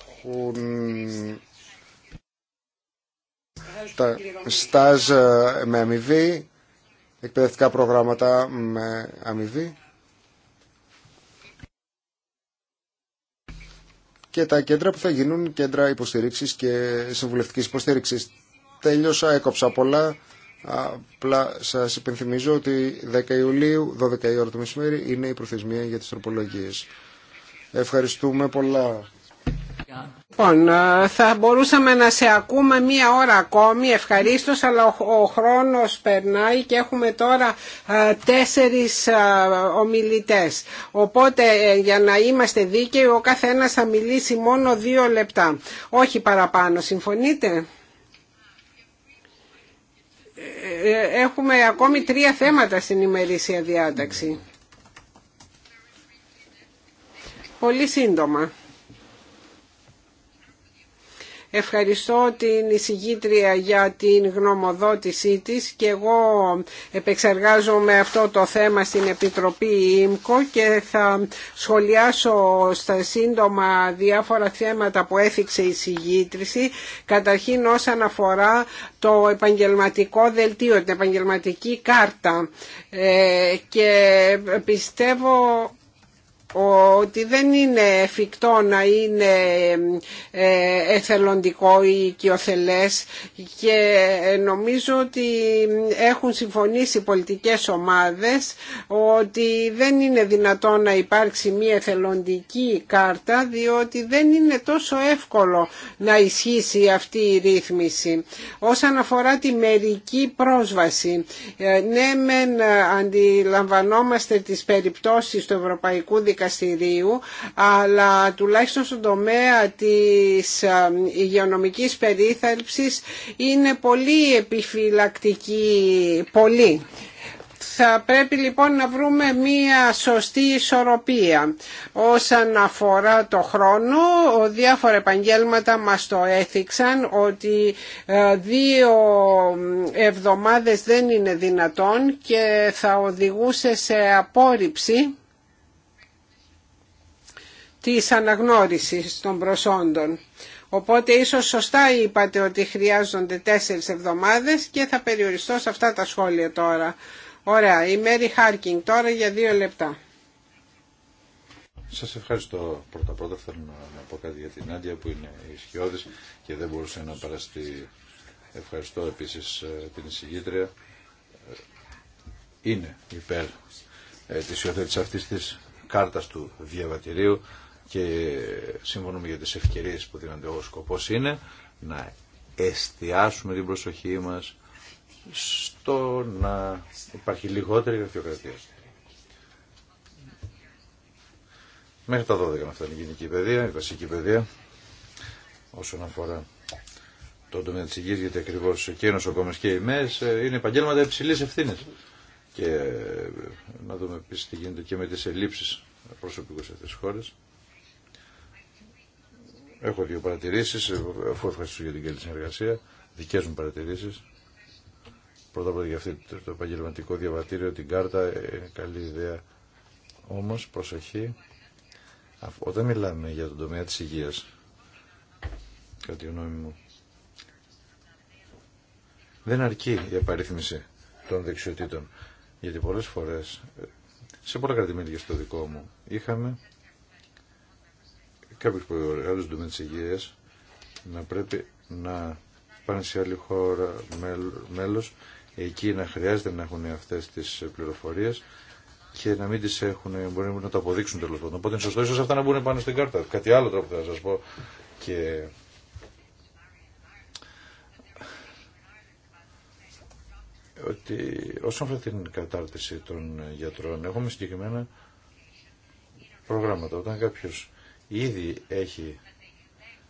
τα στάζ ε, με αμοιβή, εκπαιδευτικά προγράμματα με αμοιβή και τα κέντρα που θα γίνουν κέντρα υποστηρίξης και συμβουλευτικής υποστήριξης. Τέλειωσα, έκοψα πολλά. Απλά σας υπενθυμίζω ότι 10 Ιουλίου, 12 η ώρα το μεσημέρι, είναι η προθεσμία για τις τροπολογίες. Ευχαριστούμε πολλά. Λοιπόν, ε, θα μπορούσαμε να σε ακούμε μία ώρα ακόμη, ευχαρίστως, αλλά ο χρόνος περνάει και έχουμε τώρα ε, τέσσερις ε, ομιλητές. Οπότε, για να είμαστε δίκαιοι, ο καθένας θα μιλήσει μόνο δύο λεπτά. Όχι παραπάνω, συμφωνείτε? Έχουμε ακόμη τρία θέματα στην ημερήσια διάταξη. Πολύ σύντομα. Ευχαριστώ την εισηγήτρια για την γνωμοδότησή της και εγώ επεξεργάζομαι αυτό το θέμα στην Επιτροπή ΙΜΚΟ και θα σχολιάσω στα σύντομα διάφορα θέματα που έθιξε η συγγήτρηση. Καταρχήν όσον αφορά το επαγγελματικό δελτίο, την επαγγελματική κάρτα ε, και πιστεύω ότι δεν είναι εφικτό να είναι ε, εθελοντικό ή οικειοθελές και νομίζω ότι έχουν συμφωνήσει οι πολιτικές ομάδες ότι δεν είναι δυνατόν να υπάρξει μια εθελοντική κάρτα διότι δεν είναι τόσο εύκολο να ισχύσει αυτή η οικειοθελες και νομιζω οτι εχουν συμφωνησει πολιτικες ομαδες οτι Όσον αφορά τη μερική πρόσβαση, ε, ναι μεν αντιλαμβανόμαστε τις περιπτώσεις του Ευρωπαϊκού Δικαστηρίου δικαστηρίου αλλά τουλάχιστον στον τομέα της ε, υγειονομικής περίθαλψης είναι πολύ επιφυλακτική, πολύ. Θα πρέπει λοιπόν να βρούμε μία σωστή ισορροπία. Όσον αφορά το χρόνο, διάφορα επαγγέλματα μας το έθιξαν ότι ε, δύο εβδομάδες δεν είναι δυνατόν και θα οδηγούσε σε απόρριψη της αναγνώρισης των προσόντων. Οπότε ίσως σωστά είπατε ότι χρειάζονται τέσσερις εβδομάδες και θα περιοριστώ σε αυτά τα σχόλια τώρα. Ωραία, η Μέρι Χάρκινγκ τώρα για δύο λεπτά. Σας ευχαριστώ πρώτα πρώτα. Θέλω να πω κάτι για την Άντια που είναι ισχυώδης και δεν μπορούσε να παραστεί. Ευχαριστώ επίσης ε, την εισηγήτρια. Ε, είναι υπέρ ε, της υιοθέτησης αυτής της κάρτας του διαβατηρίου και συμφωνούμε για τις ευκαιρίες που δίνονται ο σκοπός είναι να εστιάσουμε την προσοχή μας στο να υπάρχει λιγότερη γραφειοκρατία. Μέχρι τα 12 με αυτά είναι η γενική παιδεία, η βασική παιδεία, όσον αφορά το τομέα της υγείας, γιατί ακριβώς και οι νοσοκόμες και οι ΜΕΣ ε, είναι επαγγέλματα υψηλής ευθύνη. Και ε, να δούμε επίσης τι γίνεται και με τις ελλείψεις προσωπικού σε αυτές τις χώρες. Έχω δύο παρατηρήσεις, αφού ευχαριστήσω για την καλή συνεργασία, δικές μου παρατηρήσεις. Πρώτα απ' όλα για αυτό το επαγγελματικό διαβατήριο, την κάρτα, ε, καλή ιδέα. Όμως, προσοχή, όταν μιλάμε για τον τομέα της υγείας, κατά τη γνώμη μου, δεν αρκεί η απαρίθμηση των δεξιοτήτων. Γιατί πολλές φορές, ε, σε πολλά κρατημέρια στο δικό μου, είχαμε κάποιους που εργάζονται στον τομέα της να πρέπει να πάνε σε άλλη χώρα μέλος εκεί να χρειάζεται να έχουν αυτές τις πληροφορίες και να μην τις έχουν, μπορεί να το αποδείξουν τέλο πάντων. Οπότε είναι σωστό, ίσως αυτά να μπουν πάνω στην κάρτα. Κάτι άλλο τρόπο θα σας πω. Και... ότι όσον αφορά την κατάρτιση των γιατρών, έχουμε συγκεκριμένα προγράμματα. Όταν κάποιος ήδη έχει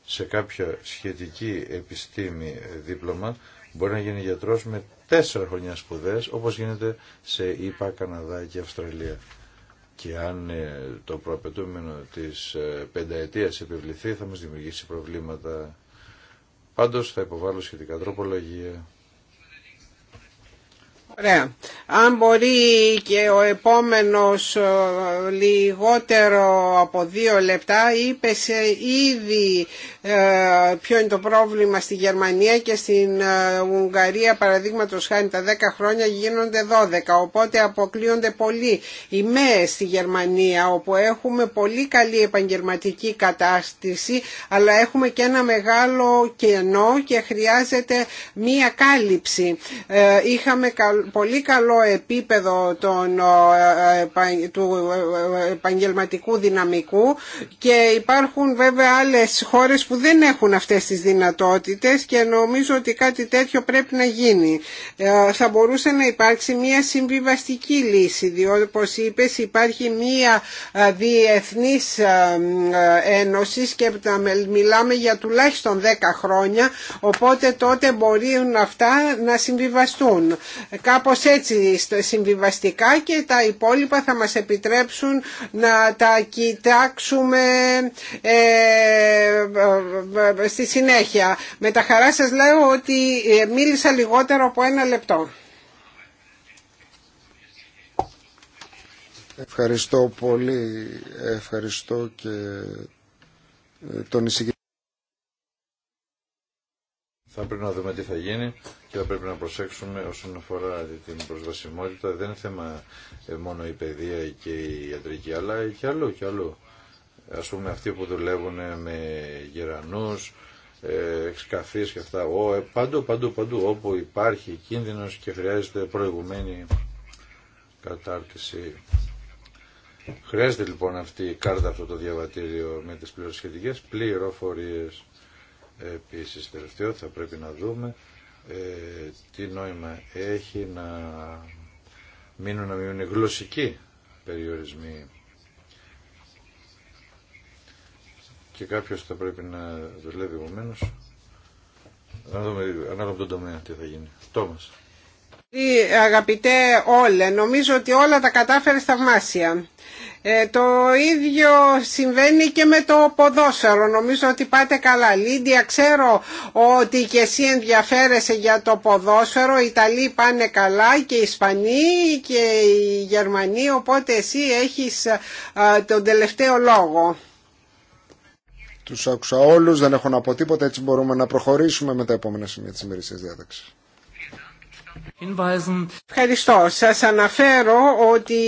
σε κάποια σχετική επιστήμη δίπλωμα, μπορεί να γίνει γιατρός με τέσσερα χρονιά σπουδές, όπως γίνεται σε ΙΠΑ, Καναδά και Αυστραλία. Και αν ε, το προαπαιτούμενο της ε, πενταετίας επιβληθεί, θα μας δημιουργήσει προβλήματα. Πάντως θα υποβάλω σχετικά τροπολογία. Ωραία. Αν μπορεί και ο επόμενος ε, λιγότερο από δύο λεπτά είπε σε ήδη ε, ποιο είναι το πρόβλημα στη Γερμανία και στην ε, Ουγγαρία παραδείγματος χάνει τα 10 χρόνια γίνονται 12 οπότε αποκλείονται πολύ οι ΜΕΕ στη Γερμανία όπου έχουμε πολύ καλή επαγγελματική κατάσταση αλλά έχουμε και ένα μεγάλο κενό και χρειάζεται μία κάλυψη. Είχαμε καλό πολύ καλό επίπεδο ε, ε, του ε, επαγγελματικού δυναμικού και υπάρχουν βέβαια άλλες χώρες που δεν έχουν αυτές τις δυνατότητες και νομίζω ότι κάτι τέτοιο πρέπει να γίνει. Θα μπορούσε να υπάρξει μια συμβιβαστική λύση διότι όπως είπες υπάρχει μια διεθνής Ένωση, και μιλάμε για τουλάχιστον 10 χρόνια οπότε τότε μπορεί αυτά να συμβιβαστούν κάπως έτσι συμβιβαστικά και τα υπόλοιπα θα μας επιτρέψουν να τα κοιτάξουμε ε, ε, στη συνέχεια. Με τα χαρά σας λέω ότι ε, μίλησα λιγότερο από ένα λεπτό. Ευχαριστώ πολύ. Ευχαριστώ και τον εισηγητή θα πρέπει να δούμε τι θα γίνει και θα πρέπει να προσέξουμε όσον αφορά την προσβασιμότητα. Δεν είναι θέμα ε, μόνο η παιδεία και η ιατρική, αλλά και αλλού και αλλού. Ας πούμε αυτοί που δουλεύουν ε, με γερανούς, ε, εξκαφείς και αυτά, ο, παντού, παντού, παντού, όπου υπάρχει κίνδυνος και χρειάζεται προηγουμένη κατάρτιση. Χρειάζεται λοιπόν αυτή η κάρτα, αυτό το διαβατήριο με τις πληροσχετικές πληροφορίες. Επίσης, τελευταίο, θα πρέπει να δούμε ε, τι νόημα έχει να μείνουν να μείνουν γλωσσικοί περιορισμοί και κάποιος θα πρέπει να δουλεύει επομένως να δούμε ανάλογα τον τομέα τι θα γίνει. Τόμας. Αγαπητέ Όλε, νομίζω ότι όλα τα κατάφερε θαυμάσια. Ε, το ίδιο συμβαίνει και με το ποδόσφαιρο. Νομίζω ότι πάτε καλά. Λίντια, ξέρω ότι και εσύ ενδιαφέρεσαι για το ποδόσφαιρο. Οι Ιταλοί πάνε καλά και οι Ισπανοί και οι Γερμανοί. Οπότε εσύ έχεις ε, τον τελευταίο λόγο. Τους άκουσα όλους, δεν έχω να πω τίποτα. Έτσι μπορούμε να προχωρήσουμε με τα επόμενα σημεία της ημερησίας διάταξης. Ευχαριστώ. Σας αναφέρω ότι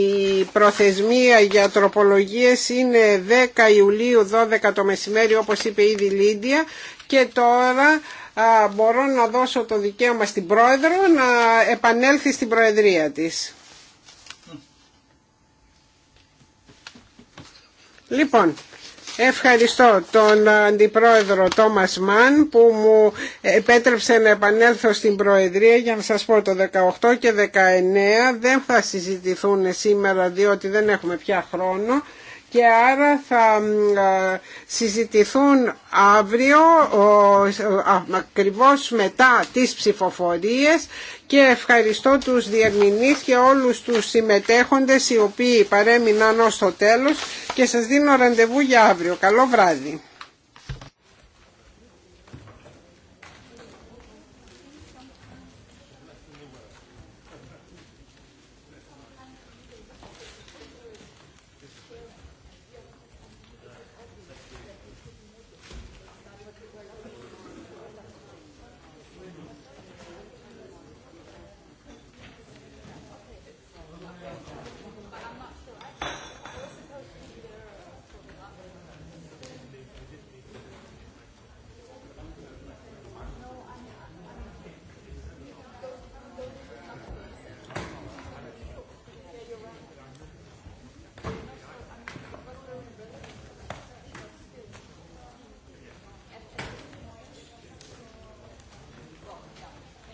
η προθεσμία για τροπολογίες είναι 10 Ιουλίου 12 το μεσημέρι όπως είπε ήδη η Λίντια και τώρα μπορώ να δώσω το δικαίωμα στην Πρόεδρο να επανέλθει στην Προεδρία της. Hm. Λοιπόν, Ευχαριστώ τον Αντιπρόεδρο Τόμας Μαν που μου επέτρεψε να επανέλθω στην Προεδρία για να σας πω το 18 και 19 δεν θα συζητηθούν σήμερα διότι δεν έχουμε πια χρόνο και άρα θα συζητηθούν αύριο ακριβώς μετά τις ψηφοφορίες και ευχαριστώ τους διερμηνείς και όλους τους συμμετέχοντες οι οποίοι παρέμειναν ως το τέλος και σας δίνω ραντεβού για αύριο. Καλό βράδυ.